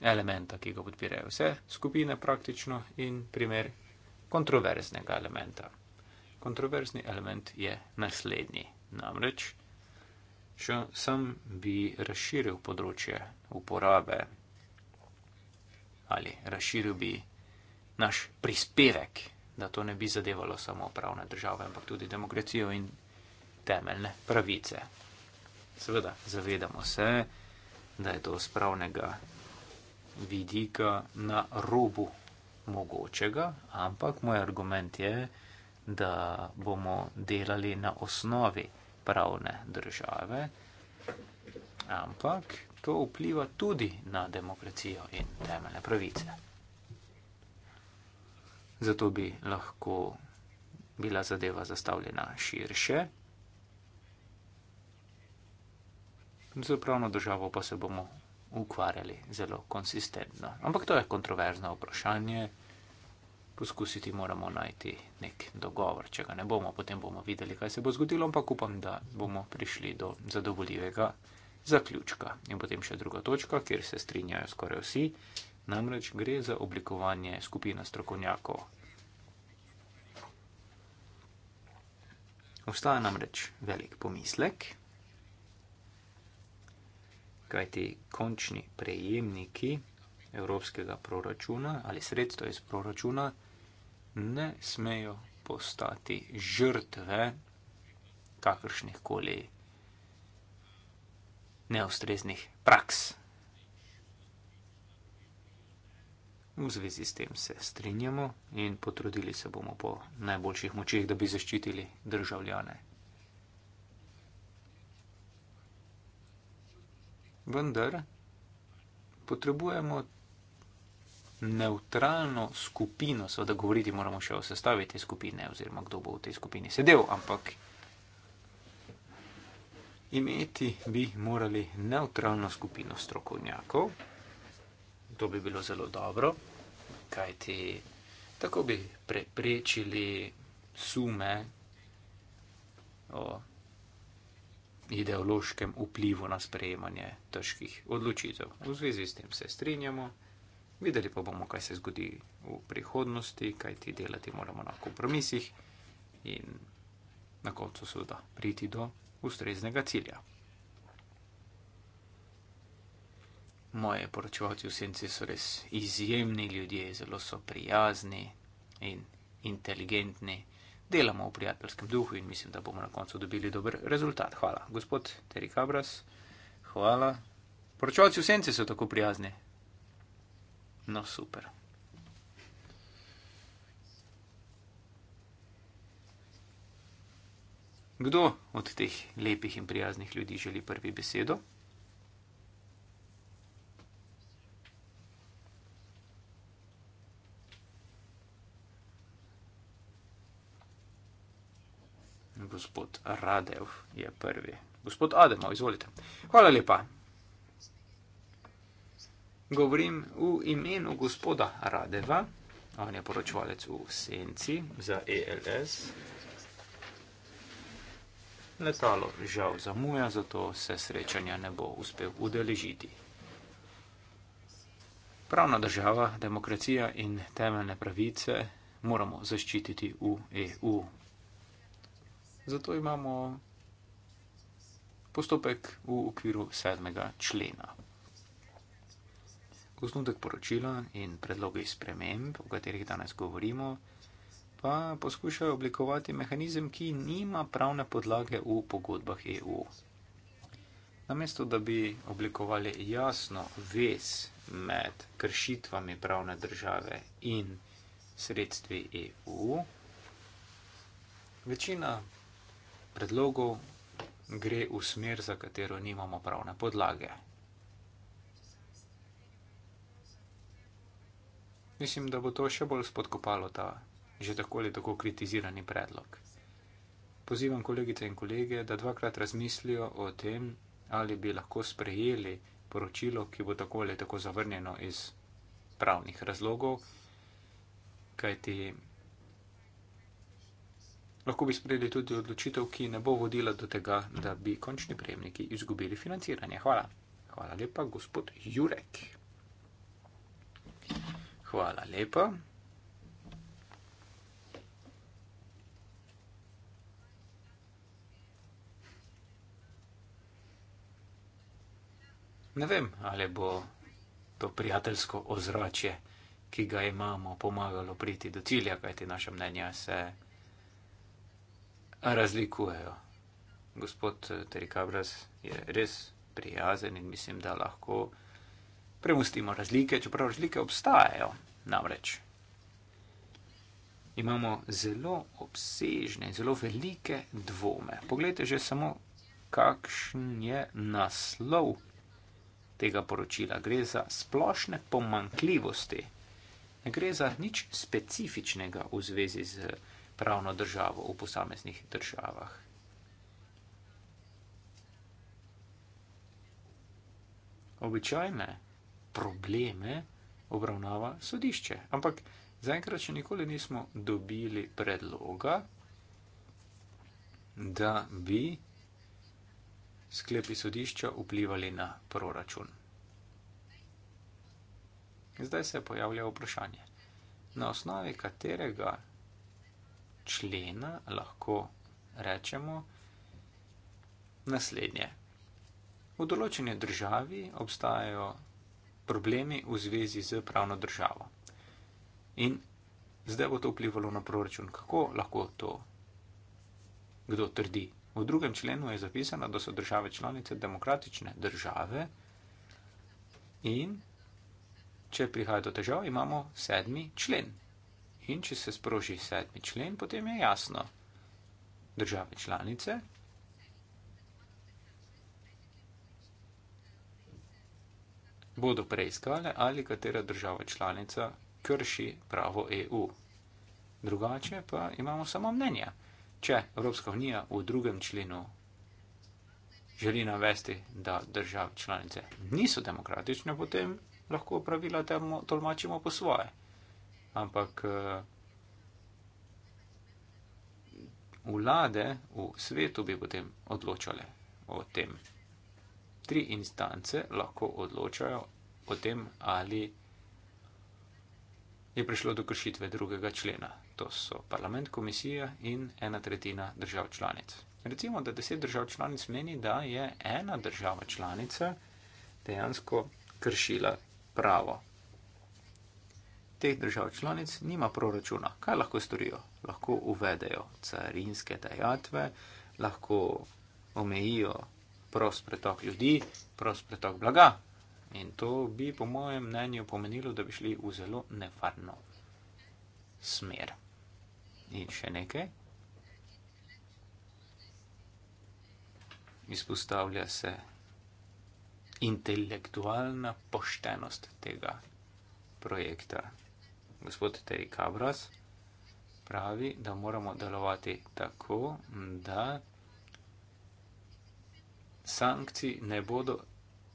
elementa, ki ga podpirajo vse skupine praktično in primer kontroverznega elementa. Kontroverzni element je naslednji, namreč še sem bi razširil področje uporabe ali razširil bi naš prispevek, da to ne bi zadevalo samo pravne države, ampak tudi demokracijo in temeljne pravice. Seveda, zavedamo se, da je to z pravnega vidika na robu mogočega, ampak moj argument je, da bomo delali na osnovi pravne države, ampak to vpliva tudi na demokracijo in temeljne pravice. Zato bi lahko bila zadeva zastavljena širše. z pravno državo pa se bomo ukvarjali zelo konsistentno. Ampak to je kontroverzno vprašanje. Poskusiti moramo najti nek dogovor. Če ga ne bomo, potem bomo videli, kaj se bo zgodilo, ampak upam, da bomo prišli do zadovoljivega zaključka. In potem še druga točka, kjer se strinjajo skoraj vsi, namreč gre za oblikovanje skupine strokovnjakov. Obstaja namreč velik pomislek, kajti končni prejemniki evropskega proračuna ali sredstva iz proračuna ne smejo postati žrtve kakršnih koli neustreznih praks. V zvezi s tem se strinjamo in potrudili se bomo po najboljših močeh, da bi zaščitili državljane vendar potrebujemo neutralno skupino, seveda govoriti moramo še o sestavi te skupine oziroma kdo bo v tej skupini sedel, ampak imeti bi morali neutralno skupino strokovnjakov, to bi bilo zelo dobro, kajti tako bi preprečili sume o ideološkem vplivu na sprejemanje težkih odločitev. V zvezi s tem se strinjamo, videli pa bomo, kaj se zgodi v prihodnosti, kaj ti delati moramo na kompromisih in na koncu seveda priti do ustreznega cilja. Moje poročevalci v senci so res izjemni ljudje, zelo so prijazni in inteligentni delamo v prijateljskem duhu in mislim, da bomo na koncu dobili dober rezultat. Hvala, gospod Terry Cabras. Hvala. Poročovalci v senci so tako prijazni. No, super. Kdo od teh lepih in prijaznih ljudi želi prvi besedo? gospod Radev je prvi. Gospod Ademov, izvolite. Hvala lepa. Govorim v imenu gospoda Radeva, on je poročevalec v Senci za ELS. Letalo žal zamuja, zato se srečanja ne bo uspel udeležiti. Pravna država, demokracija in temeljne pravice moramo zaščititi v EU. Zato imamo postopek v okviru sedmega člena. Osnutek poročila in predloge izprememb, o katerih danes govorimo, pa poskušajo oblikovati mehanizem, ki nima pravne podlage v pogodbah EU. Namesto da bi oblikovali jasno vez med kršitvami pravne države in sredstvi EU, večina predlogov gre v smer, za katero nimamo pravne podlage. Mislim, da bo to še bolj spodkopalo ta že tako ali tako kritizirani predlog. Pozivam kolegice in kolege, da dvakrat razmislijo o tem, ali bi lahko sprejeli poročilo, ki bo tako ali tako zavrnjeno iz pravnih razlogov, kajti lahko bi sprejeli tudi odločitev, ki ne bo vodila do tega, da bi končni prejemniki izgubili financiranje. Hvala. Hvala lepa, gospod Jurek. Hvala lepa. Ne vem, ali bo to prijateljsko ozračje, ki ga imamo, pomagalo priti do cilja, kajti naše mnenje se razlikujejo. Gospod eh, Terikabras je res prijazen in mislim, da lahko premustimo razlike, čeprav razlike obstajajo. Namreč imamo zelo obsežne in zelo velike dvome. Poglejte že samo, kakšen je naslov tega poročila. Gre za splošne pomankljivosti. Ne gre za nič specifičnega v zvezi z pravno državo v posameznih državah. Običajne probleme obravnava sodišče, ampak zaenkrat še nikoli nismo dobili predloga, da bi sklepi sodišča vplivali na proračun. Zdaj se pojavlja vprašanje, na osnovi katerega člena lahko rečemo naslednje. V določeni državi obstajajo problemi v zvezi z pravno državo. In zdaj bo to vplivalo na proračun. Kako lahko to kdo trdi? V drugem členu je zapisano, da so države članice demokratične države in če prihaja do težav, imamo sedmi člen. In če se sproži sedmi člen, potem je jasno. Države članice bodo preiskale, ali katera država članica krši pravo EU. Drugače pa imamo samo mnenje. Če Evropska unija v drugem členu želi navesti, da države članice niso demokratične, potem lahko pravila tolmačimo po svoje ampak eh, vlade v svetu bi potem odločale o tem. Tri instance lahko odločajo o tem, ali je prišlo do kršitve drugega člena. To so parlament, komisija in ena tretjina držav članic. Recimo, da deset držav članic meni, da je ena država članica dejansko kršila pravo teh držav članic nima proračuna. Kaj lahko storijo? Lahko uvedejo carinske dejatve, lahko omejijo prost pretok ljudi, prost pretok blaga. In to bi, po mojem mnenju, pomenilo, da bi šli v zelo nevarno smer. In še nekaj. Izpostavlja se intelektualna poštenost tega projekta gospod Terry Cabras pravi, da moramo delovati tako, da sankcij ne bodo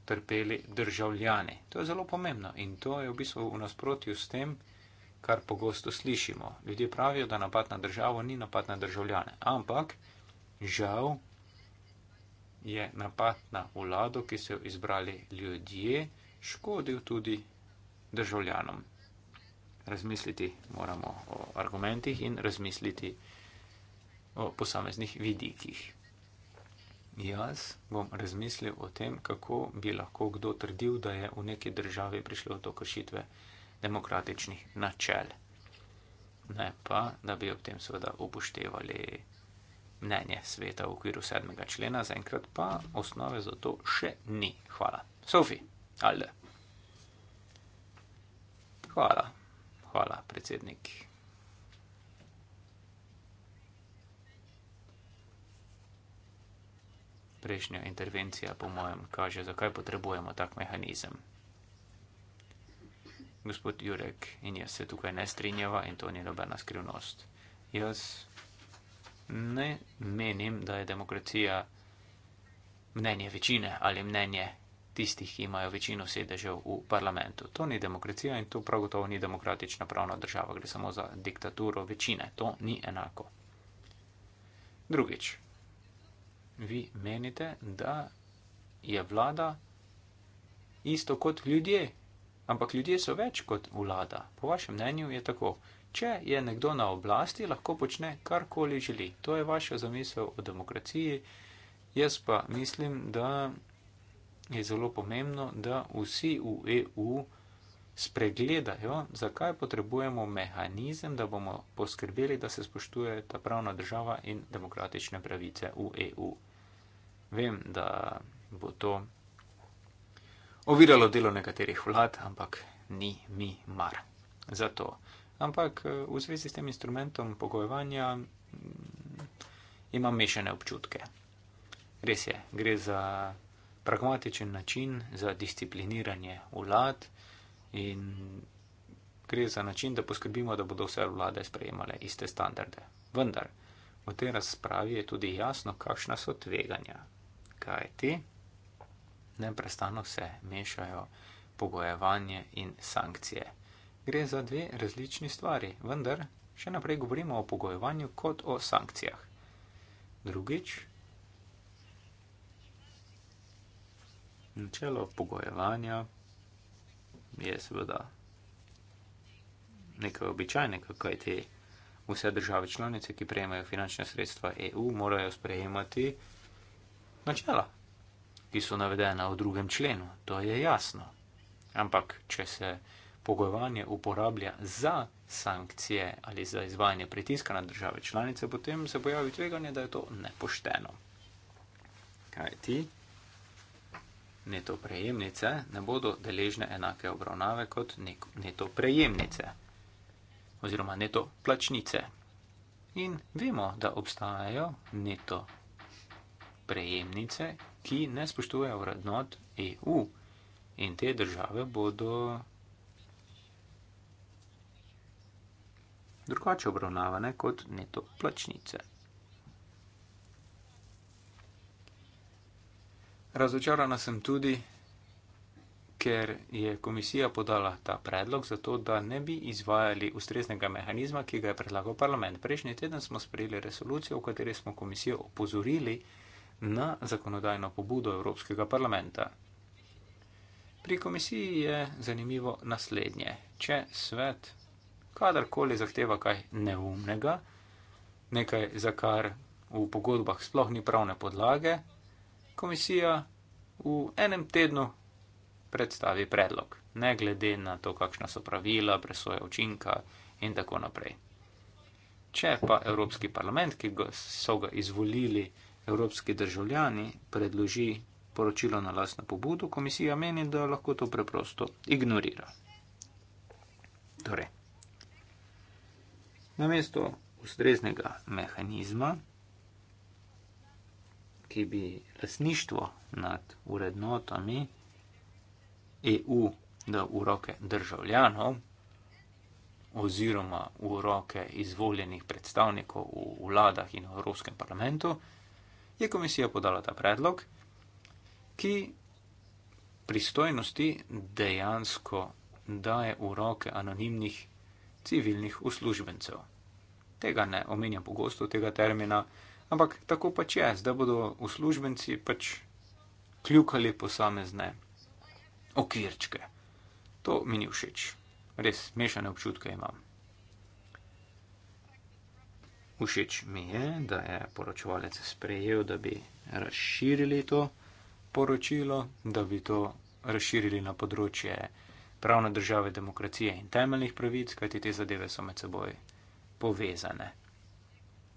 trpeli državljani. To je zelo pomembno in to je v bistvu v nasprotju s tem, kar pogosto slišimo. Ljudje pravijo, da napad na državo ni napad na državljane, ampak žal je napad na vlado, ki so jo izbrali ljudje, škodil tudi državljanom razmisliti moramo o argumentih in razmisliti o posameznih vidikih. Jaz bom razmislil o tem, kako bi lahko kdo trdil, da je v neki državi prišlo do kršitve demokratičnih načel. Ne pa, da bi ob tem seveda upoštevali mnenje sveta v okviru sedmega člena, zaenkrat pa osnove za to še ni. Hvala. Sofi, alde. Hvala. Hvala, predsednik. Prejšnja intervencija, po mojem, kaže, zakaj potrebujemo tak mehanizem. Gospod Jurek in jaz se tukaj ne strinjava in to ni nobena skrivnost. Jaz ne menim, da je demokracija mnenje večine ali mnenje tistih, ki imajo večino sedežev v parlamentu. To ni demokracija in to prav gotovo ni demokratična pravna država, gre samo za diktaturo večine. To ni enako. Drugič, vi menite, da je vlada isto kot ljudje, ampak ljudje so več kot vlada. Po vašem mnenju je tako. Če je nekdo na oblasti, lahko počne karkoli želi. To je vaša zamisel o demokraciji. Jaz pa mislim, da je zelo pomembno, da vsi v EU spregledajo, zakaj potrebujemo mehanizem, da bomo poskrbeli, da se spoštuje ta pravna država in demokratične pravice v EU. Vem, da bo to oviralo delo nekaterih vlad, ampak ni mi mar za to. Ampak eh, v zvezi s tem instrumentom pogojevanja mm, imam mešane občutke. Res je, gre za pragmatičen način za discipliniranje vlad in gre za način, da poskrbimo, da bodo vse vlade sprejemale iste standarde. Vendar v tej razpravi je tudi jasno, kakšna so tveganja, kaj ti neprestano se mešajo pogojevanje in sankcije. Gre za dve različni stvari, vendar še naprej govorimo o pogojevanju kot o sankcijah. Drugič, Načelo pogojevanja je seveda nekaj običajnega, kaj te vse države članice, ki prejemajo finančne sredstva EU, morajo sprejemati načela, ki so navedena v drugem členu. To je jasno. Ampak, če se pogojevanje uporablja za sankcije ali za izvajanje pritiska na države članice, potem se pojavi tveganje, da je to nepošteno. Kaj ti? neto prejemnice ne bodo deležne enake obravnave kot neto prejemnice oziroma neto plačnice. In vemo, da obstajajo neto prejemnice, ki ne spoštujejo vrednot EU in te države bodo drugače obravnavane kot neto plačnice. Razočarana sem tudi, ker je komisija podala ta predlog za to, da ne bi izvajali ustreznega mehanizma, ki ga je predlagal parlament. Prejšnji teden smo sprejeli resolucijo, v kateri smo komisijo opozorili na zakonodajno pobudo Evropskega parlamenta. Pri komisiji je zanimivo naslednje. Če svet kadarkoli zahteva kaj neumnega, nekaj, za kar v pogodbah sploh ni pravne podlage, komisija v enem tednu predstavi predlog, ne glede na to, kakšna so pravila, presoje učinka in tako naprej. Če pa Evropski parlament, ki so ga izvolili evropski državljani, predloži poročilo na lasno pobudo, komisija meni, da lahko to preprosto ignorira. Torej, namesto ustreznega mehanizma, ki bi lasništvo nad urednotami EU dal v roke državljanov oziroma v roke izvoljenih predstavnikov v vladah in v Evropskem parlamentu, je komisija podala ta predlog, ki pristojnosti dejansko daje v roke anonimnih civilnih uslužbencev. Tega ne omenjam pogosto, tega termina, Ampak tako pač je, zdaj bodo uslužbenci pač kljukali posamezne okvirčke. To mi ni všeč. Res mešane občutke imam. Všeč mi je, da je poročevalec sprejel, da bi razširili to poročilo, da bi to razširili na področje pravne države, demokracije in temeljnih pravic, kajti te zadeve so med seboj povezane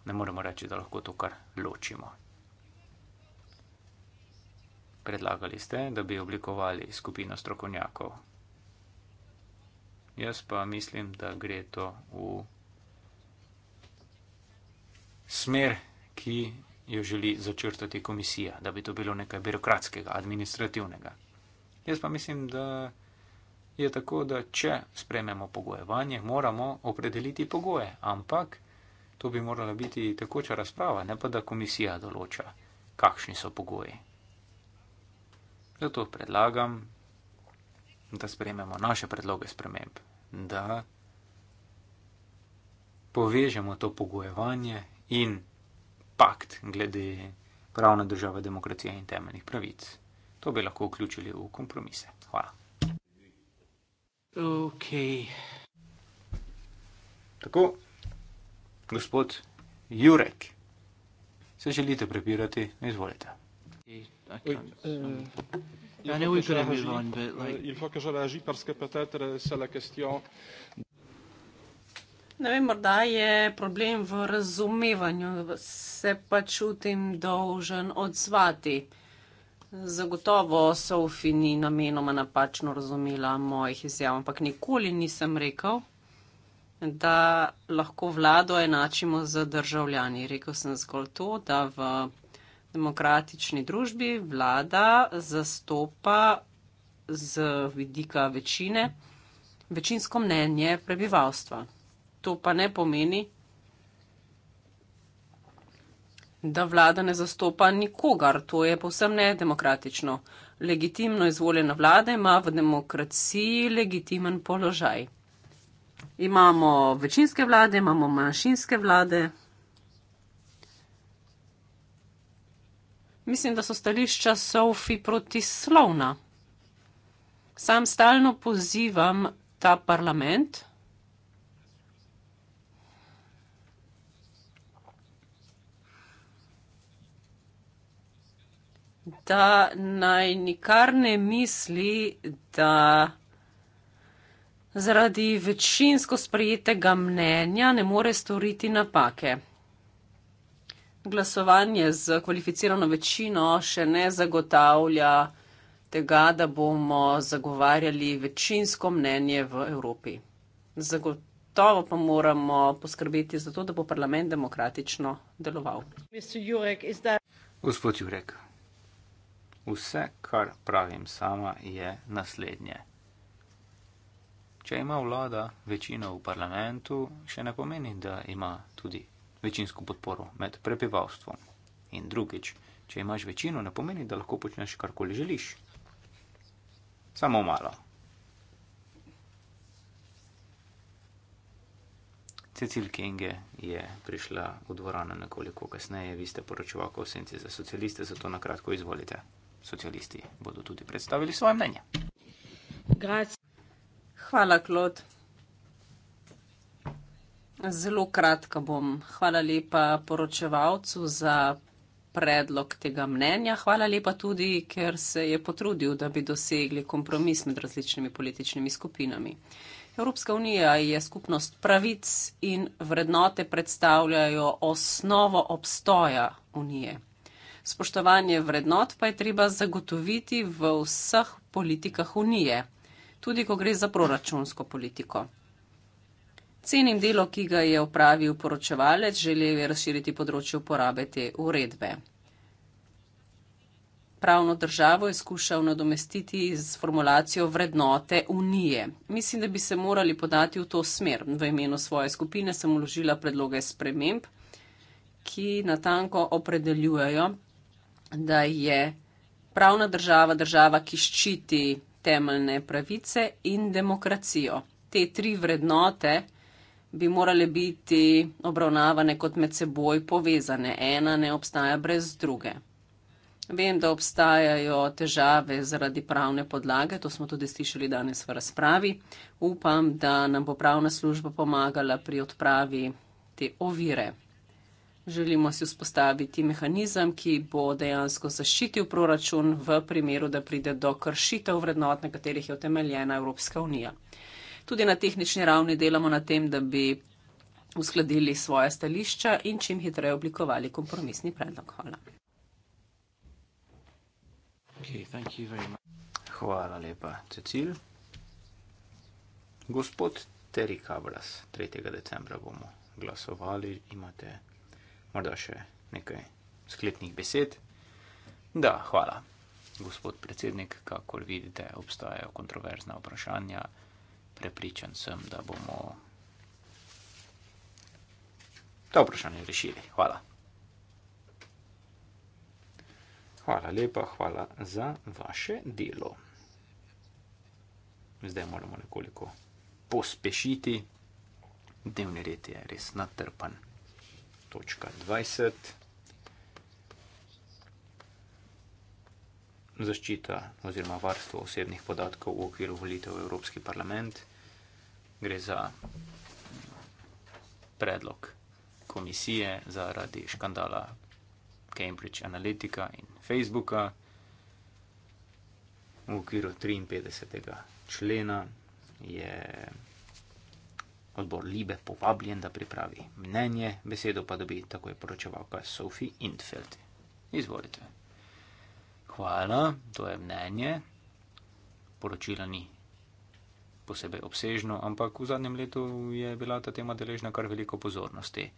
ne moremo reči, da lahko to kar ločimo. Predlagali ste, da bi oblikovali skupino strokovnjakov. Jaz pa mislim, da gre to v smer, ki jo želi začrtati komisija, da bi to bilo nekaj birokratskega, administrativnega. Jaz pa mislim, da je tako, da če sprememo pogojevanje, moramo opredeliti pogoje, ampak to bi morala biti tekoča razprava, ne pa da komisija določa, kakšni so pogoji. Zato predlagam, da sprejmemo naše predloge sprememb, da povežemo to pogojevanje in pakt glede pravne države, demokracije in temeljnih pravic. To bi lahko vključili v kompromise. Hvala. Okay. Tako, gospod Jurek. Se želite prepirati? Izvolite. Um, euh, euh, ne vem, morda je problem v razumevanju, se pa čutim dolžen odzvati. Zagotovo Sofi ni namenoma napačno razumela mojih izjav, ampak nikoli nisem rekel, da lahko vlado enačimo z državljani. Rekl sem zgolj to, da v demokratični družbi vlada zastopa z vidika večine večinsko mnenje prebivalstva. To pa ne pomeni, da vlada ne zastopa nikogar. To je povsem nedemokratično. Legitimno izvoljena vlada ima v demokraciji legitimen položaj imamo večinske vlade, imamo manjšinske vlade. Mislim, da so stališča Sofi protislovna. Sam stalno pozivam ta parlament, da naj nikar ne misli, da zaradi večinsko sprejetega mnenja ne more storiti napake. Glasovanje z kvalificirano večino še ne zagotavlja tega, da bomo zagovarjali večinsko mnenje v Evropi. Zagotovo pa moramo poskrbeti za to, da bo parlament demokratično deloval. Jurek, that... Gospod Jurek, vse, kar pravim sama, je naslednje. Če ima vlada večino v parlamentu, še ne pomeni, da ima tudi večinsko podporo med prebivalstvom. In drugič, če imaš večino, ne pomeni, da lahko počneš karkoli želiš. Samo malo. Cecil Kenge je prišla v dvorano nekoliko kasneje, vi ste poročevalka v senci za socialiste, zato na kratko izvolite. Socialisti bodo tudi predstavili svoje mnenje. Grazie. Hvala, Klod. Zelo kratka bom. Hvala lepa poročevalcu za predlog tega mnenja. Hvala lepa tudi, ker se je potrudil, da bi dosegli kompromis med različnimi političnimi skupinami. Evropska unija je skupnost pravic in vrednote predstavljajo osnovo obstoja unije. Spoštovanje vrednot pa je treba zagotoviti v vseh politikah unije tudi ko gre za proračunsko politiko. Cenim delo, ki ga je upravil poročevalec, želel je razširiti področje uporabe te uredbe. Pravno državo je skušal nadomestiti z formulacijo vrednote unije. Mislim, da bi se morali podati v to smer. V imenu svoje skupine sem uložila predloge sprememb, ki natanko opredeljujejo, da je pravna država država, ki ščiti temeljne pravice in demokracijo. Te tri vrednote bi morale biti obravnavane kot med seboj povezane. Ena ne obstaja brez druge. Vem, da obstajajo težave zaradi pravne podlage, to smo tudi slišali danes v razpravi. Upam, da nam bo pravna služba pomagala pri odpravi te ovire. Želimo si vzpostaviti mehanizem, ki bo dejansko zaščitil proračun v primeru, da pride do kršitev vrednot, na katerih je utemeljena Evropska unija. Tudi na tehnični ravni delamo na tem, da bi uskladili svoje stališča in čim hitreje oblikovali kompromisni predlog. Hvala. Okay, Hvala lepa, Cecil. Gospod Terry Cabras, 3. decembra bomo glasovali. Imate morda še nekaj sklepnih besed. Da, hvala. Gospod predsednik, kakor vidite, obstajajo kontroverzna vprašanja. Prepričan sem, da bomo ta vprašanja rešili. Hvala. Hvala lepa, hvala za vaše delo. Zdaj moramo nekoliko pospešiti. Dnevni red je res natrpan točka 20. Zaščita oziroma varstvo osebnih podatkov v okviru volitev v Evropski parlament. Gre za predlog komisije zaradi škandala Cambridge Analytica in Facebooka v okviru 53. člena je Odbor Libe povabljen, da pripravi mnenje, besedo pa dobi tako je poročevalka Sophie Intfeld. Izvolite. Hvala, to je mnenje. Poročila ni posebej obsežno, ampak v zadnjem letu je bila ta tema deležna kar veliko pozornosti.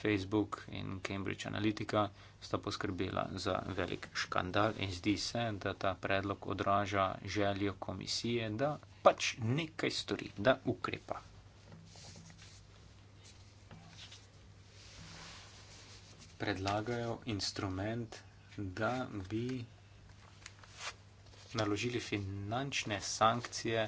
Facebook in Cambridge Analytica sta poskrbela za velik škandal in zdi se, da ta predlog odraža željo komisije, da pač nekaj stori, da ukrepa. predlagajo instrument, da bi naložili finančne sankcije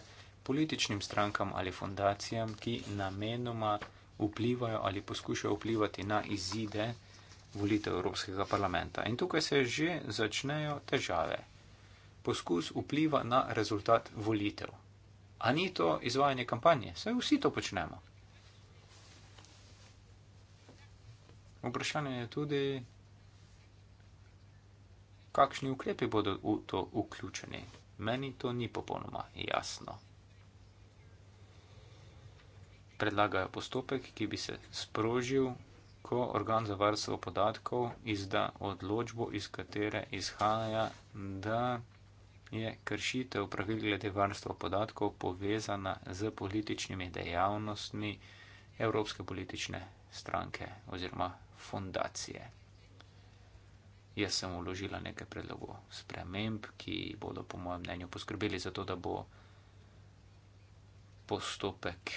političnim strankam ali fundacijam, ki namenoma vplivajo ali poskušajo vplivati na izide volitev Evropskega parlamenta. In tukaj se že začnejo težave. Poskus vpliva na rezultat volitev. A ni to izvajanje kampanje? Saj vsi to počnemo. Vprašanje je tudi, kakšni ukrepi bodo v to vključeni. Meni to ni popolnoma jasno. Predlagajo postopek, ki bi se sprožil, ko organ za varstvo podatkov izda odločbo, iz katere izhaja, da je kršitev pravil glede varstva podatkov povezana z političnimi dejavnostmi Evropske politične stranke oziroma fondacije. Jaz sem uložila nekaj predlogov sprememb, ki bodo po mojem mnenju poskrbeli za to, da bo postopek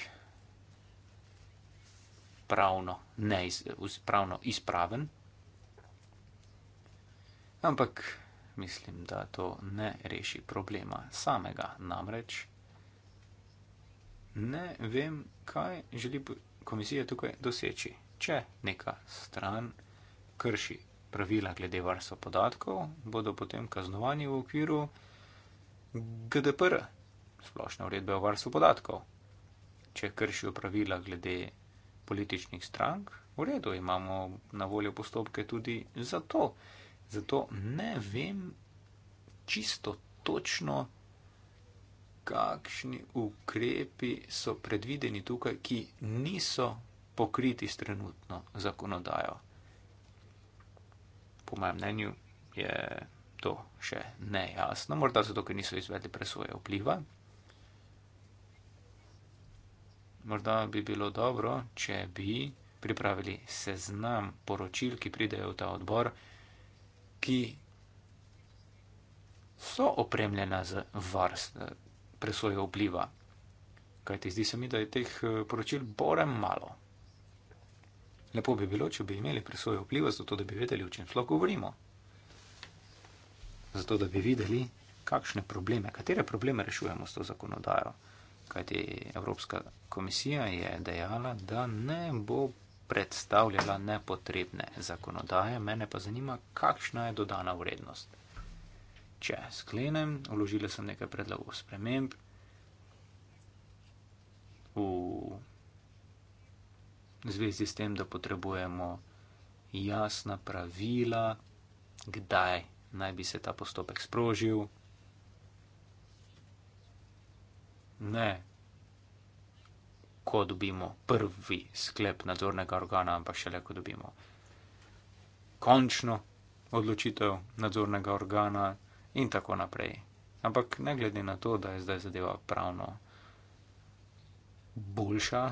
pravno, neiz, pravno izpraven. Ampak mislim, da to ne reši problema samega. Namreč ne vem, kaj želi komisija tukaj doseči če neka stran krši pravila glede varstva podatkov, bodo potem kaznovani v okviru GDPR, splošne uredbe o varstvu podatkov. Če kršijo pravila glede političnih strank, v redu imamo na voljo postopke tudi za to. Zato ne vem čisto točno, kakšni ukrepi so predvideni tukaj, ki niso pokriti s trenutno zakonodajo. Po mojem mnenju je to še nejasno, morda zato, ker niso izvedli presoje vpliva. Morda bi bilo dobro, če bi pripravili seznam poročil, ki pridejo v ta odbor, ki so opremljena z varstvom eh, presoje vpliva. Kajti zdi se mi, da je teh eh, poročil borem malo. Lepo bi bilo, če bi imeli presojo vpliva, zato da bi vedeli, o čem sploh govorimo. Zato da bi videli, kakšne probleme, katere probleme rešujemo s to zakonodajo. Kajti Evropska komisija je dejala, da ne bo predstavljala nepotrebne zakonodaje, mene pa zanima, kakšna je dodana vrednost. Če sklenem, uložila sem nekaj predlogov sprememb v v zvezi s tem, da potrebujemo jasna pravila, kdaj naj bi se ta postopek sprožil. Ne, ko dobimo prvi sklep nadzornega organa, ampak šele, ko dobimo končno odločitev nadzornega organa in tako naprej. Ampak ne glede na to, da je zdaj zadeva pravno boljša,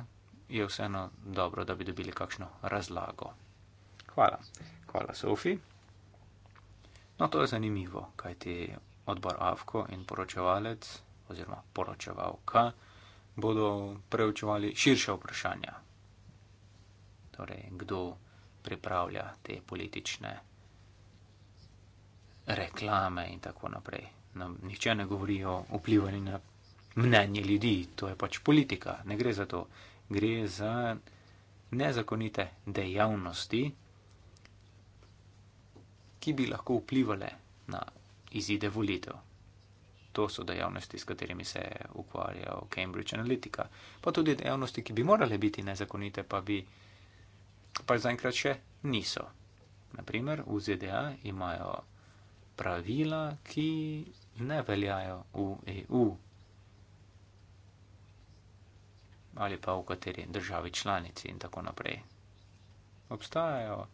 je vseeno dobro, da bi dobili kakšno razlago. Hvala. Hvala, Sofi. No, to je zanimivo, kaj ti odbor Avko in poročevalec oziroma poročevalka bodo preučevali širše vprašanja. Torej, kdo pripravlja te politične reklame in tako naprej. No, nihče ne govori o vplivanju na mnenje ljudi, to je pač politika, ne gre za to gre za nezakonite dejavnosti, ki bi lahko vplivali na izide volitev. To so dejavnosti, s katerimi se ukvarja Cambridge Analytica, pa tudi dejavnosti, ki bi morale biti nezakonite, pa bi pač zaenkrat še niso. Naprimer, v ZDA imajo pravila, ki ne veljajo v EU. ali pa v kateri državi članici in tako naprej. Obstajajo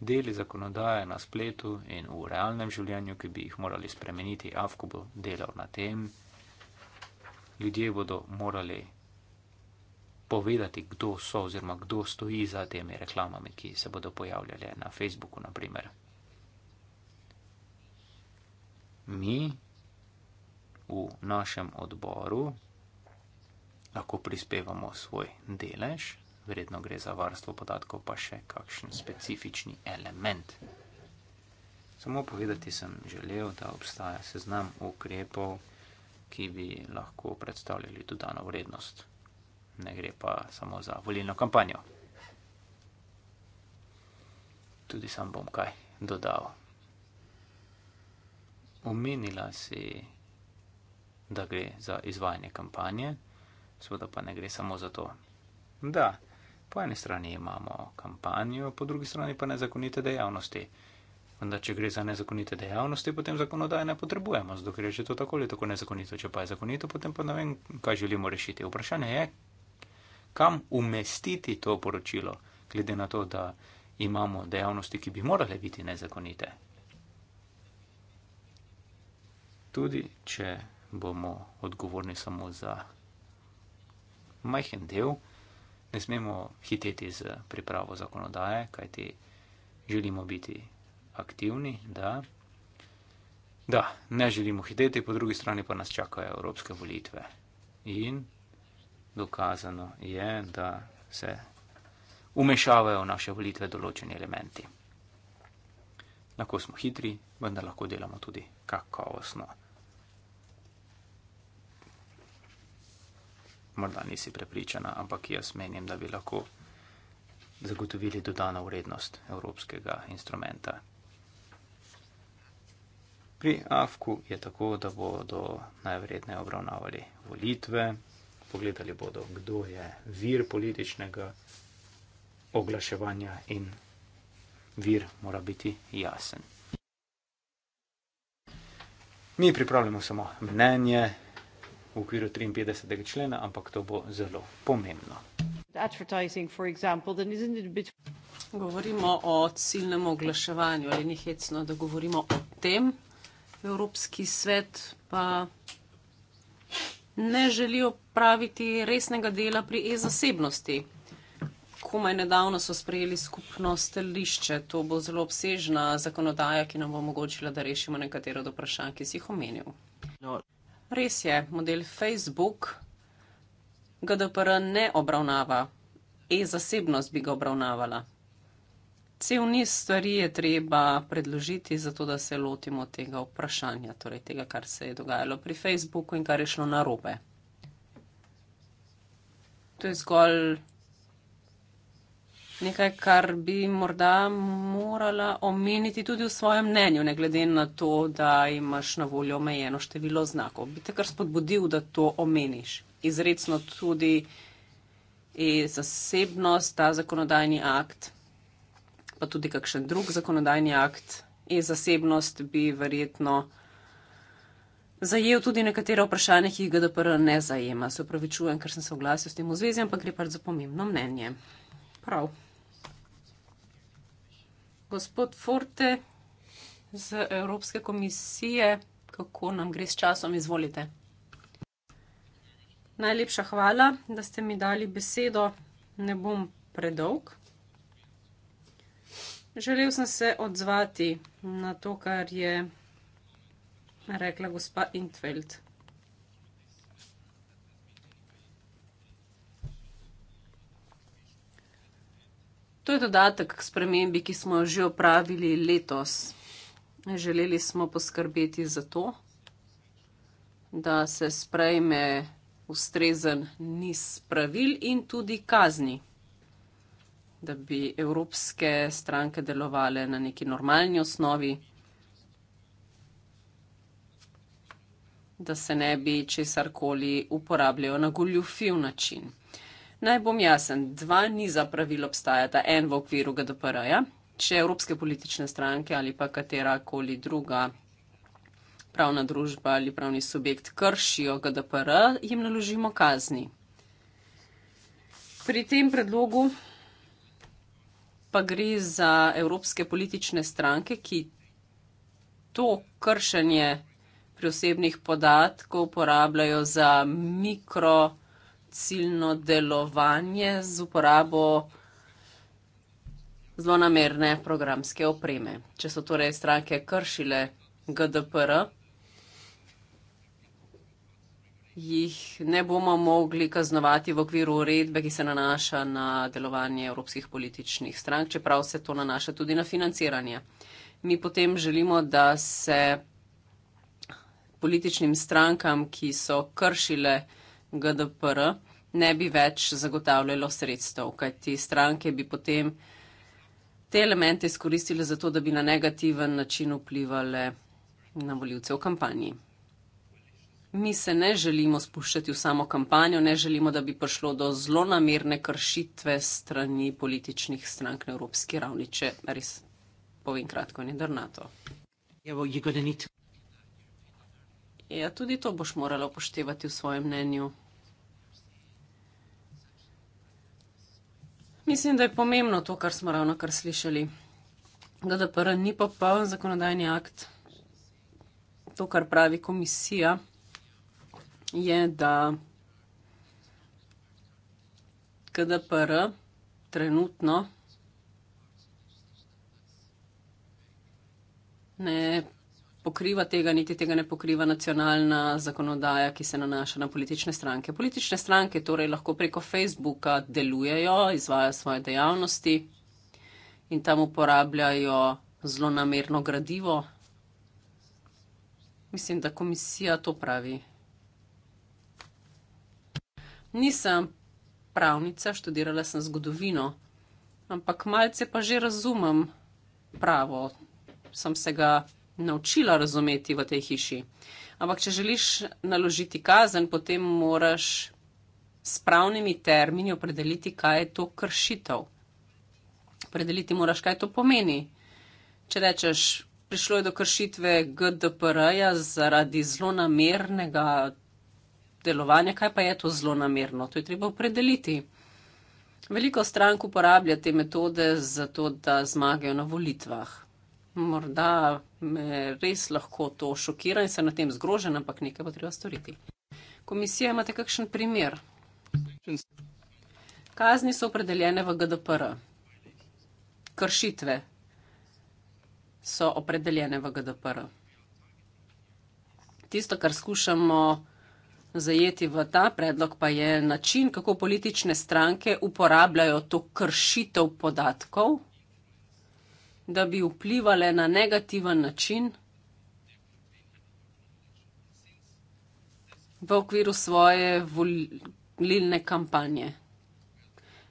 deli zakonodaje na spletu in v realnem življenju, ki bi jih morali spremeniti, avko bo delal na tem. Ljudje bodo morali povedati, kdo so oziroma kdo stoji za temi reklamami, ki se bodo pojavljale na Facebooku, naprimer. Mi v našem odboru lahko prispevamo svoj delež, vredno gre za varstvo podatkov, pa še kakšen specifični element. Samo povedati sem želel, da obstaja seznam ukrepov, ki bi lahko predstavljali dodano vrednost. Ne gre pa samo za volilno kampanjo. Tudi sam bom kaj dodal. Omenila si, da gre za izvajanje kampanje, seveda pa ne gre samo za to. Da, po eni strani imamo kampanjo, po drugi strani pa nezakonite dejavnosti. Vendar, če gre za nezakonite dejavnosti, potem zakonodaje ne potrebujemo, zato ker je že to tako ali tako nezakonito. Če pa je zakonito, potem pa ne vem, kaj želimo rešiti. Vprašanje je, kam umestiti to poročilo, glede na to, da imamo dejavnosti, ki bi morale biti nezakonite. Tudi, če bomo odgovorni samo za majhen del, ne smemo hiteti z pripravo zakonodaje, kajti želimo biti aktivni, da. da ne želimo hiteti, po drugi strani pa nas čakajo evropske volitve. In dokazano je, da se umešavajo v naše volitve določeni elementi. Lahko smo hitri, vendar lahko delamo tudi kakovostno. morda nisi prepričana, ampak jaz menim, da bi lahko zagotovili dodano vrednost evropskega instrumenta. Pri AFK-u je tako, da bodo najvredneje obravnavali volitve, pogledali bodo, kdo je vir političnega oglaševanja in vir mora biti jasen. Mi pripravljamo samo mnenje, v okviru 53. člena, ampak to bo zelo pomembno. Govorimo o ciljnem oglaševanju ali ni hecno, da govorimo o tem. Evropski svet pa ne želi opraviti resnega dela pri e-zasebnosti. Komaj nedavno so sprejeli skupno stališče. To bo zelo obsežna zakonodaja, ki nam bo omogočila, da rešimo nekatero od vprašanj, ki si jih omenil. No. Res je, model Facebook GDPR ne obravnava, e-zasebnost bi ga obravnavala. Cel niz stvari je treba predložiti, zato da se lotimo tega vprašanja, torej tega, kar se je dogajalo pri Facebooku in kar je šlo narobe. To je zgolj nekaj, kar bi morda morala omeniti tudi v svojem mnenju, ne glede na to, da imaš na voljo omejeno število znakov. Bi te kar spodbudil, da to omeniš. Izredno tudi e-zasebnost, ta zakonodajni akt, pa tudi kakšen drug zakonodajni akt, e-zasebnost bi verjetno. Zajel tudi nekatere vprašanja, ki jih GDPR ne zajema. Se upravičujem, ker sem se oglasil s tem v zvezi, ampak gre pač za pomembno mnenje. Prav gospod Forte z Evropske komisije, kako nam gre s časom, izvolite. Najlepša hvala, da ste mi dali besedo. Ne bom predolg. Želel sem se odzvati na to, kar je rekla gospa Intveld. To je dodatek k spremembi, ki smo jo že opravili letos. Želeli smo poskrbeti za to, da se sprejme ustrezen niz pravil in tudi kazni, da bi evropske stranke delovale na neki normalni osnovi, da se ne bi česarkoli uporabljali na goljufiv način. Naj bom jasen, dva niza pravil obstajata, en v okviru GDPR-a. Ja? Če evropske politične stranke ali pa katera koli druga pravna družba ali pravni subjekt kršijo GDPR, jim naložimo kazni. Pri tem predlogu pa gre za evropske politične stranke, ki to kršenje pri osebnih podatkov uporabljajo za mikro ciljno delovanje z uporabo zlonamerne programske opreme. Če so torej stranke kršile GDPR, jih ne bomo mogli kaznovati v okviru uredbe, ki se nanaša na delovanje evropskih političnih strank, čeprav se to nanaša tudi na financiranje. Mi potem želimo, da se političnim strankam, ki so kršile GDPR, GDPR ne bi več zagotavljalo sredstev, kajti stranke bi potem te elemente izkoristile za to, da bi na negativen način vplivali na voljivce v kampanji. Mi se ne želimo spuščati v samo kampanjo, ne želimo, da bi prišlo do zlonamerne kršitve strani političnih strank na evropski ravni, če res povem kratko in drnato. Ja, ja, tudi to boš morala upoštevati v svojem mnenju. Mislim, da je pomembno to, kar smo ravno kar slišali. GDPR ni popoln zakonodajni akt. To, kar pravi komisija, je, da GDPR trenutno ne pokriva tega, niti tega ne pokriva nacionalna zakonodaja, ki se nanaša na politične stranke. Politične stranke torej lahko preko Facebooka delujejo, izvajo svoje dejavnosti in tam uporabljajo zelo namerno gradivo. Mislim, da komisija to pravi. Nisem pravnica, študirala sem zgodovino, ampak malce pa že razumem pravo. Sem se ga naučila razumeti v tej hiši. Ampak, če želiš naložiti kazen, potem moraš s pravnimi termini opredeliti, kaj je to kršitev. Predeliti moraš, kaj to pomeni. Če rečeš, prišlo je do kršitve GDPR-ja zaradi zlonamernega delovanja, kaj pa je to zlonamerno? To je treba opredeliti. Veliko strank uporablja te metode zato, da zmagajo na volitvah morda me res lahko to šokira in se na tem zgrožen, ampak nekaj bo treba storiti. Komisija, imate kakšen primer? Kazni so opredeljene v GDPR. Kršitve so opredeljene v GDPR. Tisto, kar skušamo zajeti v ta predlog, pa je način, kako politične stranke uporabljajo to kršitev podatkov da bi vplivale na negativen način v okviru svoje volilne kampanje.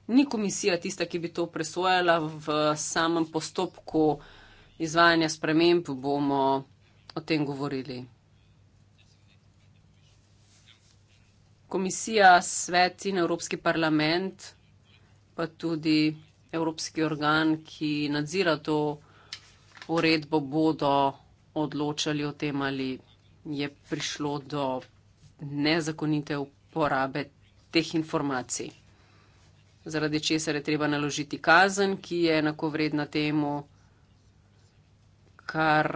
Ni komisija tista, ki bi to presojala v samem postopku izvajanja sprememb, bomo o tem govorili. Komisija, svet in Evropski parlament, pa tudi evropski organ, ki nadzira to uredbo, bodo odločali o tem, ali je prišlo do nezakonite uporabe teh informacij. Zaradi česar je treba naložiti kazen, ki je enakovredna temu, kar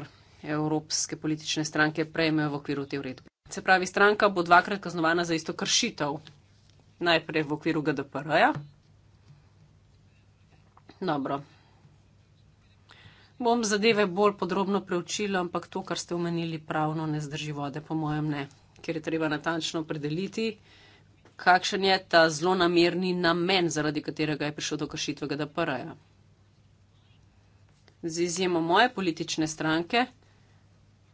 evropske politične stranke prejmejo v okviru te uredbe. Se pravi, stranka bo dvakrat kaznovana za isto kršitev. Najprej v okviru GDPR-ja, Dobro. Bom zadeve bolj podrobno preučila, ampak to, kar ste omenili, pravno ne zdrži vode, po mojem ne, ker je treba natančno predeliti, kakšen je ta zelo namerni namen, zaradi katerega je prišlo do kršitve GDPR-ja. Z izjemo moje politične stranke,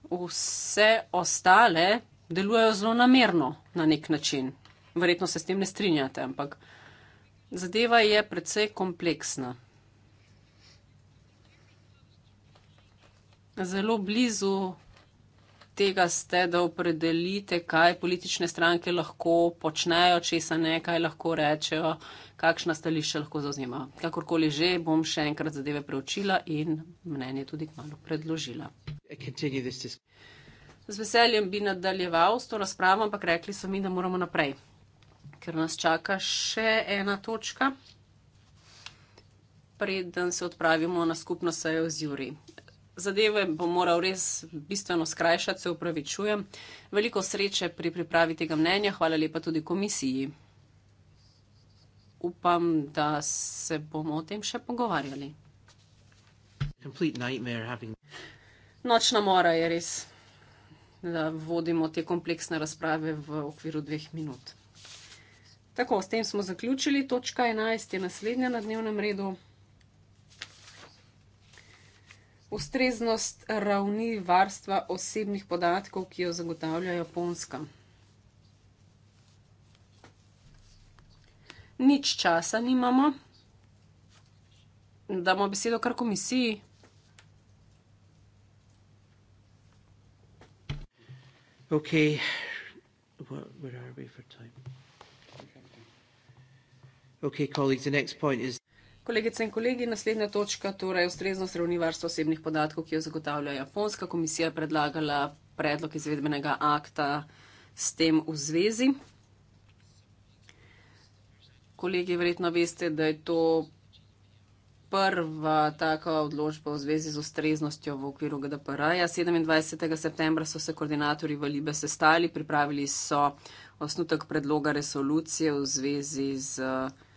vse ostale delujejo zelo namerno na nek način. Verjetno se s tem ne strinjate, ampak zadeva je predvsej kompleksna. zelo blizu tega ste, da opredelite, kaj politične stranke lahko počnejo, česa ne, kaj lahko rečejo, kakšna stališča lahko zauzemajo. Kakorkoli že, bom še enkrat zadeve preučila in mnenje tudi kmalo predložila. Z veseljem bi nadaljeval s to razpravo, ampak rekli so mi, da moramo naprej, ker nas čaka še ena točka, preden se odpravimo na skupno sejo z Juri zadeve bom moral res bistveno skrajšati, se upravičujem. Veliko sreče pri pripravi tega mnenja, hvala lepa tudi komisiji. Upam, da se bomo o tem še pogovarjali. Nočna mora je res, da vodimo te kompleksne razprave v okviru dveh minut. Tako, s tem smo zaključili. Točka 11 je naslednja na dnevnem redu ustreznost ravni varstva osebnih podatkov, ki jo zagotavlja Japonska. Nič časa nimamo, da imamo besedo kar komisiji. Ok, kje smo za čas? Ok, kolegi, naslednji točka je. Kolegice in kolegi, naslednja točka, torej ustrezno sravni varstvo osebnih podatkov, ki jo zagotavlja Japonska komisija, predlagala predlog izvedbenega akta s tem v zvezi. Kolegi, verjetno veste, da je to prva taka odločba v zvezi z ustreznostjo v okviru GDPR-ja. 27. septembra so se koordinatorji v Libe sestali, pripravili so osnutek predloga resolucije v zvezi z. Uh,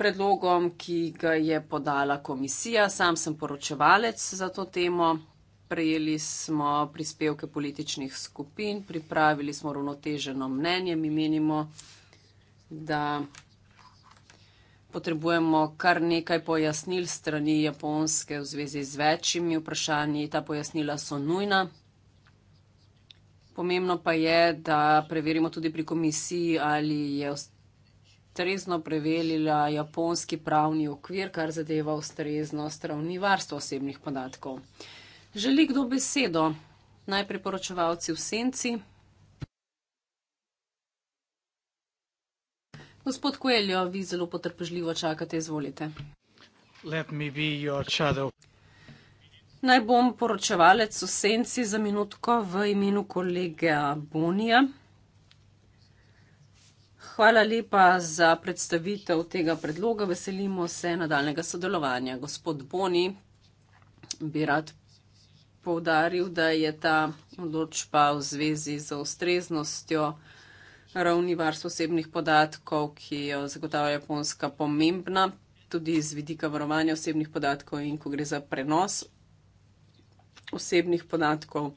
predlogom, ki ga je podala komisija. Sam sem poročevalec za to temo. Prejeli smo prispevke političnih skupin, pripravili smo ravnoteženo mnenje. Mi menimo, da potrebujemo kar nekaj pojasnil strani Japonske v zvezi z večjimi vprašanji. Ta pojasnila so nujna. Pomembno pa je, da preverimo tudi pri komisiji, ali je ustavljeno ustrezno prevelila japonski pravni okvir, kar zadeva ustrezno stravni varstvo osebnih podatkov. Želi kdo besedo? Najprej poročevalci v senci. Gospod Koeljo, vi zelo potrpežljivo čakate, izvolite. Naj bom poročevalec v senci za minutko v imenu kolege Bonija. Hvala lepa za predstavitev tega predloga. Veselimo se nadaljnega sodelovanja. Gospod Boni bi rad povdaril, da je ta odločba v zvezi z ustreznostjo ravni varstva osebnih podatkov, ki jo zagotavlja Japonska, pomembna tudi z vidika varovanja osebnih podatkov in ko gre za prenos osebnih podatkov.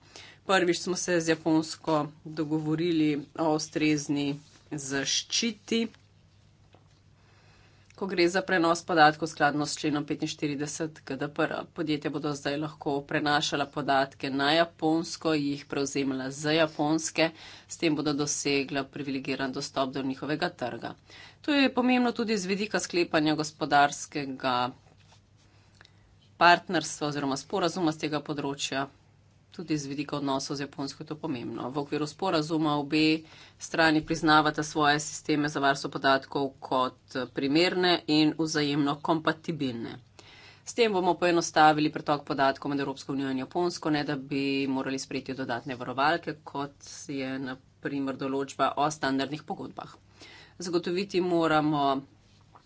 Prvič smo se z Japonsko dogovorili o ustrezni zaščiti, ko gre za prenos podatkov skladno s členom 45 GDPR. Podjetja bodo zdaj lahko prenašala podatke na japonsko, jih prevzemala za japonske, s tem bodo dosegla privilegiran dostop do njihovega trga. To je pomembno tudi z vidika sklepanja gospodarskega partnerstva oziroma sporazuma z tega področja tudi z vidika odnosov z Japonsko je to pomembno. V okviru sporazuma obe strani priznavata svoje sisteme za varstvo podatkov kot primerne in vzajemno kompatibilne. S tem bomo poenostavili pretok podatkov med Evropsko unijo in Japonsko, ne da bi morali sprejeti dodatne varovalke, kot je naprimer določba o standardnih pogodbah. Zagotoviti moramo,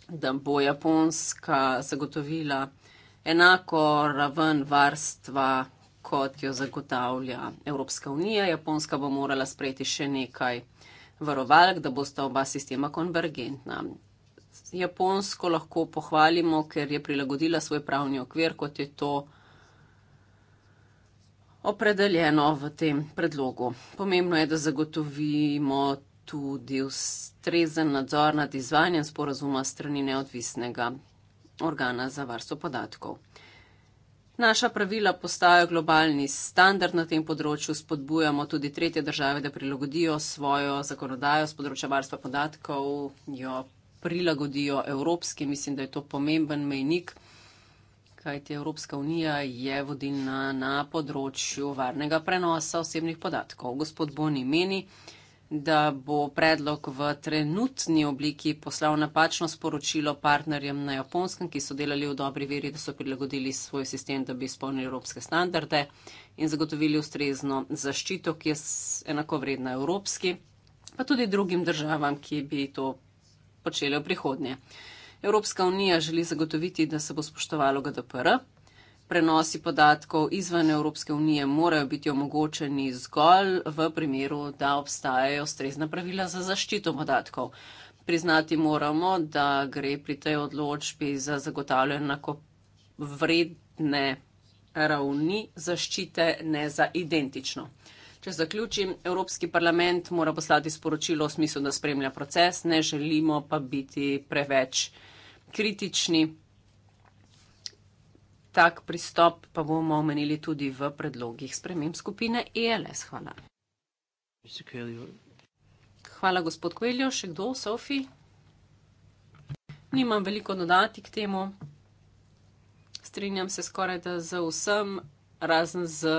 da bo Japonska zagotovila enako raven varstva kot jo zagotavlja Evropska unija. Japonska bo morala sprejeti še nekaj varovalk, da bosta oba sistema konvergentna. Japonsko lahko pohvalimo, ker je prilagodila svoj pravni okvir, kot je to opredeljeno v tem predlogu. Pomembno je, da zagotovimo tudi ustrezen nadzor nad izvanjem sporazuma strani neodvisnega organa za varstvo podatkov. Naša pravila postajajo globalni standard na tem področju, spodbujamo tudi tretje države, da prilagodijo svojo zakonodajo z področja varstva podatkov, jo prilagodijo evropski. Mislim, da je to pomemben mejnik, kajti Evropska unija je vodilna na področju varnega prenosa osebnih podatkov. Gospod Boni meni, da bo predlog v trenutni obliki poslal napačno sporočilo partnerjem na japonskem, ki so delali v dobri veri, da so prilagodili svoj sistem, da bi izpolnili evropske standarde in zagotovili ustrezno zaščito, ki je enako vredna evropski, pa tudi drugim državam, ki bi to počele v prihodnje. Evropska unija želi zagotoviti, da se bo spoštovalo GDPR, prenosi podatkov izven Evropske unije morajo biti omogočeni zgolj v primeru, da obstajajo ustrezna pravila za zaščito podatkov. Priznati moramo, da gre pri tej odločbi za zagotavljanje enakovredne ravni zaščite, ne za identično. Če zaključim, Evropski parlament mora poslati sporočilo v smislu, da spremlja proces, ne želimo pa biti preveč kritični tak pristop pa bomo omenili tudi v predlogih sprememb skupine ELS. Hvala. Hvala, gospod Koeljo. Še kdo, Sofi? Nimam veliko dodati k temu. Strinjam se skoraj da z vsem, razen z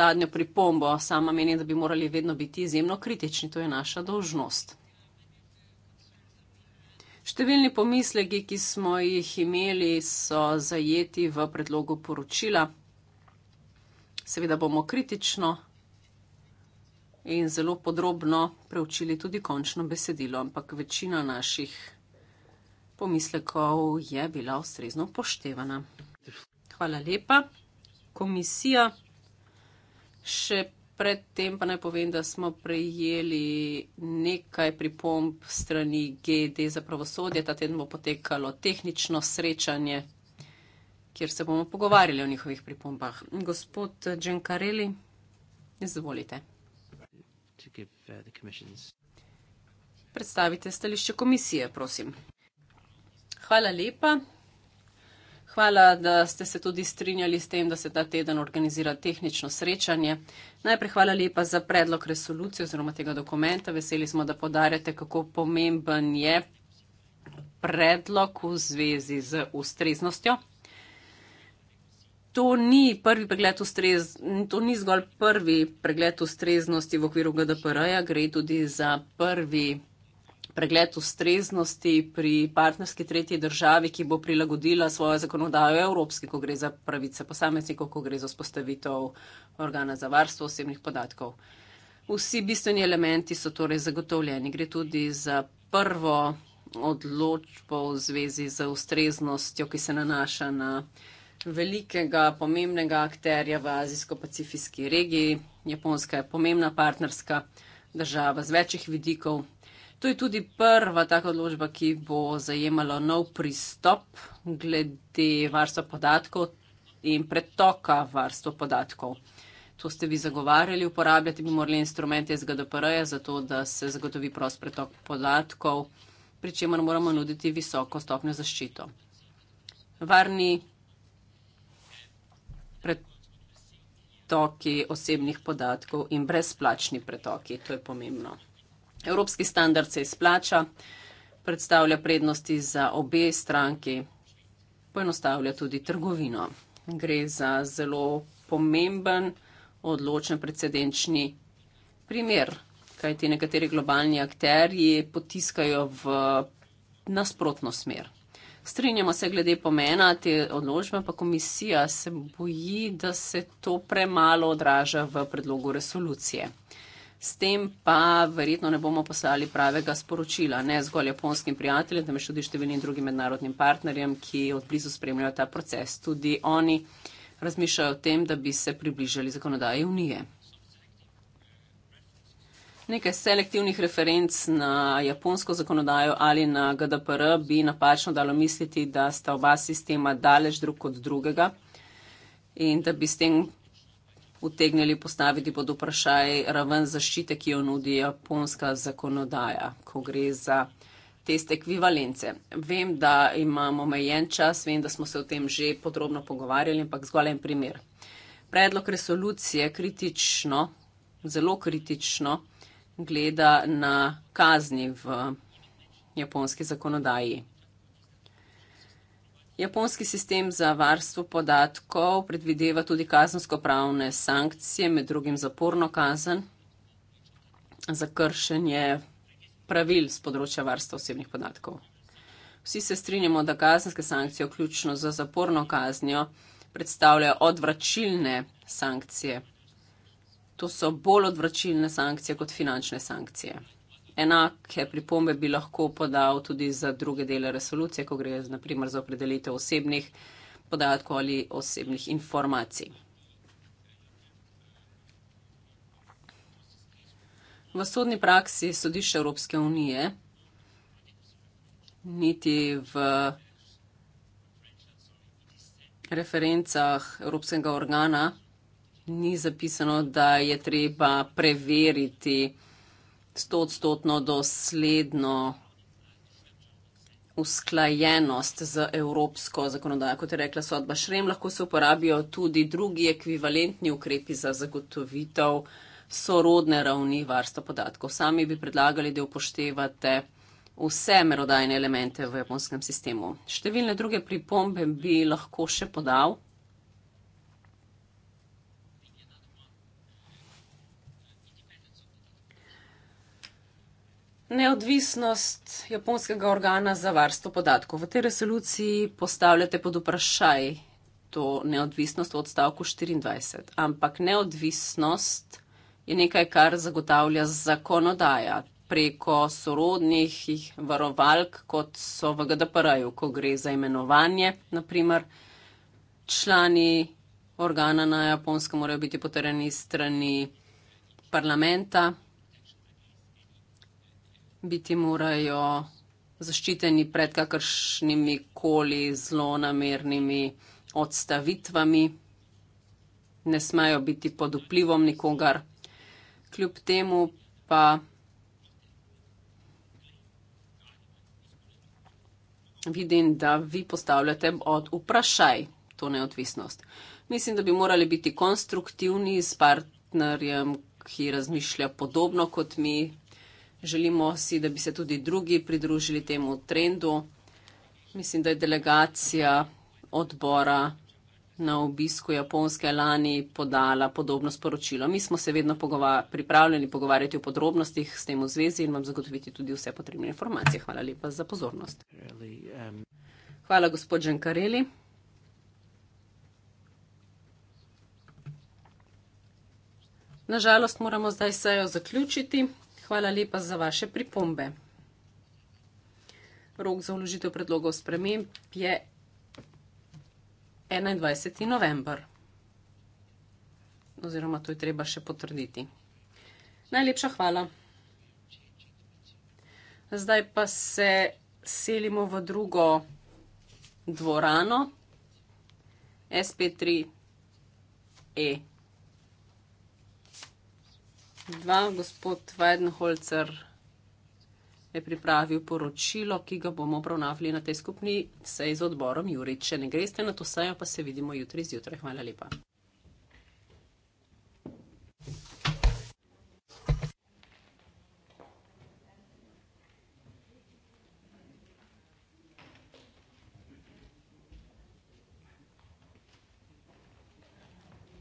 zadnjo pripombo. Sama menim, da bi morali vedno biti izjemno kritični. To je naša dolžnost. Številni pomislegi, ki smo jih imeli, so zajeti v predlogu poročila. Seveda bomo kritično in zelo podrobno preučili tudi končno besedilo, ampak večina naših pomislekov je bila ustrezno upoštevana. Hvala lepa. Komisija še predtem pa naj povem, da smo prejeli nekaj pripomb strani GD za pravosodje. Ta teden bo potekalo tehnično srečanje, kjer se bomo pogovarjali o njihovih pripombah. Gospod Džankareli, izvolite. Predstavite stališče komisije, prosim. Hvala lepa. Hvala, da ste se tudi strinjali s tem, da se ta teden organizira tehnično srečanje. Najprej hvala lepa za predlog resolucije oziroma tega dokumenta. Veseli smo, da podarjate, kako pomemben je predlog v zvezi z ustreznostjo. To ni, prvi pregled ustrez, to ni zgolj prvi pregled ustreznosti v okviru GDPR-ja, gre tudi za prvi pregled ustreznosti pri partnerski tretji državi, ki bo prilagodila svojo zakonodajo evropski, ko gre za pravice posameznikov, ko gre za spostavitev organa za varstvo osebnih podatkov. Vsi bistveni elementi so torej zagotovljeni. Gre tudi za prvo odločbo v zvezi z ustreznostjo, ki se nanaša na velikega, pomembnega akterja v azijsko-pacifijski regiji. Japonska je pomembna partnerska država z večjih vidikov, To je tudi prva taka odložba, ki bo zajemala nov pristop glede varstva podatkov in pretoka varstva podatkov. To ste vi zagovarjali, uporabljati bi morali instrumente iz GDPR-ja za to, da se zagotovi prost pretok podatkov, pri čemer moramo nuditi visoko stopnjo zaščito. Varni pretoki osebnih podatkov in brezplačni pretoki, to je pomembno. Evropski standard se izplača, predstavlja prednosti za obe stranki, poenostavlja tudi trgovino. Gre za zelo pomemben, odločen precedenčni primer, kajti nekateri globalni akterji potiskajo v nasprotno smer. Strinjamo se glede pomena te odločbe, pa komisija se boji, da se to premalo odraža v predlogu resolucije. S tem pa verjetno ne bomo poslali pravega sporočila, ne zgolj japonskim prijateljem, temveč tudi številnim drugim mednarodnim partnerjem, ki odblizu spremljajo ta proces. Tudi oni razmišljajo o tem, da bi se približali zakonodaji Unije. Nekaj selektivnih referenc na japonsko zakonodajo ali na GDPR bi napačno dalo misliti, da sta oba sistema daleč drug od drugega in da bi s tem utegnili postaviti pod vprašaj raven zaščite, ki jo nudi japonska zakonodaja, ko gre za test ekvivalence. Vem, da imamo omejen čas, vem, da smo se o tem že podrobno pogovarjali, ampak zgolj en primer. Predlog resolucije kritično, zelo kritično gleda na kazni v japonski zakonodaji. Japonski sistem za varstvo podatkov predvideva tudi kazensko pravne sankcije, med drugim zaporno kazen za kršenje pravil z področja varstva osebnih podatkov. Vsi se strinjamo, da kazenske sankcije, vključno z zaporno kaznjo, predstavljajo odvračilne sankcije. To so bolj odvračilne sankcije kot finančne sankcije. Enake pripombe bi lahko podal tudi za druge dele resolucije, ko gre naprimer za opredelitev osebnih podatkov ali osebnih informacij. V sodni praksi sodišče Evropske unije niti v referencah Evropskega organa ni zapisano, da je treba preveriti sto odstotno dosledno usklajenost z evropsko zakonodajo. Kot je rekla sodba Šrem, lahko se uporabijo tudi drugi ekvivalentni ukrepi za zagotovitev sorodne ravni varstva podatkov. Sami bi predlagali, da upoštevate vse merodajne elemente v japonskem sistemu. Številne druge pripombe bi lahko še podal. Neodvisnost japonskega organa za varstvo podatkov. V tej resoluciji postavljate pod vprašaj to neodvisnost v odstavku 24. Ampak neodvisnost je nekaj, kar zagotavlja zakonodaja preko sorodnih varovalk, kot so v GDPR-ju, ko gre za imenovanje. Naprimer, člani organa na japonskem morajo biti potrjeni strani parlamenta biti morajo zaščiteni pred kakršnimi koli zlonamernimi odstavitvami, ne smajo biti pod vplivom nikogar. Kljub temu pa vidim, da vi postavljate od vprašaj to neodvisnost. Mislim, da bi morali biti konstruktivni s partnerjem, ki razmišlja podobno kot mi, Želimo si, da bi se tudi drugi pridružili temu trendu. Mislim, da je delegacija odbora na obisku Japonske lani podala podobno sporočilo. Mi smo se vedno pogova pripravljeni pogovarjati o podrobnostih s tem v zvezi in vam zagotoviti tudi vse potrebne informacije. Hvala lepa za pozornost. Hvala, gospod Žankareli. Nažalost, moramo zdaj sejo zaključiti. Hvala lepa za vaše pripombe. Rok za vložitev predlogov sprememb je 21. november. Oziroma, to je treba še potrditi. Najlepša hvala. Zdaj pa se selimo v drugo dvorano, SP3E dva, gospod Vajdenholzer je pripravil poročilo, ki ga bomo obravnavali na tej skupni seji z odborom Juri. Če ne greste na to sejo, pa se vidimo jutri zjutraj. Hvala lepa.